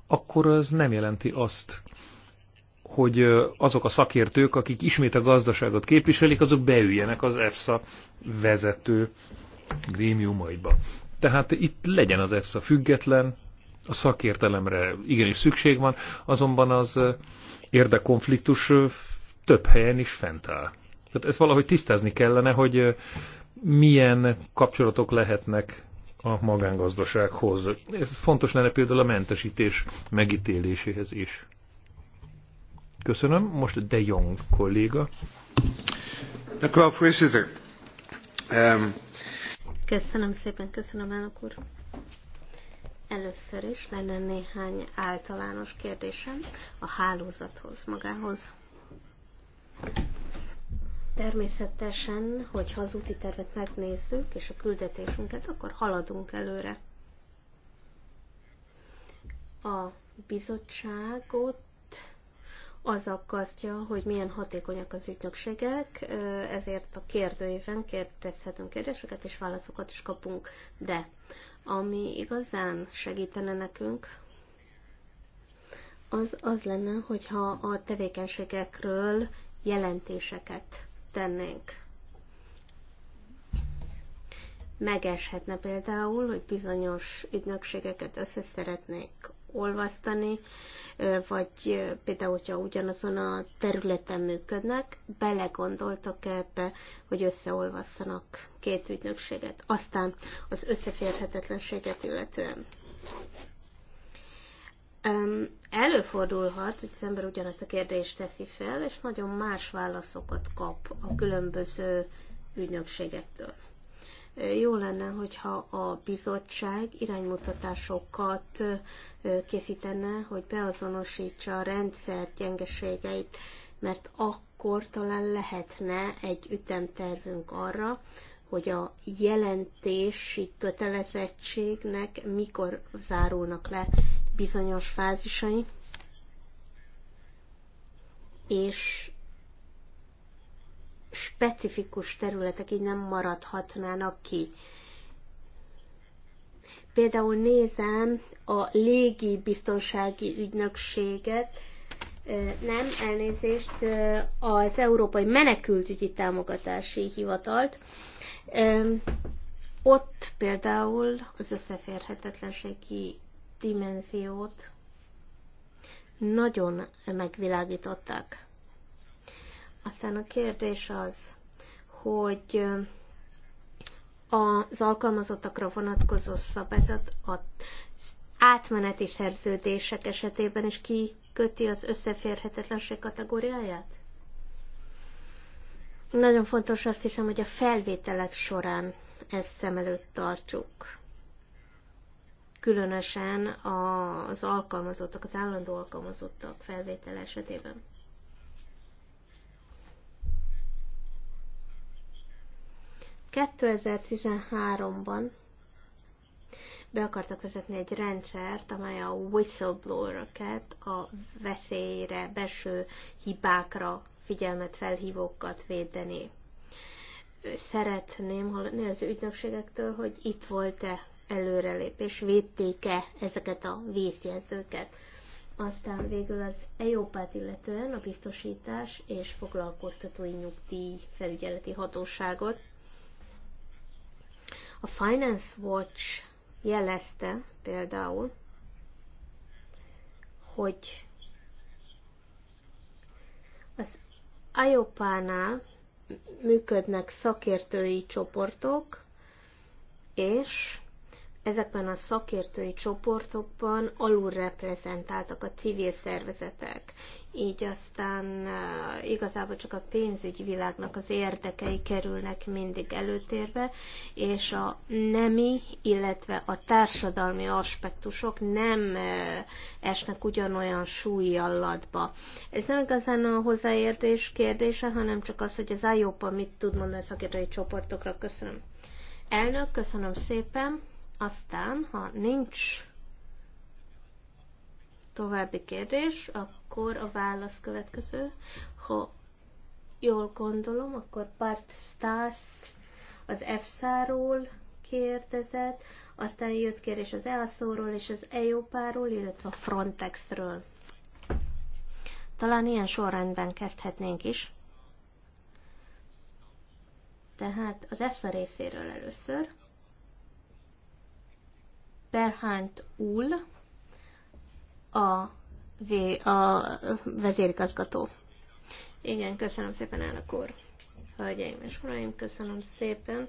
A: akkor az nem jelenti azt, hogy azok a szakértők, akik ismét a gazdaságot képviselik, azok beüljenek az EFSA vezető grémiumaiba. Tehát itt legyen az EFSA független, a szakértelemre igenis szükség van, azonban az érdekonfliktus több helyen is fent áll. Tehát ezt valahogy tisztázni kellene, hogy milyen kapcsolatok lehetnek a magángazdasághoz. Ez fontos lenne például a mentesítés megítéléséhez is. Köszönöm. Most De Jong kolléga. Dank Um,
B: Köszönöm szépen, köszönöm, elnök úr. Először is lenne néhány általános kérdésem a hálózathoz magához. Természetesen, hogyha az úti tervet megnézzük, és a küldetésünket, akkor haladunk előre. A bizottságot az aggasztja, hogy milyen hatékonyak az ügynökségek, ezért a kérdőjében kérdezhetünk kérdéseket, és válaszokat is kapunk. De ami igazán segítene nekünk, az az lenne, hogyha a tevékenységekről jelentéseket tennénk. Megeshetne például, hogy bizonyos ügynökségeket összeszeretnék olvasztani, vagy például, hogyha ugyanazon a területen működnek, belegondoltak ebbe, hogy összeolvasszanak két ügynökséget. Aztán az összeférhetetlenséget illetően. Előfordulhat, hogy az ember ugyanazt a kérdést teszi fel, és nagyon más válaszokat kap a különböző ügynökségektől. Jó lenne, hogyha a bizottság iránymutatásokat készítene, hogy beazonosítsa a rendszer gyengeségeit, mert akkor talán lehetne egy ütemtervünk arra, hogy a jelentési kötelezettségnek mikor zárulnak le bizonyos fázisai, és specifikus területek így nem maradhatnának ki. Például nézem a légi biztonsági ügynökséget, nem elnézést, az Európai Menekültügyi Támogatási Hivatalt. Ott például az összeférhetetlenségi dimenziót nagyon megvilágították. Aztán a kérdés az, hogy az alkalmazottakra vonatkozó szabályzat az átmeneti szerződések esetében is kiköti az összeférhetetlenség kategóriáját? Nagyon fontos azt hiszem, hogy a felvételek során ezt szem előtt tartsuk. Különösen az alkalmazottak, az állandó alkalmazottak felvétel esetében. 2013-ban be akartak vezetni egy rendszert, amely a whistleblower-öket, a veszélyre, beső hibákra figyelmet felhívókat védeni. Szeretném hallani az ügynökségektől, hogy itt volt-e előrelépés, védték-e ezeket a vészjelzőket. Aztán végül az EIOPÁT illetően a biztosítás és foglalkoztatói nyugdíj felügyeleti hatóságot a Finance Watch jelezte például, hogy az IOPA-nál működnek szakértői csoportok, és ezekben a szakértői csoportokban alulreprezentáltak a civil szervezetek, így aztán igazából csak a pénzügyi világnak az érdekei kerülnek mindig előtérbe, és a nemi, illetve a társadalmi aspektusok nem esnek ugyanolyan súlyallatba. Ez nem igazán a hozzáértés kérdése, hanem csak az, hogy az IOPA mit tud mondani a szakértői csoportokra. Köszönöm. Elnök, köszönöm szépen. Aztán, ha nincs további kérdés, akkor a válasz következő. Ha jól gondolom, akkor Bart Stas az EFSA-ról kérdezett, aztán jött kérdés az EASZ-ról és az EIOPA-ról, illetve a Frontex-ről. Talán ilyen sorrendben kezdhetnénk is. Tehát az EFSA részéről először. Berhant Ul, a, v, a vezérigazgató. Igen, köszönöm szépen, elnök úr. Hölgyeim és uraim, köszönöm szépen,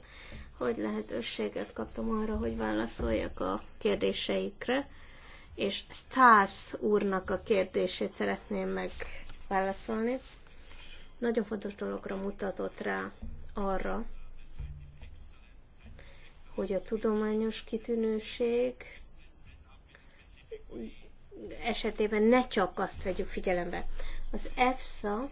B: hogy lehetőséget kaptam arra, hogy válaszoljak a kérdéseikre, és Stász úrnak a kérdését szeretném megválaszolni. Nagyon fontos dologra mutatott rá arra, hogy a tudományos kitűnőség esetében ne csak azt vegyük figyelembe. Az EFSA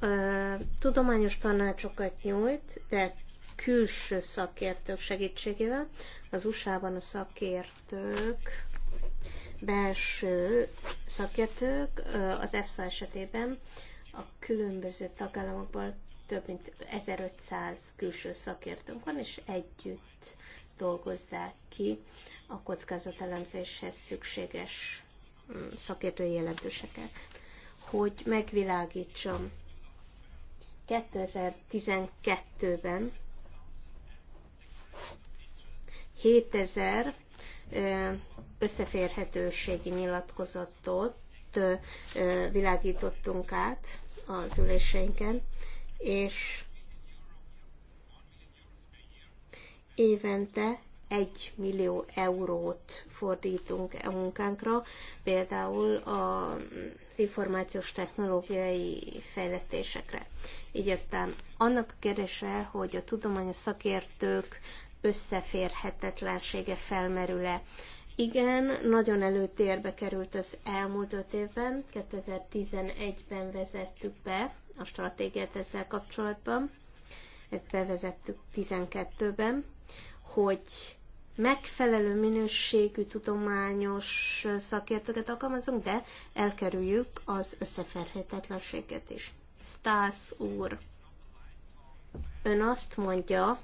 B: ö, tudományos tanácsokat nyújt, de külső szakértők segítségével. Az USA-ban a szakértők, belső szakértők, az EFSA esetében a különböző tagállamokból több mint 1500 külső szakértőnk van, és együtt dolgozzák ki a kockázatelemzéshez szükséges mm, szakértői jelentőseket. Hogy megvilágítsam, 2012-ben 7000 összeférhetőségi nyilatkozatot világítottunk át az üléseinken, és évente 1 millió eurót fordítunk a e munkánkra, például az információs technológiai fejlesztésekre. Így aztán annak a kérdése, hogy a tudományos szakértők összeférhetetlensége felmerül-e, igen, nagyon előtérbe került az elmúlt öt évben, 2011-ben vezettük be a stratégiát ezzel kapcsolatban, ezt bevezettük 12-ben, hogy megfelelő minőségű tudományos szakértőket alkalmazunk, de elkerüljük az összeferhetetlenséget is. Stász úr, ön azt mondja,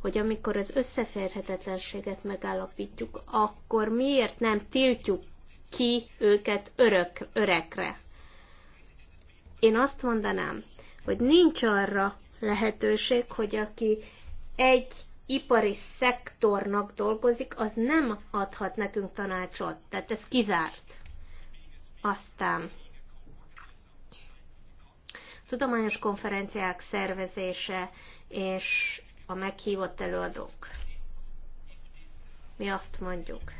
B: hogy amikor az összeférhetetlenséget megállapítjuk, akkor miért nem tiltjuk ki őket örök, örekre? Én azt mondanám, hogy nincs arra lehetőség, hogy aki egy ipari szektornak dolgozik, az nem adhat nekünk tanácsot. Tehát ez kizárt. Aztán tudományos konferenciák szervezése és a meghívott előadók. Mi azt mondjuk,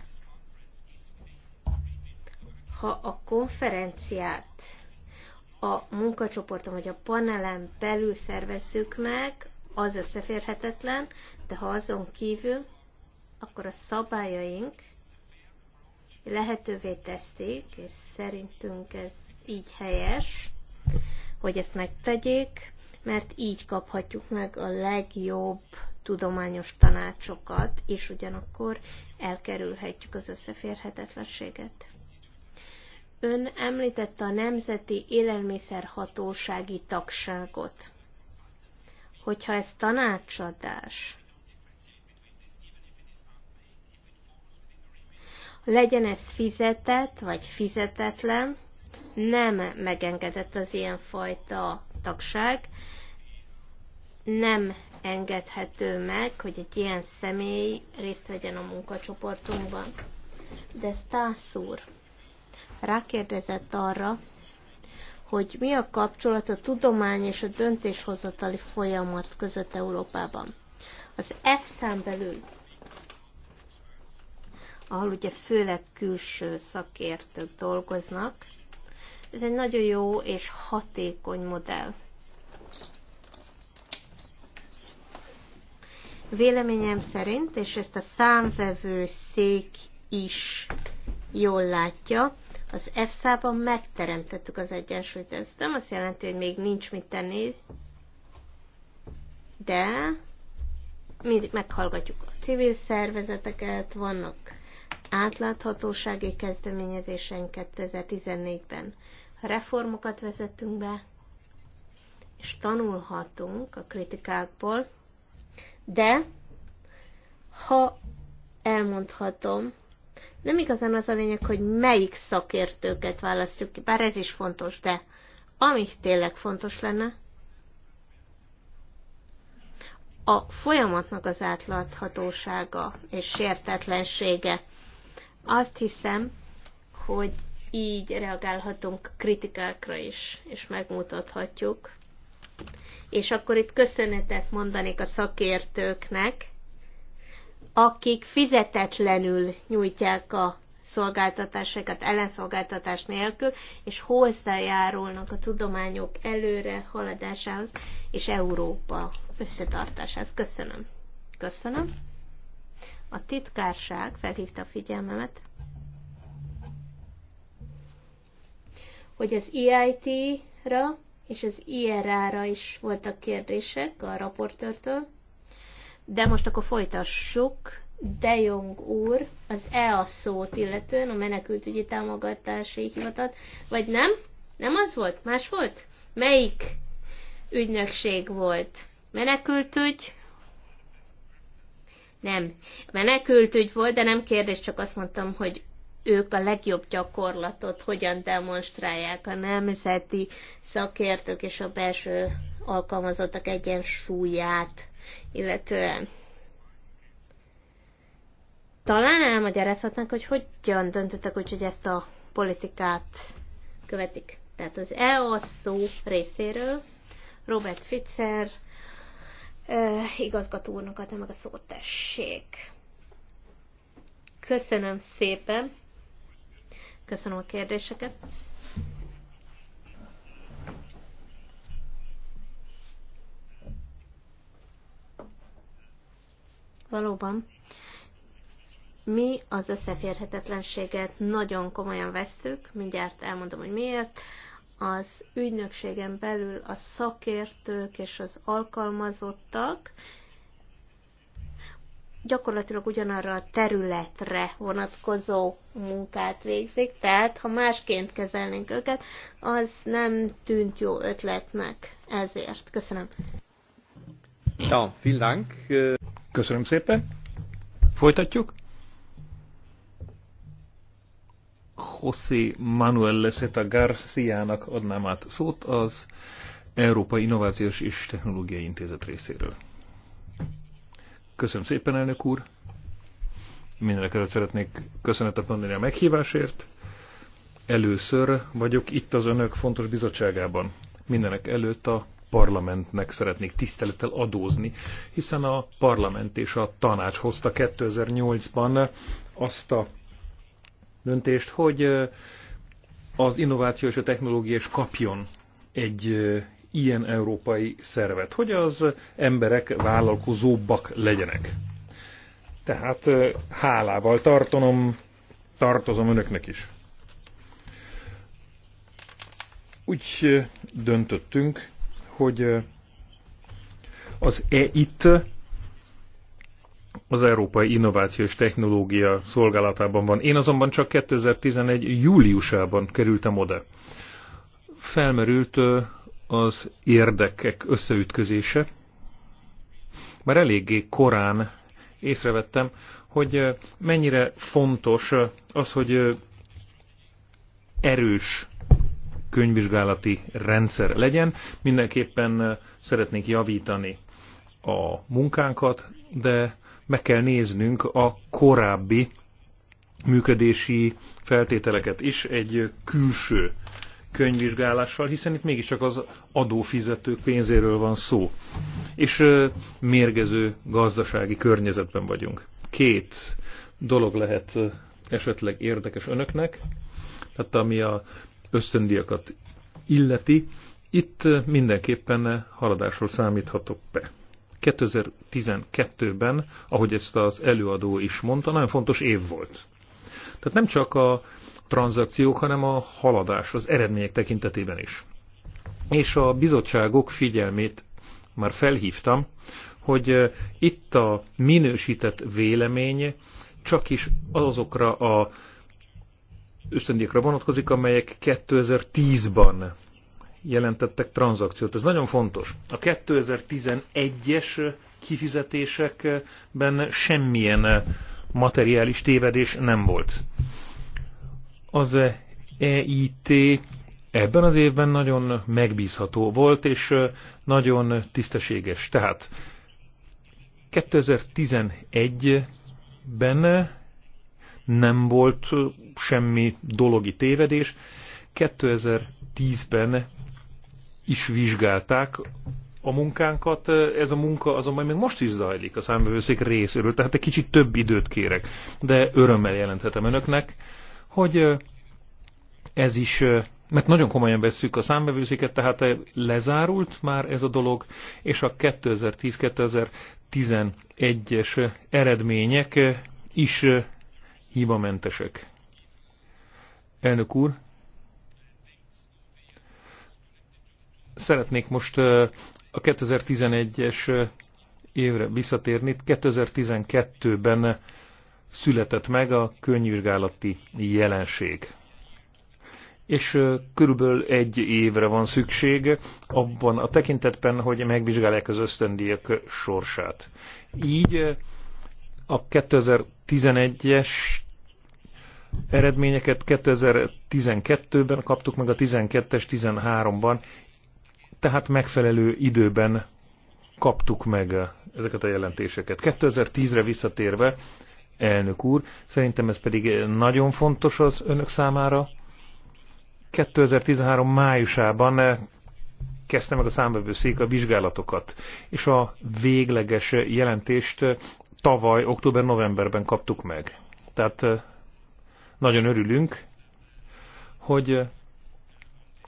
B: ha a konferenciát a munkacsoporton vagy a panelen belül szervezzük meg, az összeférhetetlen, de ha azon kívül, akkor a szabályaink lehetővé teszik, és szerintünk ez így helyes, hogy ezt megtegyék, mert így kaphatjuk meg a legjobb tudományos tanácsokat, és ugyanakkor elkerülhetjük az összeférhetetlenséget. Ön említette a Nemzeti Élelmiszerhatósági Tagságot. Hogyha ez tanácsadás, legyen ez fizetett vagy fizetetlen, nem megengedett az ilyenfajta tagság nem engedhető meg, hogy egy ilyen személy részt vegyen a munkacsoportunkban. De Stász úr rákérdezett arra, hogy mi a kapcsolat a tudomány és a döntéshozatali folyamat között Európában. Az f szám belül, ahol ugye főleg külső szakértők dolgoznak, ez egy nagyon jó és hatékony modell. Véleményem szerint, és ezt a számvevő szék is jól látja, az f ban megteremtettük az egyensúlyt. Ez nem azt jelenti, hogy még nincs mit tenni, de mindig meghallgatjuk a civil szervezeteket, vannak átláthatósági kezdeményezéseink 2014-ben reformokat vezettünk be, és tanulhatunk a kritikákból, de ha elmondhatom, nem igazán az a lényeg, hogy melyik szakértőket választjuk ki, bár ez is fontos, de ami tényleg fontos lenne, a folyamatnak az átláthatósága és sértetlensége. Azt hiszem, hogy így reagálhatunk kritikákra is, és megmutathatjuk. És akkor itt köszönetet mondanék a szakértőknek, akik fizetetlenül nyújtják a szolgáltatásokat ellenszolgáltatás nélkül, és hozzájárulnak a tudományok előre haladásához és Európa összetartásához. Köszönöm. Köszönöm. A titkárság felhívta a figyelmemet, hogy az EIT-ra és az IRA-ra is voltak kérdések a raportörtől. De most akkor folytassuk. De Jong úr az EA szót illetően, a menekültügyi támogatási hivatat, vagy nem? Nem az volt? Más volt? Melyik ügynökség volt? Menekültügy? Nem. Menekültügy volt, de nem kérdés, csak azt mondtam, hogy ők a legjobb gyakorlatot hogyan demonstrálják a nemzeti szakértők és a belső alkalmazottak egyensúlyát, illetően talán elmagyarázhatnánk, hogy hogyan döntöttek úgy, hogy ezt a politikát követik. Tehát az EASZO részéről Robert Fitzer eh, igazgató úrnak adta meg a szót, tessék. Köszönöm szépen. Köszönöm a kérdéseket. Valóban. Mi az összeférhetetlenséget nagyon komolyan vesszük, mindjárt elmondom, hogy miért. Az ügynökségen belül a szakértők és az alkalmazottak gyakorlatilag ugyanarra a területre vonatkozó munkát végzik, tehát ha másként kezelnénk őket, az nem tűnt jó ötletnek ezért. Köszönöm.
A: Ja, vielen Dank. Köszönöm szépen. Folytatjuk. José Manuel Leseta Garciának adnám át szót az Európai Innovációs és Technológiai Intézet részéről. Köszönöm szépen, elnök úr. Mindenek előtt szeretnék köszönetet mondani a meghívásért. Először vagyok itt az önök fontos bizottságában. Mindenek előtt a parlamentnek szeretnék tisztelettel adózni, hiszen a parlament és a tanács hozta 2008-ban azt a döntést, hogy az innováció és a technológia is kapjon egy ilyen európai szervet, hogy az emberek vállalkozóbbak legyenek. Tehát hálával tartanom, tartozom önöknek is. Úgy döntöttünk, hogy az EIT az Európai Innovációs Technológia szolgálatában van. Én azonban csak 2011. júliusában kerültem oda. Felmerült az érdekek összeütközése. Már eléggé korán észrevettem, hogy mennyire fontos az, hogy erős könyvvizsgálati rendszer legyen. Mindenképpen szeretnék javítani a munkánkat, de meg kell néznünk a korábbi működési feltételeket is egy külső könyvvizsgálással, hiszen itt mégiscsak az adófizetők pénzéről van szó. És mérgező gazdasági környezetben vagyunk. Két dolog lehet esetleg érdekes önöknek, tehát ami a ösztöndiakat illeti, itt mindenképpen haladásról számíthatok be. 2012-ben, ahogy ezt az előadó is mondta, nagyon fontos év volt. Tehát nem csak a tranzakciók, hanem a haladás, az eredmények tekintetében is. És a bizottságok figyelmét már felhívtam, hogy itt a minősített vélemény csak is azokra a ösztöndíjakra vonatkozik, amelyek 2010-ban jelentettek tranzakciót. Ez nagyon fontos. A 2011-es kifizetésekben semmilyen materiális tévedés nem volt. Az EIT ebben az évben nagyon megbízható volt, és nagyon tisztességes. Tehát 2011-ben nem volt semmi dologi tévedés, 2010-ben is vizsgálták a munkánkat, ez a munka azonban még most is zajlik a számbevőszék részéről, tehát egy kicsit több időt kérek, de örömmel jelenthetem önöknek, hogy ez is, mert nagyon komolyan veszük a számbevőzéket, tehát lezárult már ez a dolog, és a 2010-2011-es eredmények is hibamentesek. Elnök úr, szeretnék most a 2011-es évre visszatérni. 2012-ben született meg a könyvvizsgálati jelenség. És körülbelül egy évre van szükség abban a tekintetben, hogy megvizsgálják az ösztöndíjak sorsát. Így a 2011-es eredményeket 2012-ben kaptuk meg a 12-es, 13-ban, tehát megfelelő időben kaptuk meg ezeket a jelentéseket. 2010-re visszatérve elnök úr. Szerintem ez pedig nagyon fontos az önök számára. 2013 májusában eh, kezdte meg a számbevőszék a vizsgálatokat, és a végleges jelentést eh, tavaly, október-novemberben kaptuk meg. Tehát eh, nagyon örülünk, hogy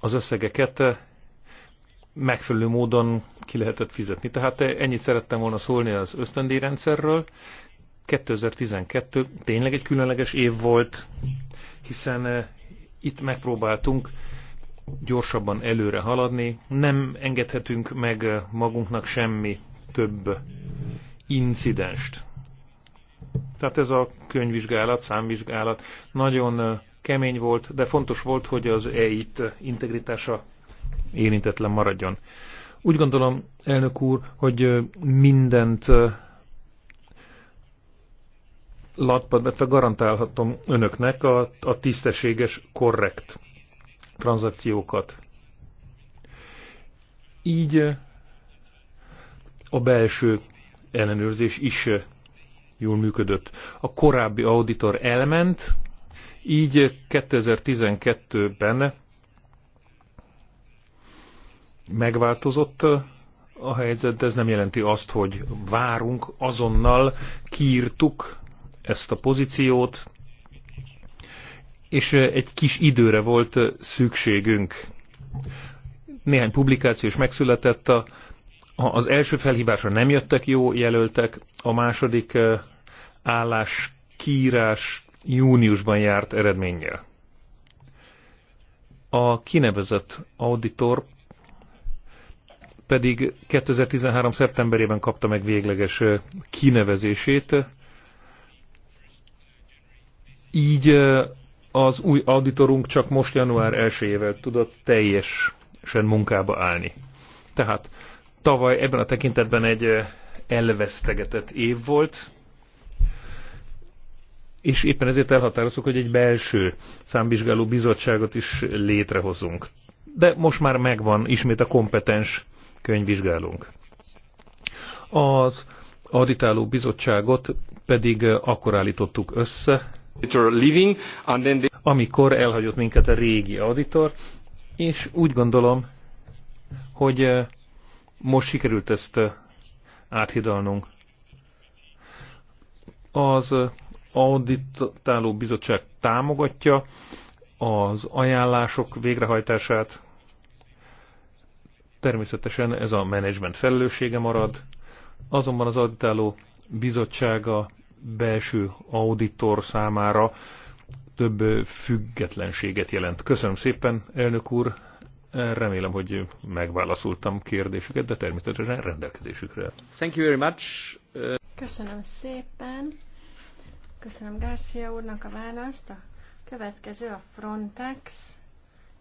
A: az összegeket megfelelő módon ki lehetett fizetni. Tehát ennyit szerettem volna szólni az ösztöndíjrendszerről. 2012 tényleg egy különleges év volt, hiszen eh, itt megpróbáltunk gyorsabban előre haladni, nem engedhetünk meg eh, magunknak semmi több incidenst. Tehát ez a könyvvizsgálat, számvizsgálat nagyon eh, kemény volt, de fontos volt, hogy az EIT integritása érintetlen maradjon. Úgy gondolom, elnök úr, hogy mindent latban, illetve garantálhatom önöknek a, a tisztességes, korrekt tranzakciókat. Így a belső ellenőrzés is jól működött. A korábbi auditor elment, így 2012-ben megváltozott a helyzet, de ez nem jelenti azt, hogy várunk, azonnal kiírtuk ezt a pozíciót, és egy kis időre volt szükségünk. Néhány publikáció is megszületett. a Az első felhívásra nem jöttek jó jelöltek, a második állás kiírás júniusban járt eredménnyel. A kinevezett auditor pedig 2013. szeptemberében kapta meg végleges kinevezését, így az új auditorunk csak most január 1-ével tudott teljesen munkába állni. Tehát tavaly ebben a tekintetben egy elvesztegetett év volt, és éppen ezért elhatároztuk, hogy egy belső számvizsgáló bizottságot is létrehozunk. De most már megvan ismét a kompetens könyvvizsgálónk. Az auditáló bizottságot pedig akkor állítottuk össze, amikor elhagyott minket a régi auditor, és úgy gondolom, hogy eh, most sikerült ezt eh, áthidalnunk. Az eh, auditáló bizottság támogatja az ajánlások végrehajtását. Természetesen ez a menedzsment felelőssége marad, azonban az auditáló bizottsága belső auditor számára több függetlenséget jelent. Köszönöm szépen, elnök úr, remélem, hogy megválaszoltam kérdésüket, de természetesen rendelkezésükre. Thank you very much.
C: Köszönöm szépen. Köszönöm Garcia úrnak a választ. A következő a Frontex.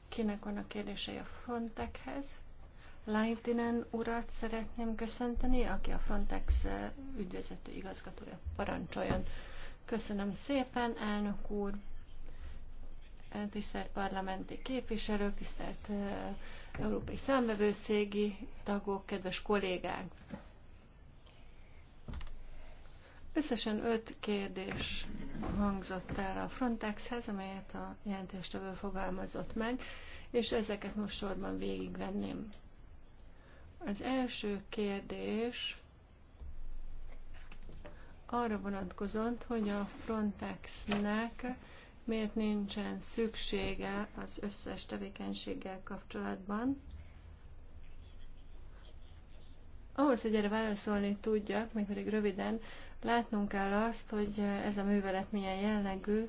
C: Kinek van a kérdései a Frontexhez? Laitinen urat szeretném köszönteni, aki a Frontex ügyvezető igazgatója. Parancsoljon! Köszönöm szépen, elnök úr, tisztelt parlamenti képviselő, tisztelt európai számbevőszégi tagok, kedves kollégák! Összesen öt kérdés hangzott el a Frontexhez, amelyet a jelentéstevő fogalmazott meg, és ezeket most sorban végigvenném. Az első kérdés arra vonatkozott, hogy a Frontexnek miért nincsen szüksége az összes tevékenységgel kapcsolatban. Ahhoz, hogy erre válaszolni tudjak, pedig röviden, látnunk kell azt, hogy ez a művelet milyen jellegű,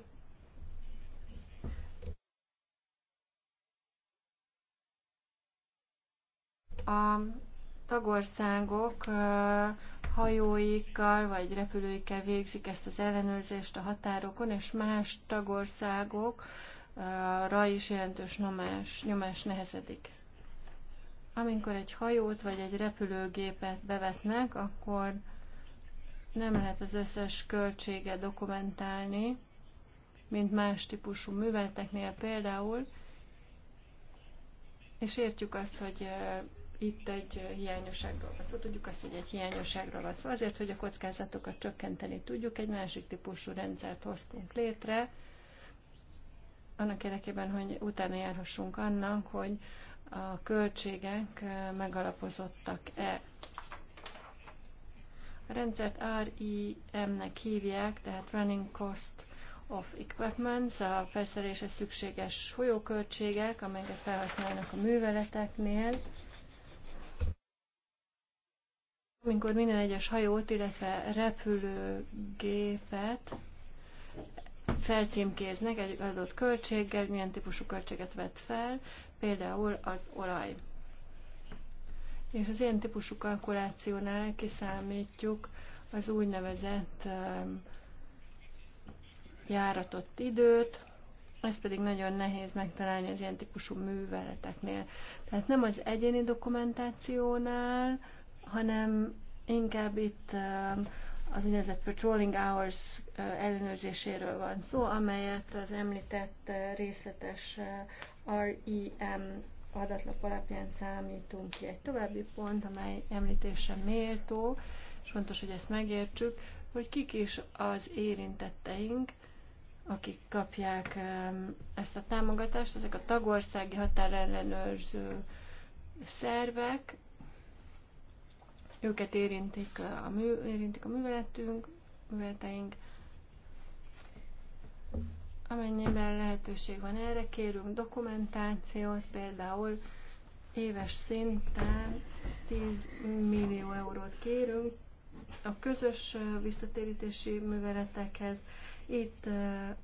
C: a tagországok hajóikkal vagy repülőikkel végzik ezt az ellenőrzést a határokon, és más tagországokra is jelentős nyomás, nyomás nehezedik. Amikor egy hajót vagy egy repülőgépet bevetnek, akkor nem lehet az összes költsége dokumentálni, mint más típusú műveleteknél például, és értjük azt, hogy itt egy hiányosságról van szó, tudjuk azt, hogy egy hiányosságról van szó, azért, hogy a kockázatokat csökkenteni tudjuk, egy másik típusú rendszert hoztunk létre, annak érdekében, hogy utána járhassunk annak, hogy a költségek megalapozottak-e. A rendszert RIM-nek hívják, tehát Running Cost of Equipment, a felszerelése szükséges folyóköltségek, amelyeket felhasználnak a műveleteknél. Amikor minden egyes hajót, illetve repülőgépet felcímkéznek egy adott költséggel, milyen típusú költséget vett fel, például az olaj. És az ilyen típusú kalkulációnál kiszámítjuk az úgynevezett járatott időt, Ez pedig nagyon nehéz megtalálni az ilyen típusú műveleteknél. Tehát nem az egyéni dokumentációnál, hanem inkább itt um, az úgynevezett patrolling hours uh, ellenőrzéséről van szó, amelyet az említett uh, részletes uh, REM adatlap alapján számítunk ki. Egy további pont, amely említése méltó, és fontos, hogy ezt megértsük, hogy kik is az érintetteink, akik kapják um, ezt a támogatást, ezek a tagországi határellenőrző szervek, őket érintik a, mű, érintik a műveletünk, műveleteink. Amennyiben lehetőség van erre, kérünk dokumentációt, például éves szinten 10 millió eurót kérünk a közös visszatérítési műveletekhez. Itt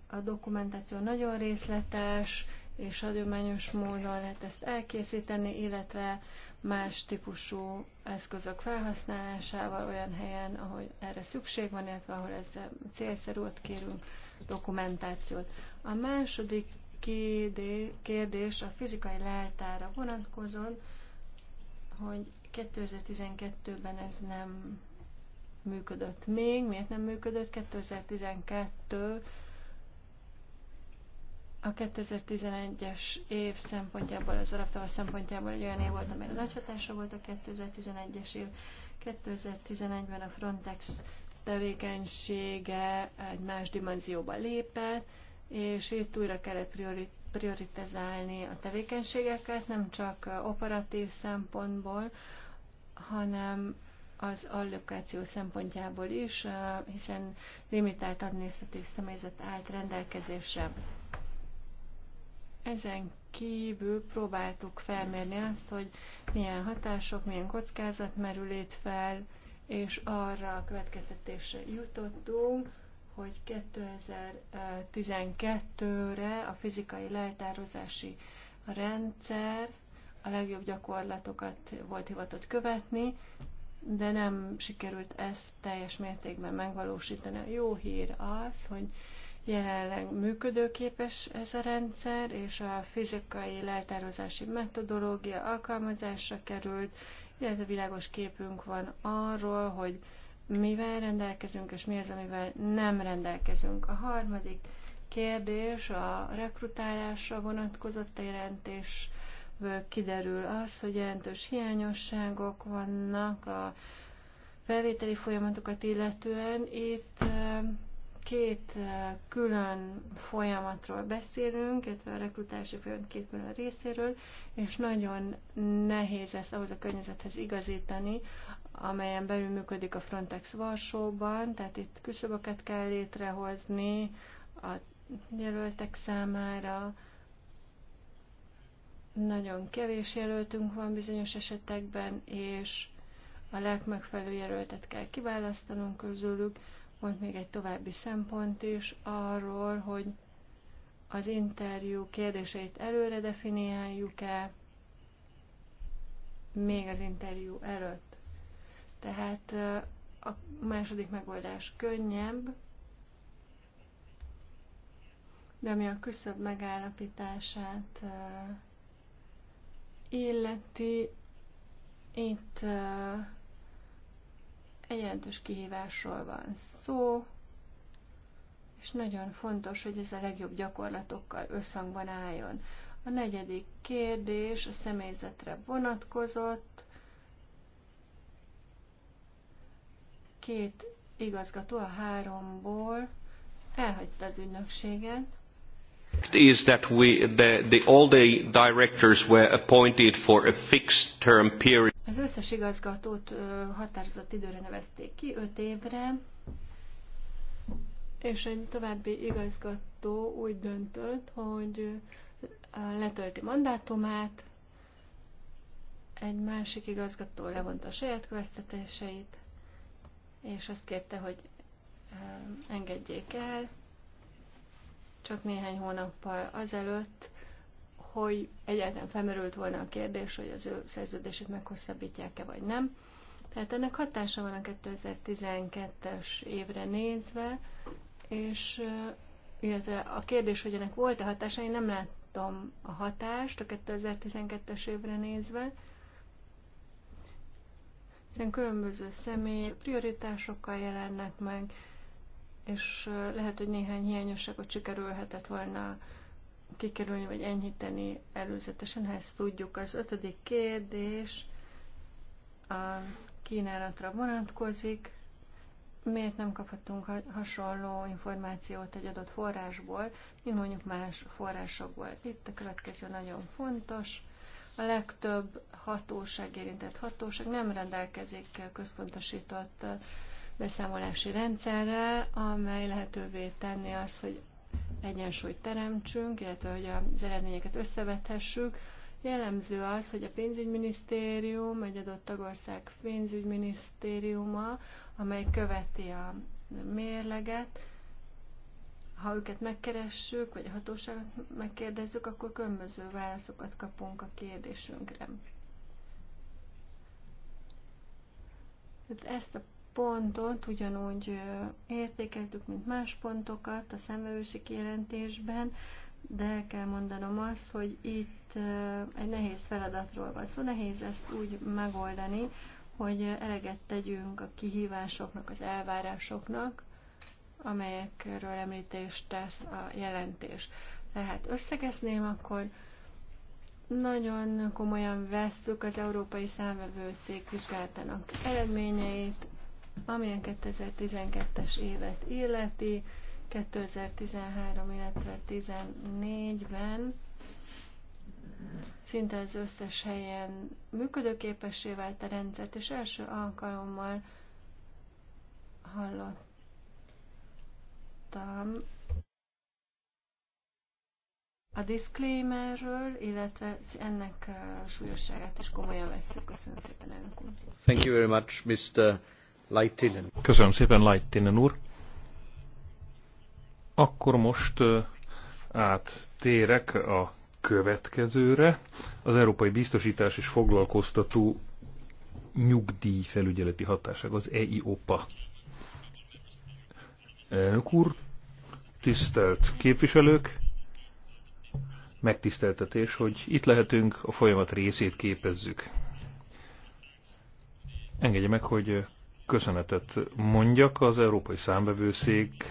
C: a dokumentáció nagyon részletes, és hagyományos módon lehet ezt elkészíteni, illetve más típusú eszközök felhasználásával olyan helyen, ahol erre szükség van, illetve ahol ez célszerű, ott kérünk dokumentációt. A második kérdés a fizikai leltára vonatkozóan, hogy 2012-ben ez nem működött még. Miért nem működött? 2012 a 2011-es év szempontjából, az alaptava szempontjából egy olyan év volt, amely nagy hatása volt a 2011-es év. 2011-ben a Frontex tevékenysége egy más dimenzióba lépett, és itt újra kellett prioritizálni a tevékenységeket, nem csak operatív szempontból, hanem az allokáció szempontjából is, hiszen limitált adminisztratív személyzet állt rendelkezésre. Ezen kívül próbáltuk felmérni azt, hogy milyen hatások, milyen kockázat merülét fel, és arra a következtetésre jutottunk, hogy 2012-re a fizikai lejtározási rendszer a legjobb gyakorlatokat volt hivatott követni, de nem sikerült ezt teljes mértékben megvalósítani. A jó hír az, hogy Jelenleg működőképes ez a rendszer, és a fizikai leltározási metodológia alkalmazásra került, illetve világos képünk van arról, hogy mivel rendelkezünk, és mi az, amivel nem rendelkezünk. A harmadik kérdés a rekrutálásra vonatkozott a jelentés, kiderül az, hogy jelentős hiányosságok vannak a felvételi folyamatokat illetően. Itt két eh, külön folyamatról beszélünk, illetve a rekrutási folyamat két külön részéről, és nagyon nehéz ezt ahhoz a környezethez igazítani, amelyen belül működik a Frontex Varsóban, tehát itt küszöböket kell létrehozni a jelöltek számára, nagyon kevés jelöltünk van bizonyos esetekben, és a legmegfelelő jelöltet kell kiválasztanunk közülük, volt még egy további szempont is arról, hogy az interjú kérdéseit előre definiáljuk-e, még az interjú előtt. Tehát a második megoldás könnyebb, de ami a küszöbb megállapítását illeti, itt egy jelentős kihívásról van szó, és nagyon fontos, hogy ez a legjobb gyakorlatokkal összhangban álljon. A negyedik kérdés a személyzetre vonatkozott. Két igazgató a háromból elhagyta az ügynökséget.
A: Is that we, the, the, all the directors were appointed for a fixed term period.
C: Az összes igazgatót határozott időre nevezték ki, 5 évre, és egy további igazgató úgy döntött, hogy letölti mandátumát, egy másik igazgató levonta a saját következtetéseit, és azt kérte, hogy engedjék el, csak néhány hónappal azelőtt, hogy egyáltalán felmerült volna a kérdés, hogy az ő szerződését meghosszabbítják-e vagy nem. Tehát ennek hatása van a 2012-es évre nézve, és illetve a kérdés, hogy ennek volt-e hatása, én nem láttam a hatást a 2012-es évre nézve, hiszen különböző személy prioritásokkal jelennek meg, és lehet, hogy néhány hiányosságot sikerülhetett volna kikerülni vagy enyhíteni előzetesen, ha ezt tudjuk. Az ötödik kérdés a kínálatra vonatkozik. Miért nem kaphatunk hasonló információt egy adott forrásból, mint mondjuk más forrásokból? Itt a következő nagyon fontos. A legtöbb hatóság, érintett hatóság nem rendelkezik központosított beszámolási rendszerrel, amely lehetővé tenni azt, hogy egyensúlyt teremtsünk, illetve hogy az eredményeket összevethessük. Jellemző az, hogy a pénzügyminisztérium, egy adott tagország pénzügyminisztériuma, amely követi a mérleget, ha őket megkeressük, vagy a hatóságot megkérdezzük, akkor különböző válaszokat kapunk a kérdésünkre. Tehát ezt a pontot ugyanúgy értékeltük, mint más pontokat a szemvelősi jelentésben, de el kell mondanom azt, hogy itt egy nehéz feladatról van szó, szóval nehéz ezt úgy megoldani, hogy eleget tegyünk a kihívásoknak, az elvárásoknak, amelyekről említést tesz a jelentés. Tehát összegezném, akkor nagyon komolyan vesszük az Európai Számvevőszék vizsgálatának eredményeit, amilyen 2012-es évet illeti, 2013, illetve 2014-ben szinte az összes helyen működőképessé vált a rendszert, és első alkalommal hallottam a disclaimerről, illetve ennek a súlyosságát is komolyan veszük. Köszönöm szépen, elnök úr.
A: Thank you very much, Mr. Köszönöm szépen, Lightinen úr. Akkor most áttérek a következőre. Az Európai Biztosítás és Foglalkoztató nyugdíjfelügyeleti Hatáság, az EIOPA. Elnök úr, tisztelt képviselők, megtiszteltetés, hogy itt lehetünk, a folyamat részét képezzük. Engedje meg, hogy köszönetet mondjak az Európai Számbevőszék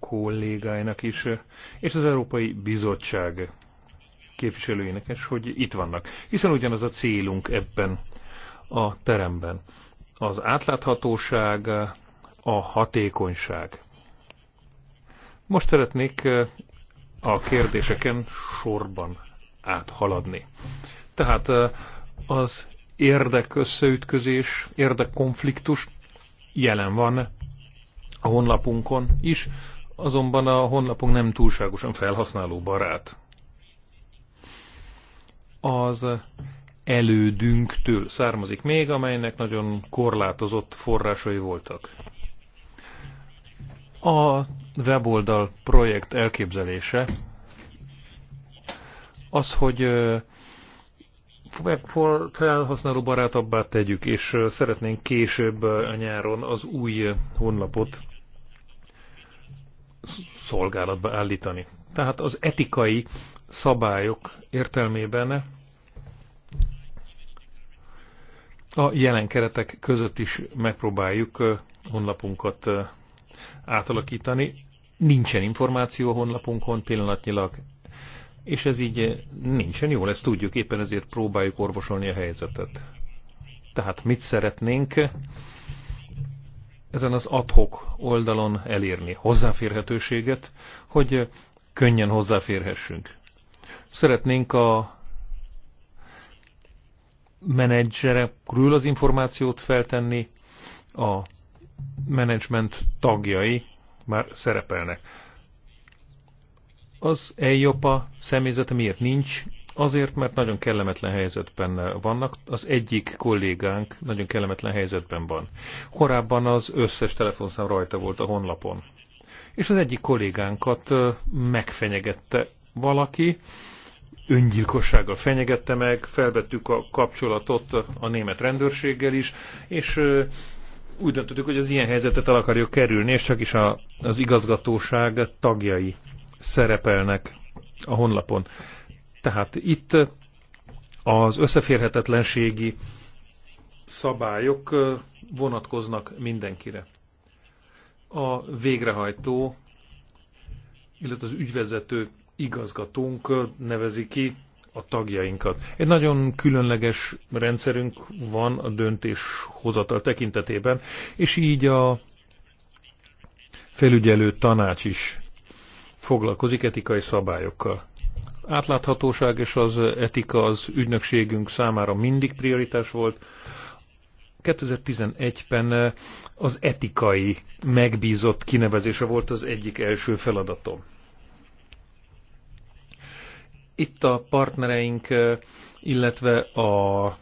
A: kollégáinak is, és az Európai Bizottság képviselőinek is, hogy itt vannak. Hiszen ugyanaz a célunk ebben a teremben. Az átláthatóság, a hatékonyság. Most szeretnék a kérdéseken sorban áthaladni. Tehát eh, az érdekösszeütközés, érdekkonfliktus, jelen van a honlapunkon is, azonban a honlapunk nem túlságosan felhasználó barát. Az elődünktől származik még, amelynek nagyon korlátozott forrásai voltak. A weboldal projekt elképzelése az, hogy felhasználó barátabbá tegyük, és szeretnénk később a nyáron az új honlapot szolgálatba állítani. Tehát az etikai szabályok értelmében a jelen keretek között is megpróbáljuk honlapunkat átalakítani. Nincsen információ a honlapunkon pillanatnyilag, és ez így eh, nincsen jól, ezt tudjuk, éppen ezért próbáljuk orvosolni a helyzetet. Tehát mit szeretnénk ezen az adhok oldalon elérni? Hozzáférhetőséget, hogy könnyen hozzáférhessünk. Szeretnénk a menedzserekről az információt feltenni, a menedzsment tagjai már szerepelnek. Az EIOPA személyzete miért nincs? Azért, mert nagyon kellemetlen helyzetben vannak. Az egyik kollégánk nagyon kellemetlen helyzetben van. Korábban az összes telefonszám rajta volt a honlapon. És az egyik kollégánkat megfenyegette valaki, öngyilkossággal fenyegette meg, felvettük a kapcsolatot a német rendőrséggel is, és úgy döntöttük, hogy az ilyen helyzetet el akarjuk kerülni, és csak is a, az igazgatóság tagjai szerepelnek a honlapon. Tehát itt az összeférhetetlenségi szabályok vonatkoznak mindenkire. A végrehajtó, illetve az ügyvezető igazgatónk nevezi ki a tagjainkat. Egy nagyon különleges rendszerünk van a döntéshozatal tekintetében, és így a felügyelő tanács is foglalkozik etikai szabályokkal. Átláthatóság és az etika az ügynökségünk számára mindig prioritás volt. 2011-ben eh, az etikai megbízott kinevezése volt az egyik első feladatom. Itt a partnereink, eh, illetve a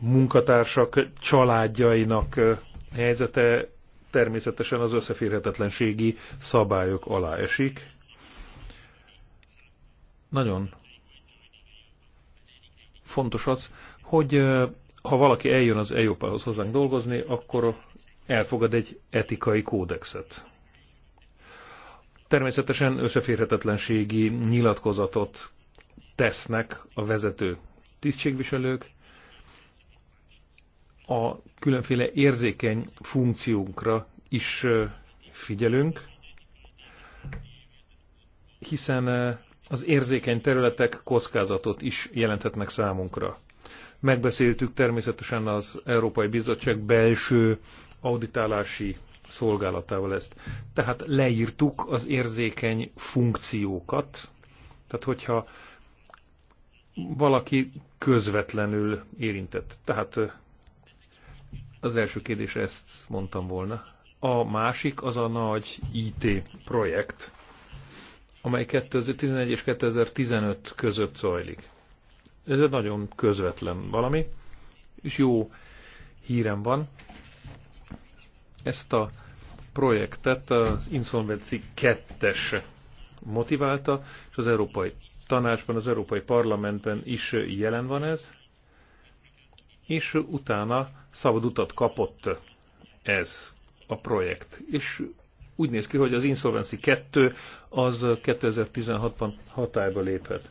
A: munkatársak családjainak eh, helyzete természetesen az összeférhetetlenségi szabályok alá esik. Nagyon fontos az, hogy ha valaki eljön az EIOPA-hoz hozzánk dolgozni, akkor elfogad egy etikai kódexet. Természetesen összeférhetetlenségi nyilatkozatot tesznek a vezető tisztségviselők, a különféle érzékeny funkciónkra is figyelünk, hiszen az érzékeny területek kockázatot is jelenthetnek számunkra. Megbeszéltük természetesen az Európai Bizottság belső auditálási szolgálatával ezt. Tehát leírtuk az érzékeny funkciókat, tehát hogyha valaki közvetlenül érintett. Tehát az első kérdés ezt mondtam volna. A másik az a nagy IT projekt, amely 2011 és 2015 között zajlik. Ez egy nagyon közvetlen valami, és jó hírem van. Ezt a projektet az Insolvency 2-es motiválta, és az Európai Tanácsban, az Európai Parlamentben is jelen van ez és utána szabad utat kapott ez a projekt. És úgy néz ki, hogy az Insolvency 2 az 2016-ban hatályba léphet.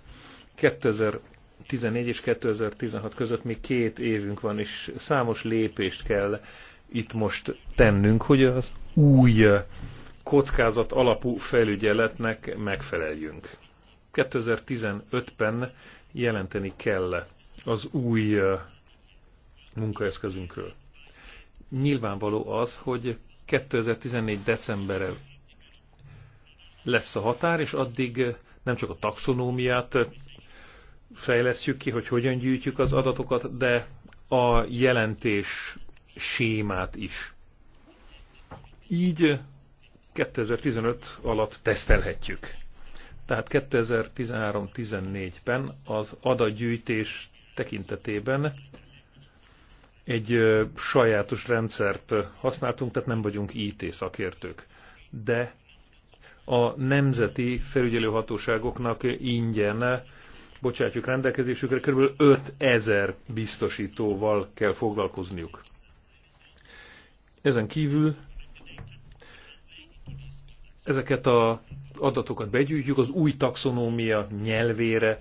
A: 2014 és 2016 között még két évünk van, és számos lépést kell itt most tennünk, hogy az új kockázat alapú felügyeletnek megfeleljünk. 2015-ben jelenteni kell az új munkaeszközünkről. Nyilvánvaló az, hogy 2014. decemberre lesz a határ, és addig nem csak a taxonómiát fejlesztjük ki, hogy hogyan gyűjtjük az adatokat, de a jelentés sémát is. Így 2015 alatt tesztelhetjük. Tehát 2013-14-ben az adatgyűjtés tekintetében egy sajátos rendszert használtunk, tehát nem vagyunk IT szakértők. De a nemzeti felügyelőhatóságoknak ingyen bocsátjuk rendelkezésükre, kb. 5000 biztosítóval kell foglalkozniuk. Ezen kívül ezeket az adatokat begyűjtjük, az új taxonómia nyelvére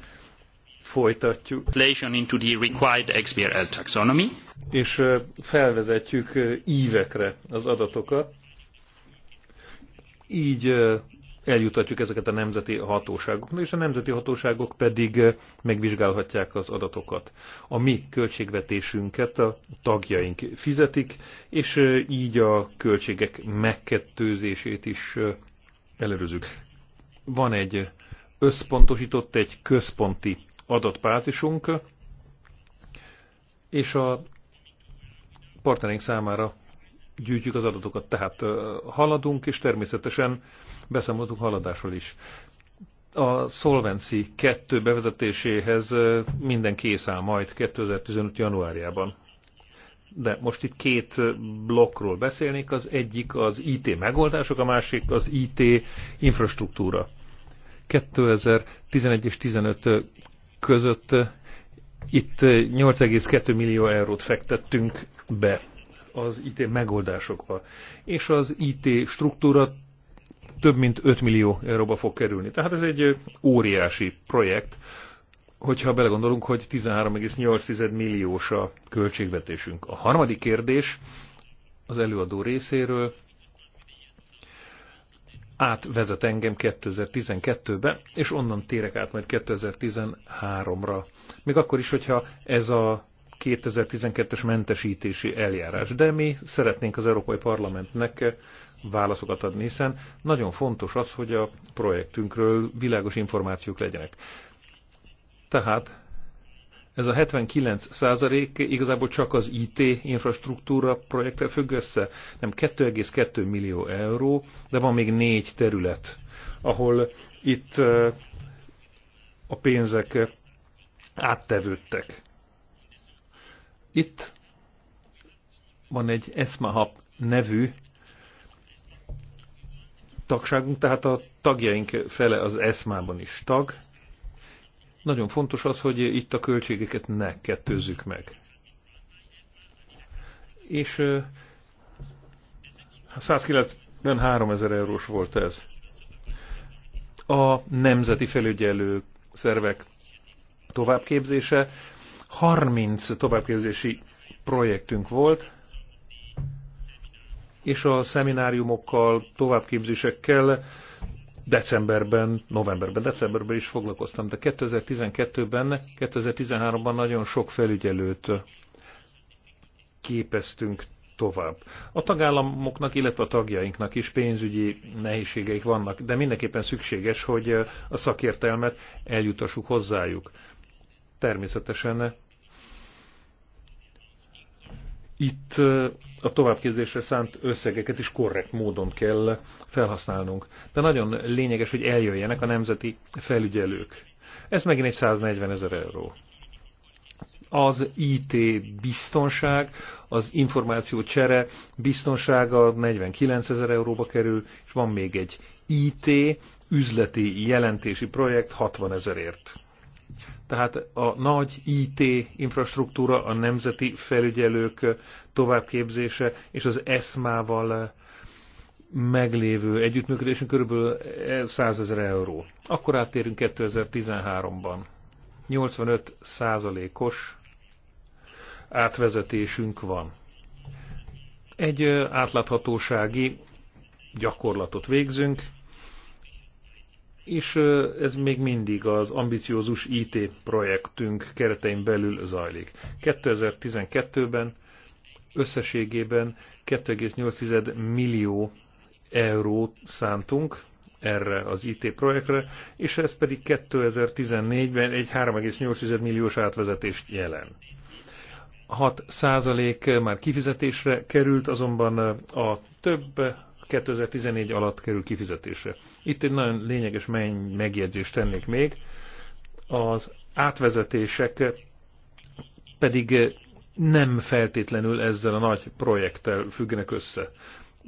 A: folytatjuk. into the required XBRL taxonomy és felvezetjük ívekre az adatokat, így eljutatjuk ezeket a nemzeti hatóságoknak, és a nemzeti hatóságok pedig megvizsgálhatják az adatokat. A mi költségvetésünket a tagjaink fizetik, és így a költségek megkettőzését is előrözzük. Van egy összpontosított, egy központi adatbázisunk, és a partnereink számára gyűjtjük az adatokat. Tehát haladunk, és természetesen beszámoltunk haladásról is. A Solvency 2 bevezetéséhez minden kész áll majd 2015. januárjában. De most itt két blokkról beszélnék, az egyik az IT megoldások, a másik az IT infrastruktúra. 2011 és 15 között itt 8,2 millió eurót fektettünk be az IT megoldásokba. És az IT struktúra több mint 5 millió euróba fog kerülni. Tehát ez egy óriási projekt, hogyha belegondolunk, hogy 13,8 milliós a költségvetésünk. A harmadik kérdés az előadó részéről átvezet engem 2012-be, és onnan térek át majd 2013-ra. Még akkor is, hogyha ez a 2012-es mentesítési eljárás. De mi szeretnénk az Európai Parlamentnek válaszokat adni, hiszen nagyon fontos az, hogy a projektünkről világos információk legyenek. Tehát ez a 79 százalék igazából csak az IT infrastruktúra projekttel függ össze, nem 2,2 millió euró, de van még négy terület, ahol itt eh, a pénzek áttevődtek. Itt van egy ESMAHAP nevű tagságunk, tehát a tagjaink fele az Esmában is tag. Nagyon fontos az, hogy itt a költségeket ne kettőzzük meg. És 193 ezer eurós volt ez. A nemzeti felügyelő szervek továbbképzése 30 továbbképzési projektünk volt, és a szemináriumokkal, továbbképzésekkel decemberben, novemberben, decemberben is foglalkoztam, de 2012-ben, 2013-ban nagyon sok felügyelőt képeztünk tovább. A tagállamoknak, illetve a tagjainknak is pénzügyi nehézségeik vannak, de mindenképpen szükséges, hogy a szakértelmet eljutassuk hozzájuk természetesen itt a továbbképzésre szánt összegeket is korrekt módon kell felhasználnunk. De nagyon lényeges, hogy eljöjjenek a nemzeti felügyelők. Ez megint egy 140 ezer euró. Az IT biztonság, az információ csere biztonsága 49 ezer euróba kerül, és van még egy IT üzleti jelentési projekt 60 ezerért. Tehát a nagy IT infrastruktúra, a nemzeti felügyelők továbbképzése és az ESMA-val meglévő együttműködésünk körülbelül 100 eh, ezer euró. Akkor áttérünk 2013-ban. 85 százalékos átvezetésünk van. Egy eh, átláthatósági gyakorlatot végzünk, és ez még mindig az ambiciózus IT projektünk keretein belül zajlik. 2012-ben összességében 2,8 millió eurót szántunk erre az IT projektre, és ez pedig 2014-ben egy 3,8 milliós átvezetést jelent. 6 százalék már kifizetésre került, azonban a több 2014 alatt kerül kifizetésre. Itt egy nagyon lényeges megjegyzést tennék még. Az átvezetések pedig nem feltétlenül ezzel a nagy projekttel függnek össze.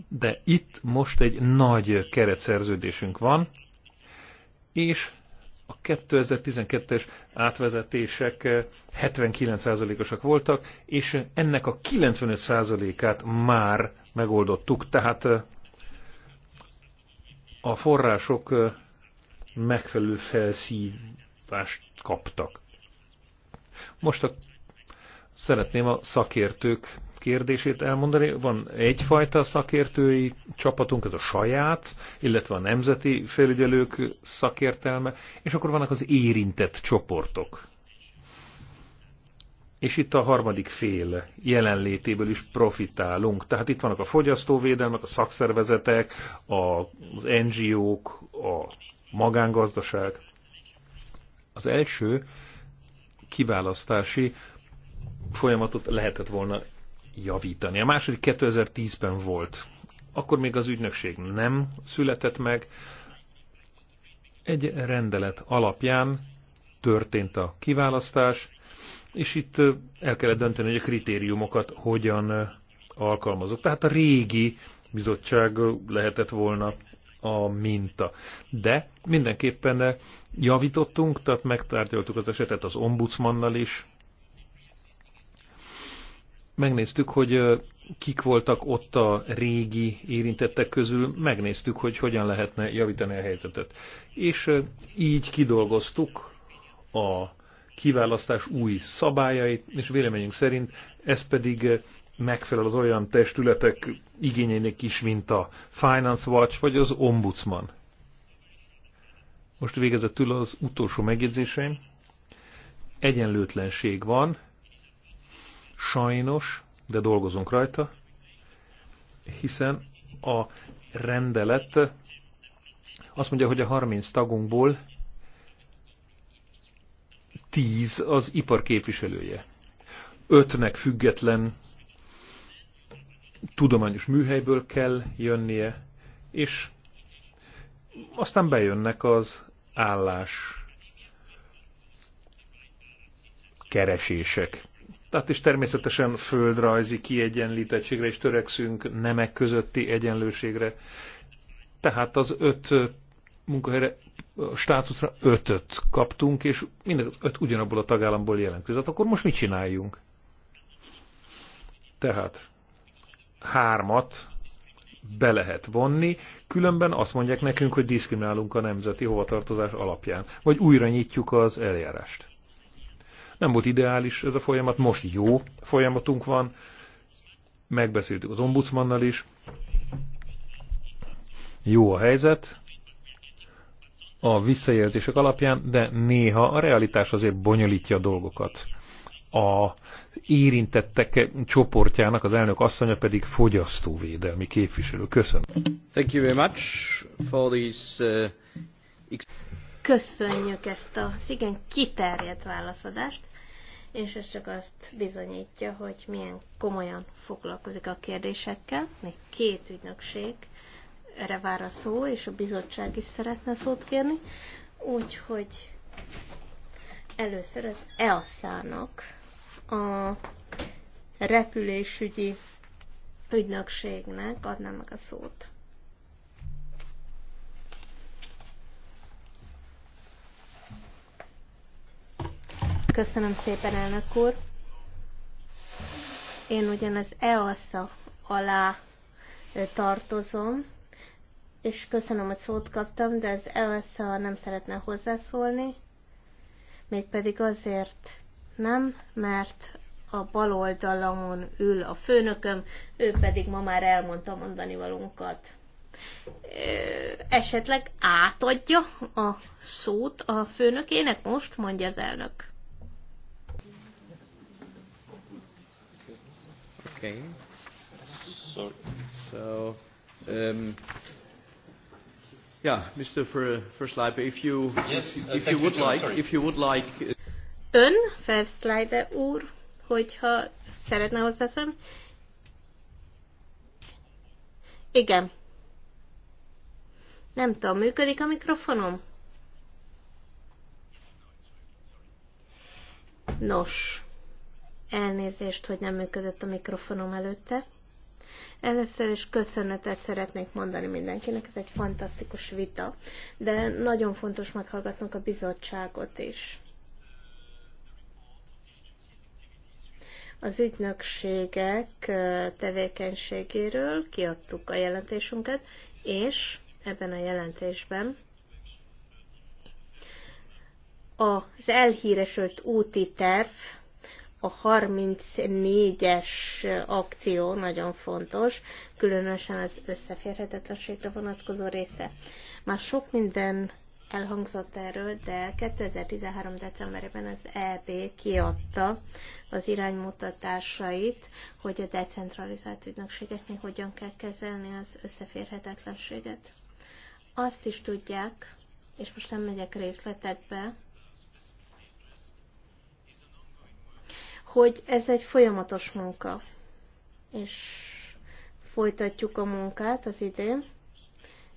A: De itt most egy nagy keretszerződésünk van, és a 2012-es átvezetések 79%-osak voltak, és ennek a 95%-át már megoldottuk, tehát a források megfelelő felszívást kaptak. Most a, szeretném a szakértők kérdését elmondani. Van egyfajta szakértői csapatunk, ez a saját, illetve a nemzeti felügyelők szakértelme, és akkor vannak az érintett csoportok és itt a harmadik fél jelenlétéből is profitálunk. Tehát itt vannak a fogyasztóvédelmek, a szakszervezetek, az NGO-k, a magángazdaság. Az első kiválasztási folyamatot lehetett volna javítani. A második 2010-ben volt. Akkor még az ügynökség nem született meg. Egy rendelet alapján történt a kiválasztás, és itt el kellett dönteni, hogy a kritériumokat hogyan alkalmazok. Tehát a régi bizottság lehetett volna a minta. De mindenképpen javítottunk, tehát megtárgyaltuk az esetet az ombudsmannal is. Megnéztük, hogy kik voltak ott a régi érintettek közül, megnéztük, hogy hogyan lehetne javítani a helyzetet. És így kidolgoztuk a kiválasztás új szabályait, és véleményünk szerint ez pedig megfelel az olyan testületek igényeinek is, mint a Finance Watch vagy az Ombudsman. Most végezetül az utolsó megjegyzéseim. Egyenlőtlenség van, sajnos, de dolgozunk rajta, hiszen a rendelet azt mondja, hogy a 30 tagunkból tíz az ipar képviselője. Ötnek független tudományos műhelyből kell jönnie, és aztán bejönnek az állás keresések. Tehát is természetesen földrajzi kiegyenlítettségre is törekszünk, nemek közötti egyenlőségre. Tehát az öt munkahelyre státuszra ötöt kaptunk, és mind az öt ugyanabból a tagállamból jelentkezett. Hát akkor most mit csináljunk? Tehát hármat be lehet vonni, különben azt mondják nekünk, hogy diszkriminálunk a nemzeti hovatartozás alapján, vagy újra nyitjuk az eljárást. Nem volt ideális ez a folyamat, most jó folyamatunk van, megbeszéltük az ombudsmannal is, jó a helyzet, a visszajelzések alapján, de néha a realitás azért bonyolítja a dolgokat. A érintettek csoportjának az elnök asszonya pedig fogyasztóvédelmi képviselő. Köszönöm.
C: Thank you very much for this. uh...
B: Köszönjük ezt a igen kiterjedt válaszadást, és ez csak azt bizonyítja, hogy milyen komolyan foglalkozik a kérdésekkel, még két ügynökség, erre vár a szó, és a bizottság is szeretne szót kérni. Úgyhogy először az EASZ-nak, a repülésügyi ügynökségnek adná meg a szót. Köszönöm szépen, elnök úr. Én ugyan az EASA alá tartozom, és köszönöm, hogy szót kaptam, de az ELSA nem szeretne hozzászólni, mégpedig azért nem, mert a bal oldalamon ül a főnököm, ő pedig ma már elmondta mondani valunkat. Esetleg átadja a szót a főnökének most, mondja az elnök. Okay. So, so um, Yeah, Mr. Verslijper,
C: if you, yes, if, uh, you would you, like, if you would like... Uh,
B: Ön, Verslijper úr, hogyha szeretne hozzászólni. Igen. Nem tudom, működik a mikrofonom? Nos, elnézést, hogy nem működött a mikrofonom előtte. Először is köszönetet szeretnék mondani mindenkinek, ez egy fantasztikus vita, de nagyon fontos meghallgatnunk a bizottságot is. Az ügynökségek tevékenységéről kiadtuk a jelentésünket, és ebben a jelentésben az elhíresült úti terv a 34-es akció nagyon fontos, különösen az összeférhetetlenségre vonatkozó része. Már sok minden elhangzott erről, de 2013. decemberében az EB kiadta az iránymutatásait, hogy a decentralizált ügynökségeknél hogyan kell kezelni az összeférhetetlenséget. Azt is tudják, és most nem megyek részletekbe, hogy ez egy folyamatos munka, és folytatjuk a munkát az idén,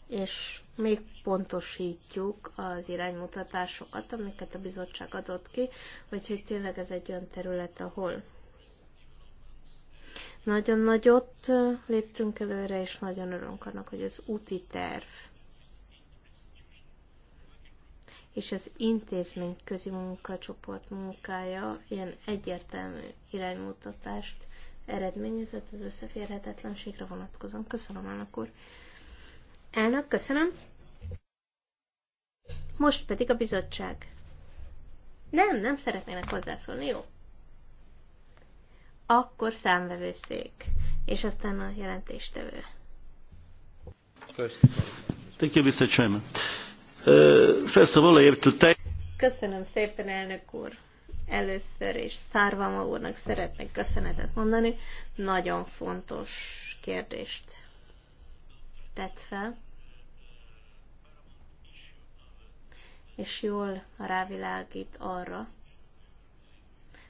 B: és még pontosítjuk az iránymutatásokat, amiket a bizottság adott ki, úgyhogy tényleg ez egy olyan terület, ahol nagyon nagyot léptünk előre, és nagyon örülünk annak, hogy az úti terv és az intézmény közi munkacsoport munkája ilyen egyértelmű iránymutatást eredményezett az összeférhetetlenségre vonatkozóan. Köszönöm, elnök úr. Elnök, köszönöm. Most pedig a bizottság. Nem, nem szeretnének hozzászólni, jó? Akkor számvevőszék, és aztán a jelentéstevő.
C: Thank you, Mr. Chairman. Uh, first of all, I have to thank...
B: Köszönöm szépen, elnök úr! Először is Szárvama úrnak szeretnék köszönetet mondani. Nagyon fontos kérdést tett fel. És jól rávilágít arra,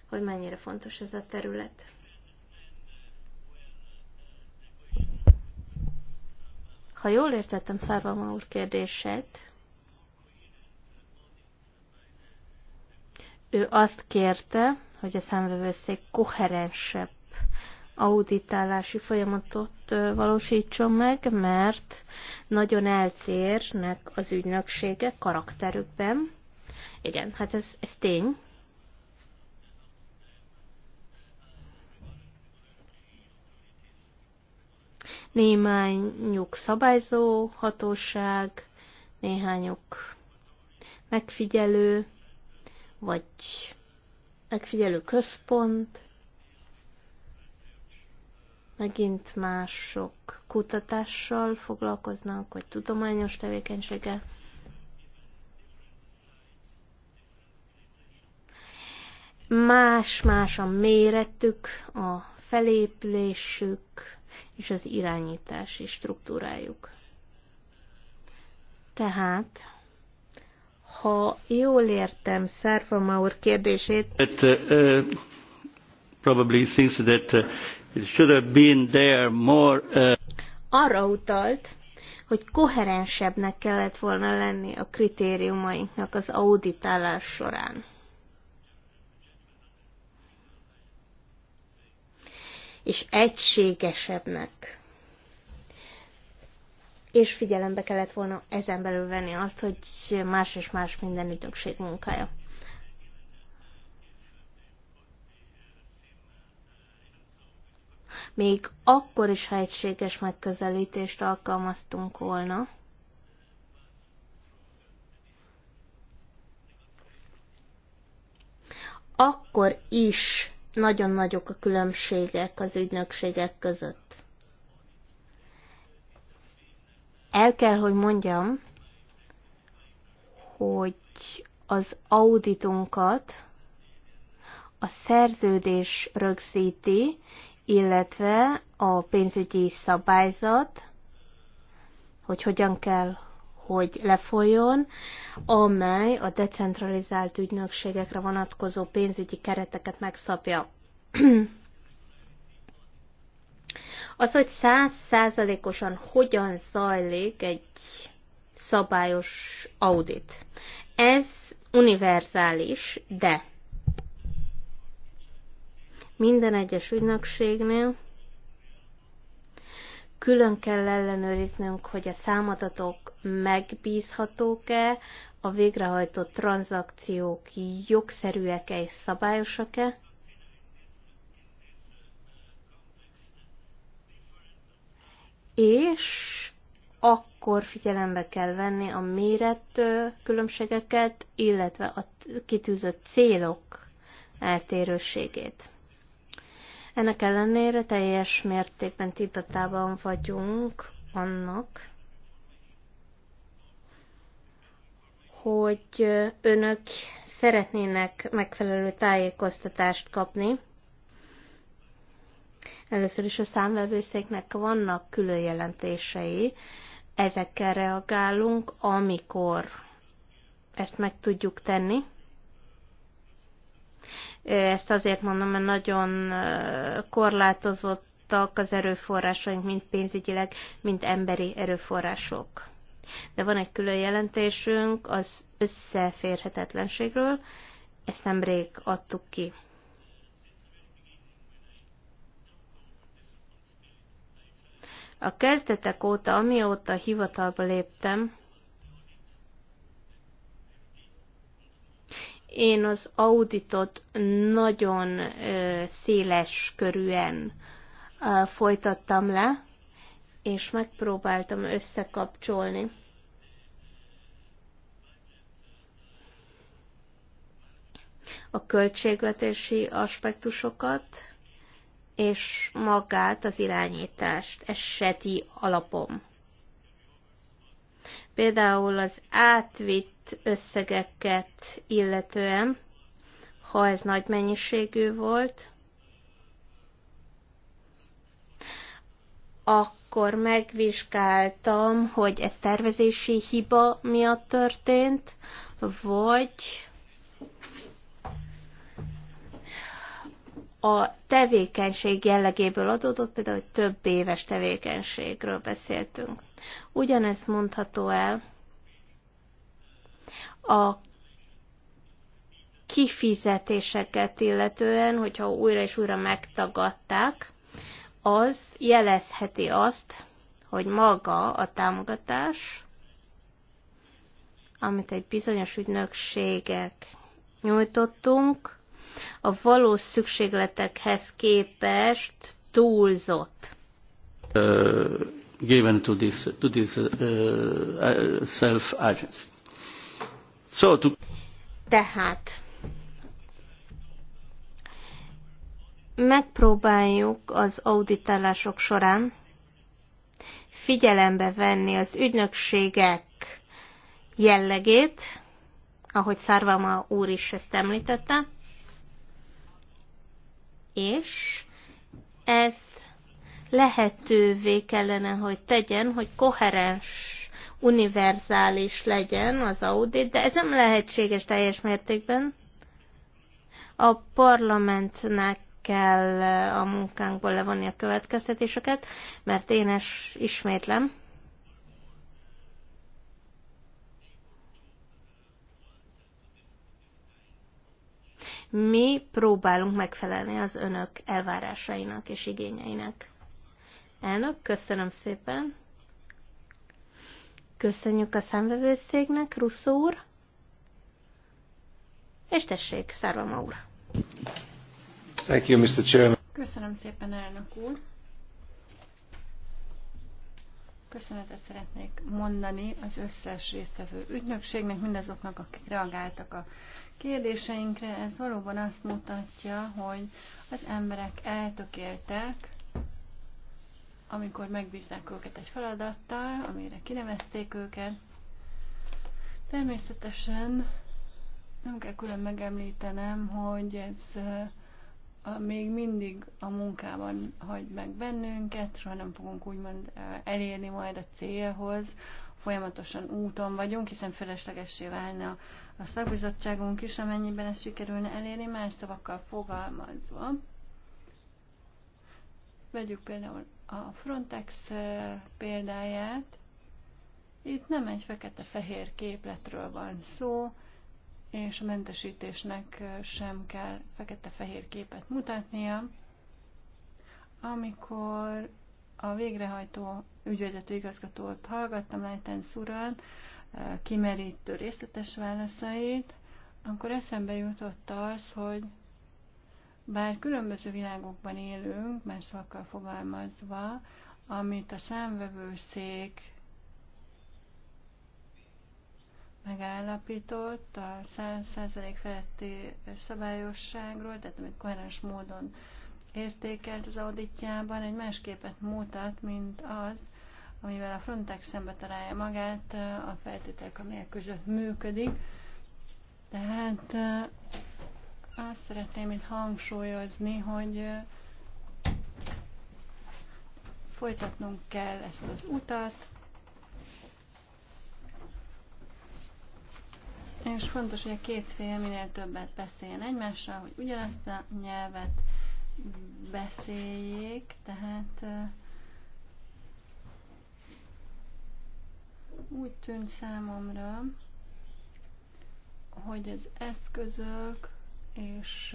B: hogy mennyire fontos ez a terület. Ha jól értettem Szárvama úr kérdését, Ő azt kérte, hogy a számvevőszék koherensebb auditálási folyamatot valósítson meg, mert nagyon eltérnek az ügynöksége karakterükben. Igen, hát ez, ez tény. Némányuk szabályzó hatóság, néhányuk megfigyelő, vagy megfigyelő központ, megint mások kutatással foglalkoznak, vagy tudományos tevékenysége. Más-más a méretük, a felépülésük és az irányítási struktúrájuk. Tehát ha jól értem Szárfama úr kérdését.
A: That, uh, uh,
C: probably thinks that uh, it should have been there more, uh...
B: Arra utalt, hogy koherensebbnek kellett volna lenni a kritériumainknak az auditálás során. És egységesebbnek és figyelembe kellett volna ezen belül venni azt, hogy más és más minden ügynökség munkája. Még akkor is, ha egységes megközelítést alkalmaztunk volna, akkor is nagyon nagyok a különbségek az ügynökségek között. El kell, hogy mondjam, hogy az auditunkat a szerződés rögzíti, illetve a pénzügyi szabályzat, hogy hogyan kell, hogy lefolyjon, amely a decentralizált ügynökségekre vonatkozó pénzügyi kereteket megszabja. *clears throat* Az, hogy száz százalékosan hogyan zajlik egy szabályos audit. Ez univerzális, de minden egyes ügynökségnél külön kell ellenőriznünk, hogy a számadatok megbízhatók-e, a végrehajtott tranzakciók jogszerűek-e és szabályosak-e, és akkor figyelembe kell venni a méret különbségeket, illetve a kitűzött célok eltérőségét. Ennek ellenére teljes mértékben titatában vagyunk annak, hogy önök szeretnének megfelelő tájékoztatást kapni, Először is a számvevőszéknek vannak külön jelentései, ezekkel reagálunk, amikor ezt meg tudjuk tenni. Ezt azért mondom, mert nagyon korlátozottak az erőforrásaink, mint pénzügyileg, mint emberi erőforrások. De van egy külön jelentésünk az összeférhetetlenségről, ezt nemrég adtuk ki. A kezdetek óta, amióta hivatalba léptem, én az auditot nagyon széles körűen folytattam le, és megpróbáltam összekapcsolni. a költségvetési aspektusokat, és magát az irányítást eseti alapom. Például az átvitt összegeket illetően, ha ez nagy mennyiségű volt, akkor megvizsgáltam, hogy ez tervezési hiba miatt történt, vagy a tevékenység jellegéből adódott, például hogy több éves tevékenységről beszéltünk. Ugyanezt mondható el a kifizetéseket illetően, hogyha újra és újra megtagadták, az jelezheti azt, hogy maga a támogatás, amit egy bizonyos ügynökségek nyújtottunk, a valós szükségletekhez képest túlzott. Uh,
C: given to this, to this uh, uh, self-agency. So to...
B: Tehát megpróbáljuk az auditálások során figyelembe venni az ügynökségek jellegét, ahogy Szárvama úr is ezt említette, és ez lehetővé kellene, hogy tegyen, hogy koherens, univerzális legyen az audit, de ez nem lehetséges teljes mértékben. A parlamentnek kell a munkánkból levonni a következtetéseket, mert én ezt ismétlem, mi próbálunk megfelelni az önök elvárásainak és igényeinek. Elnök, köszönöm szépen. Köszönjük a szemvevőszégnek, Russzó úr. És tessék, Szárvama úr.
A: Thank you, Mr. Chairman.
C: Köszönöm szépen, elnök úr. Köszönetet szeretnék mondani az összes résztvevő ügynökségnek, mindazoknak, akik reagáltak a kérdéseinkre. Ez valóban azt mutatja, hogy az emberek eltökéltek, amikor megbízták őket egy feladattal, amire kinevezték őket. Természetesen nem kell külön megemlítenem, hogy ez még mindig a munkában hagy meg bennünket, soha nem fogunk úgymond elérni majd a célhoz, folyamatosan úton vagyunk, hiszen feleslegessé válna a szakbizottságunk is, amennyiben ezt sikerülne elérni, más szavakkal fogalmazva. Vegyük például a Frontex példáját. Itt nem egy fekete-fehér képletről van szó, és a mentesítésnek sem kell fekete-fehér képet mutatnia. Amikor a végrehajtó ügyvezető igazgatót hallgattam, Leiten Szurán, kimerítő részletes válaszait, akkor eszembe jutott az, hogy bár különböző világokban élünk, más szakkal fogalmazva, amit a számvevőszék megállapított a 100% feletti szabályosságról, tehát amit koherens módon értékelt az auditjában, egy más képet mutat, mint az, amivel a Frontex szembe találja magát a feltételek, amelyek között működik. Tehát azt szeretném itt hangsúlyozni, hogy folytatnunk kell ezt az utat, És fontos, hogy a két fél minél többet beszéljen egymással, hogy ugyanazt a nyelvet beszéljék, tehát úgy tűnt számomra, hogy az eszközök és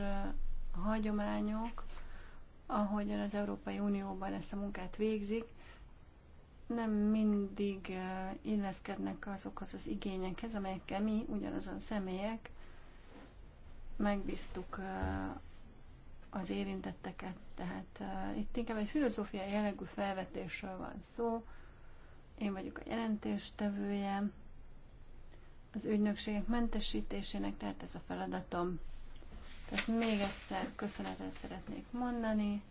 C: a hagyományok, ahogyan az Európai Unióban ezt a munkát végzik, nem mindig illeszkednek azokhoz az igényekhez, amelyekkel mi, ugyanazon személyek, megbíztuk az érintetteket. Tehát itt inkább egy filozófiai jellegű felvetésről van szó. Én vagyok a jelentéstevője az ügynökségek mentesítésének, tehát ez a feladatom. Tehát még egyszer köszönetet szeretnék mondani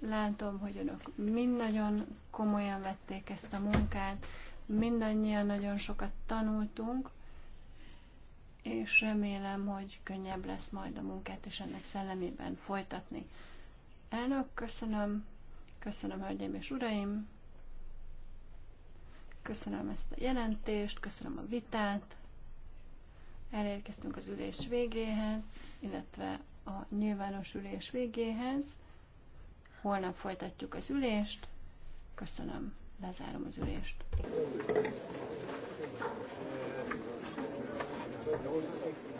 C: Látom, hogy önök mind nagyon komolyan vették ezt a munkát, mindannyian nagyon sokat tanultunk, és remélem, hogy könnyebb lesz majd a munkát, és ennek szellemében folytatni. Elnök, köszönöm, köszönöm, hölgyeim és uraim, köszönöm ezt a jelentést, köszönöm a vitát, elérkeztünk az ülés végéhez, illetve a nyilvános ülés végéhez. Holnap folytatjuk az ülést. Köszönöm, lezárom az ülést.
A: Thank you.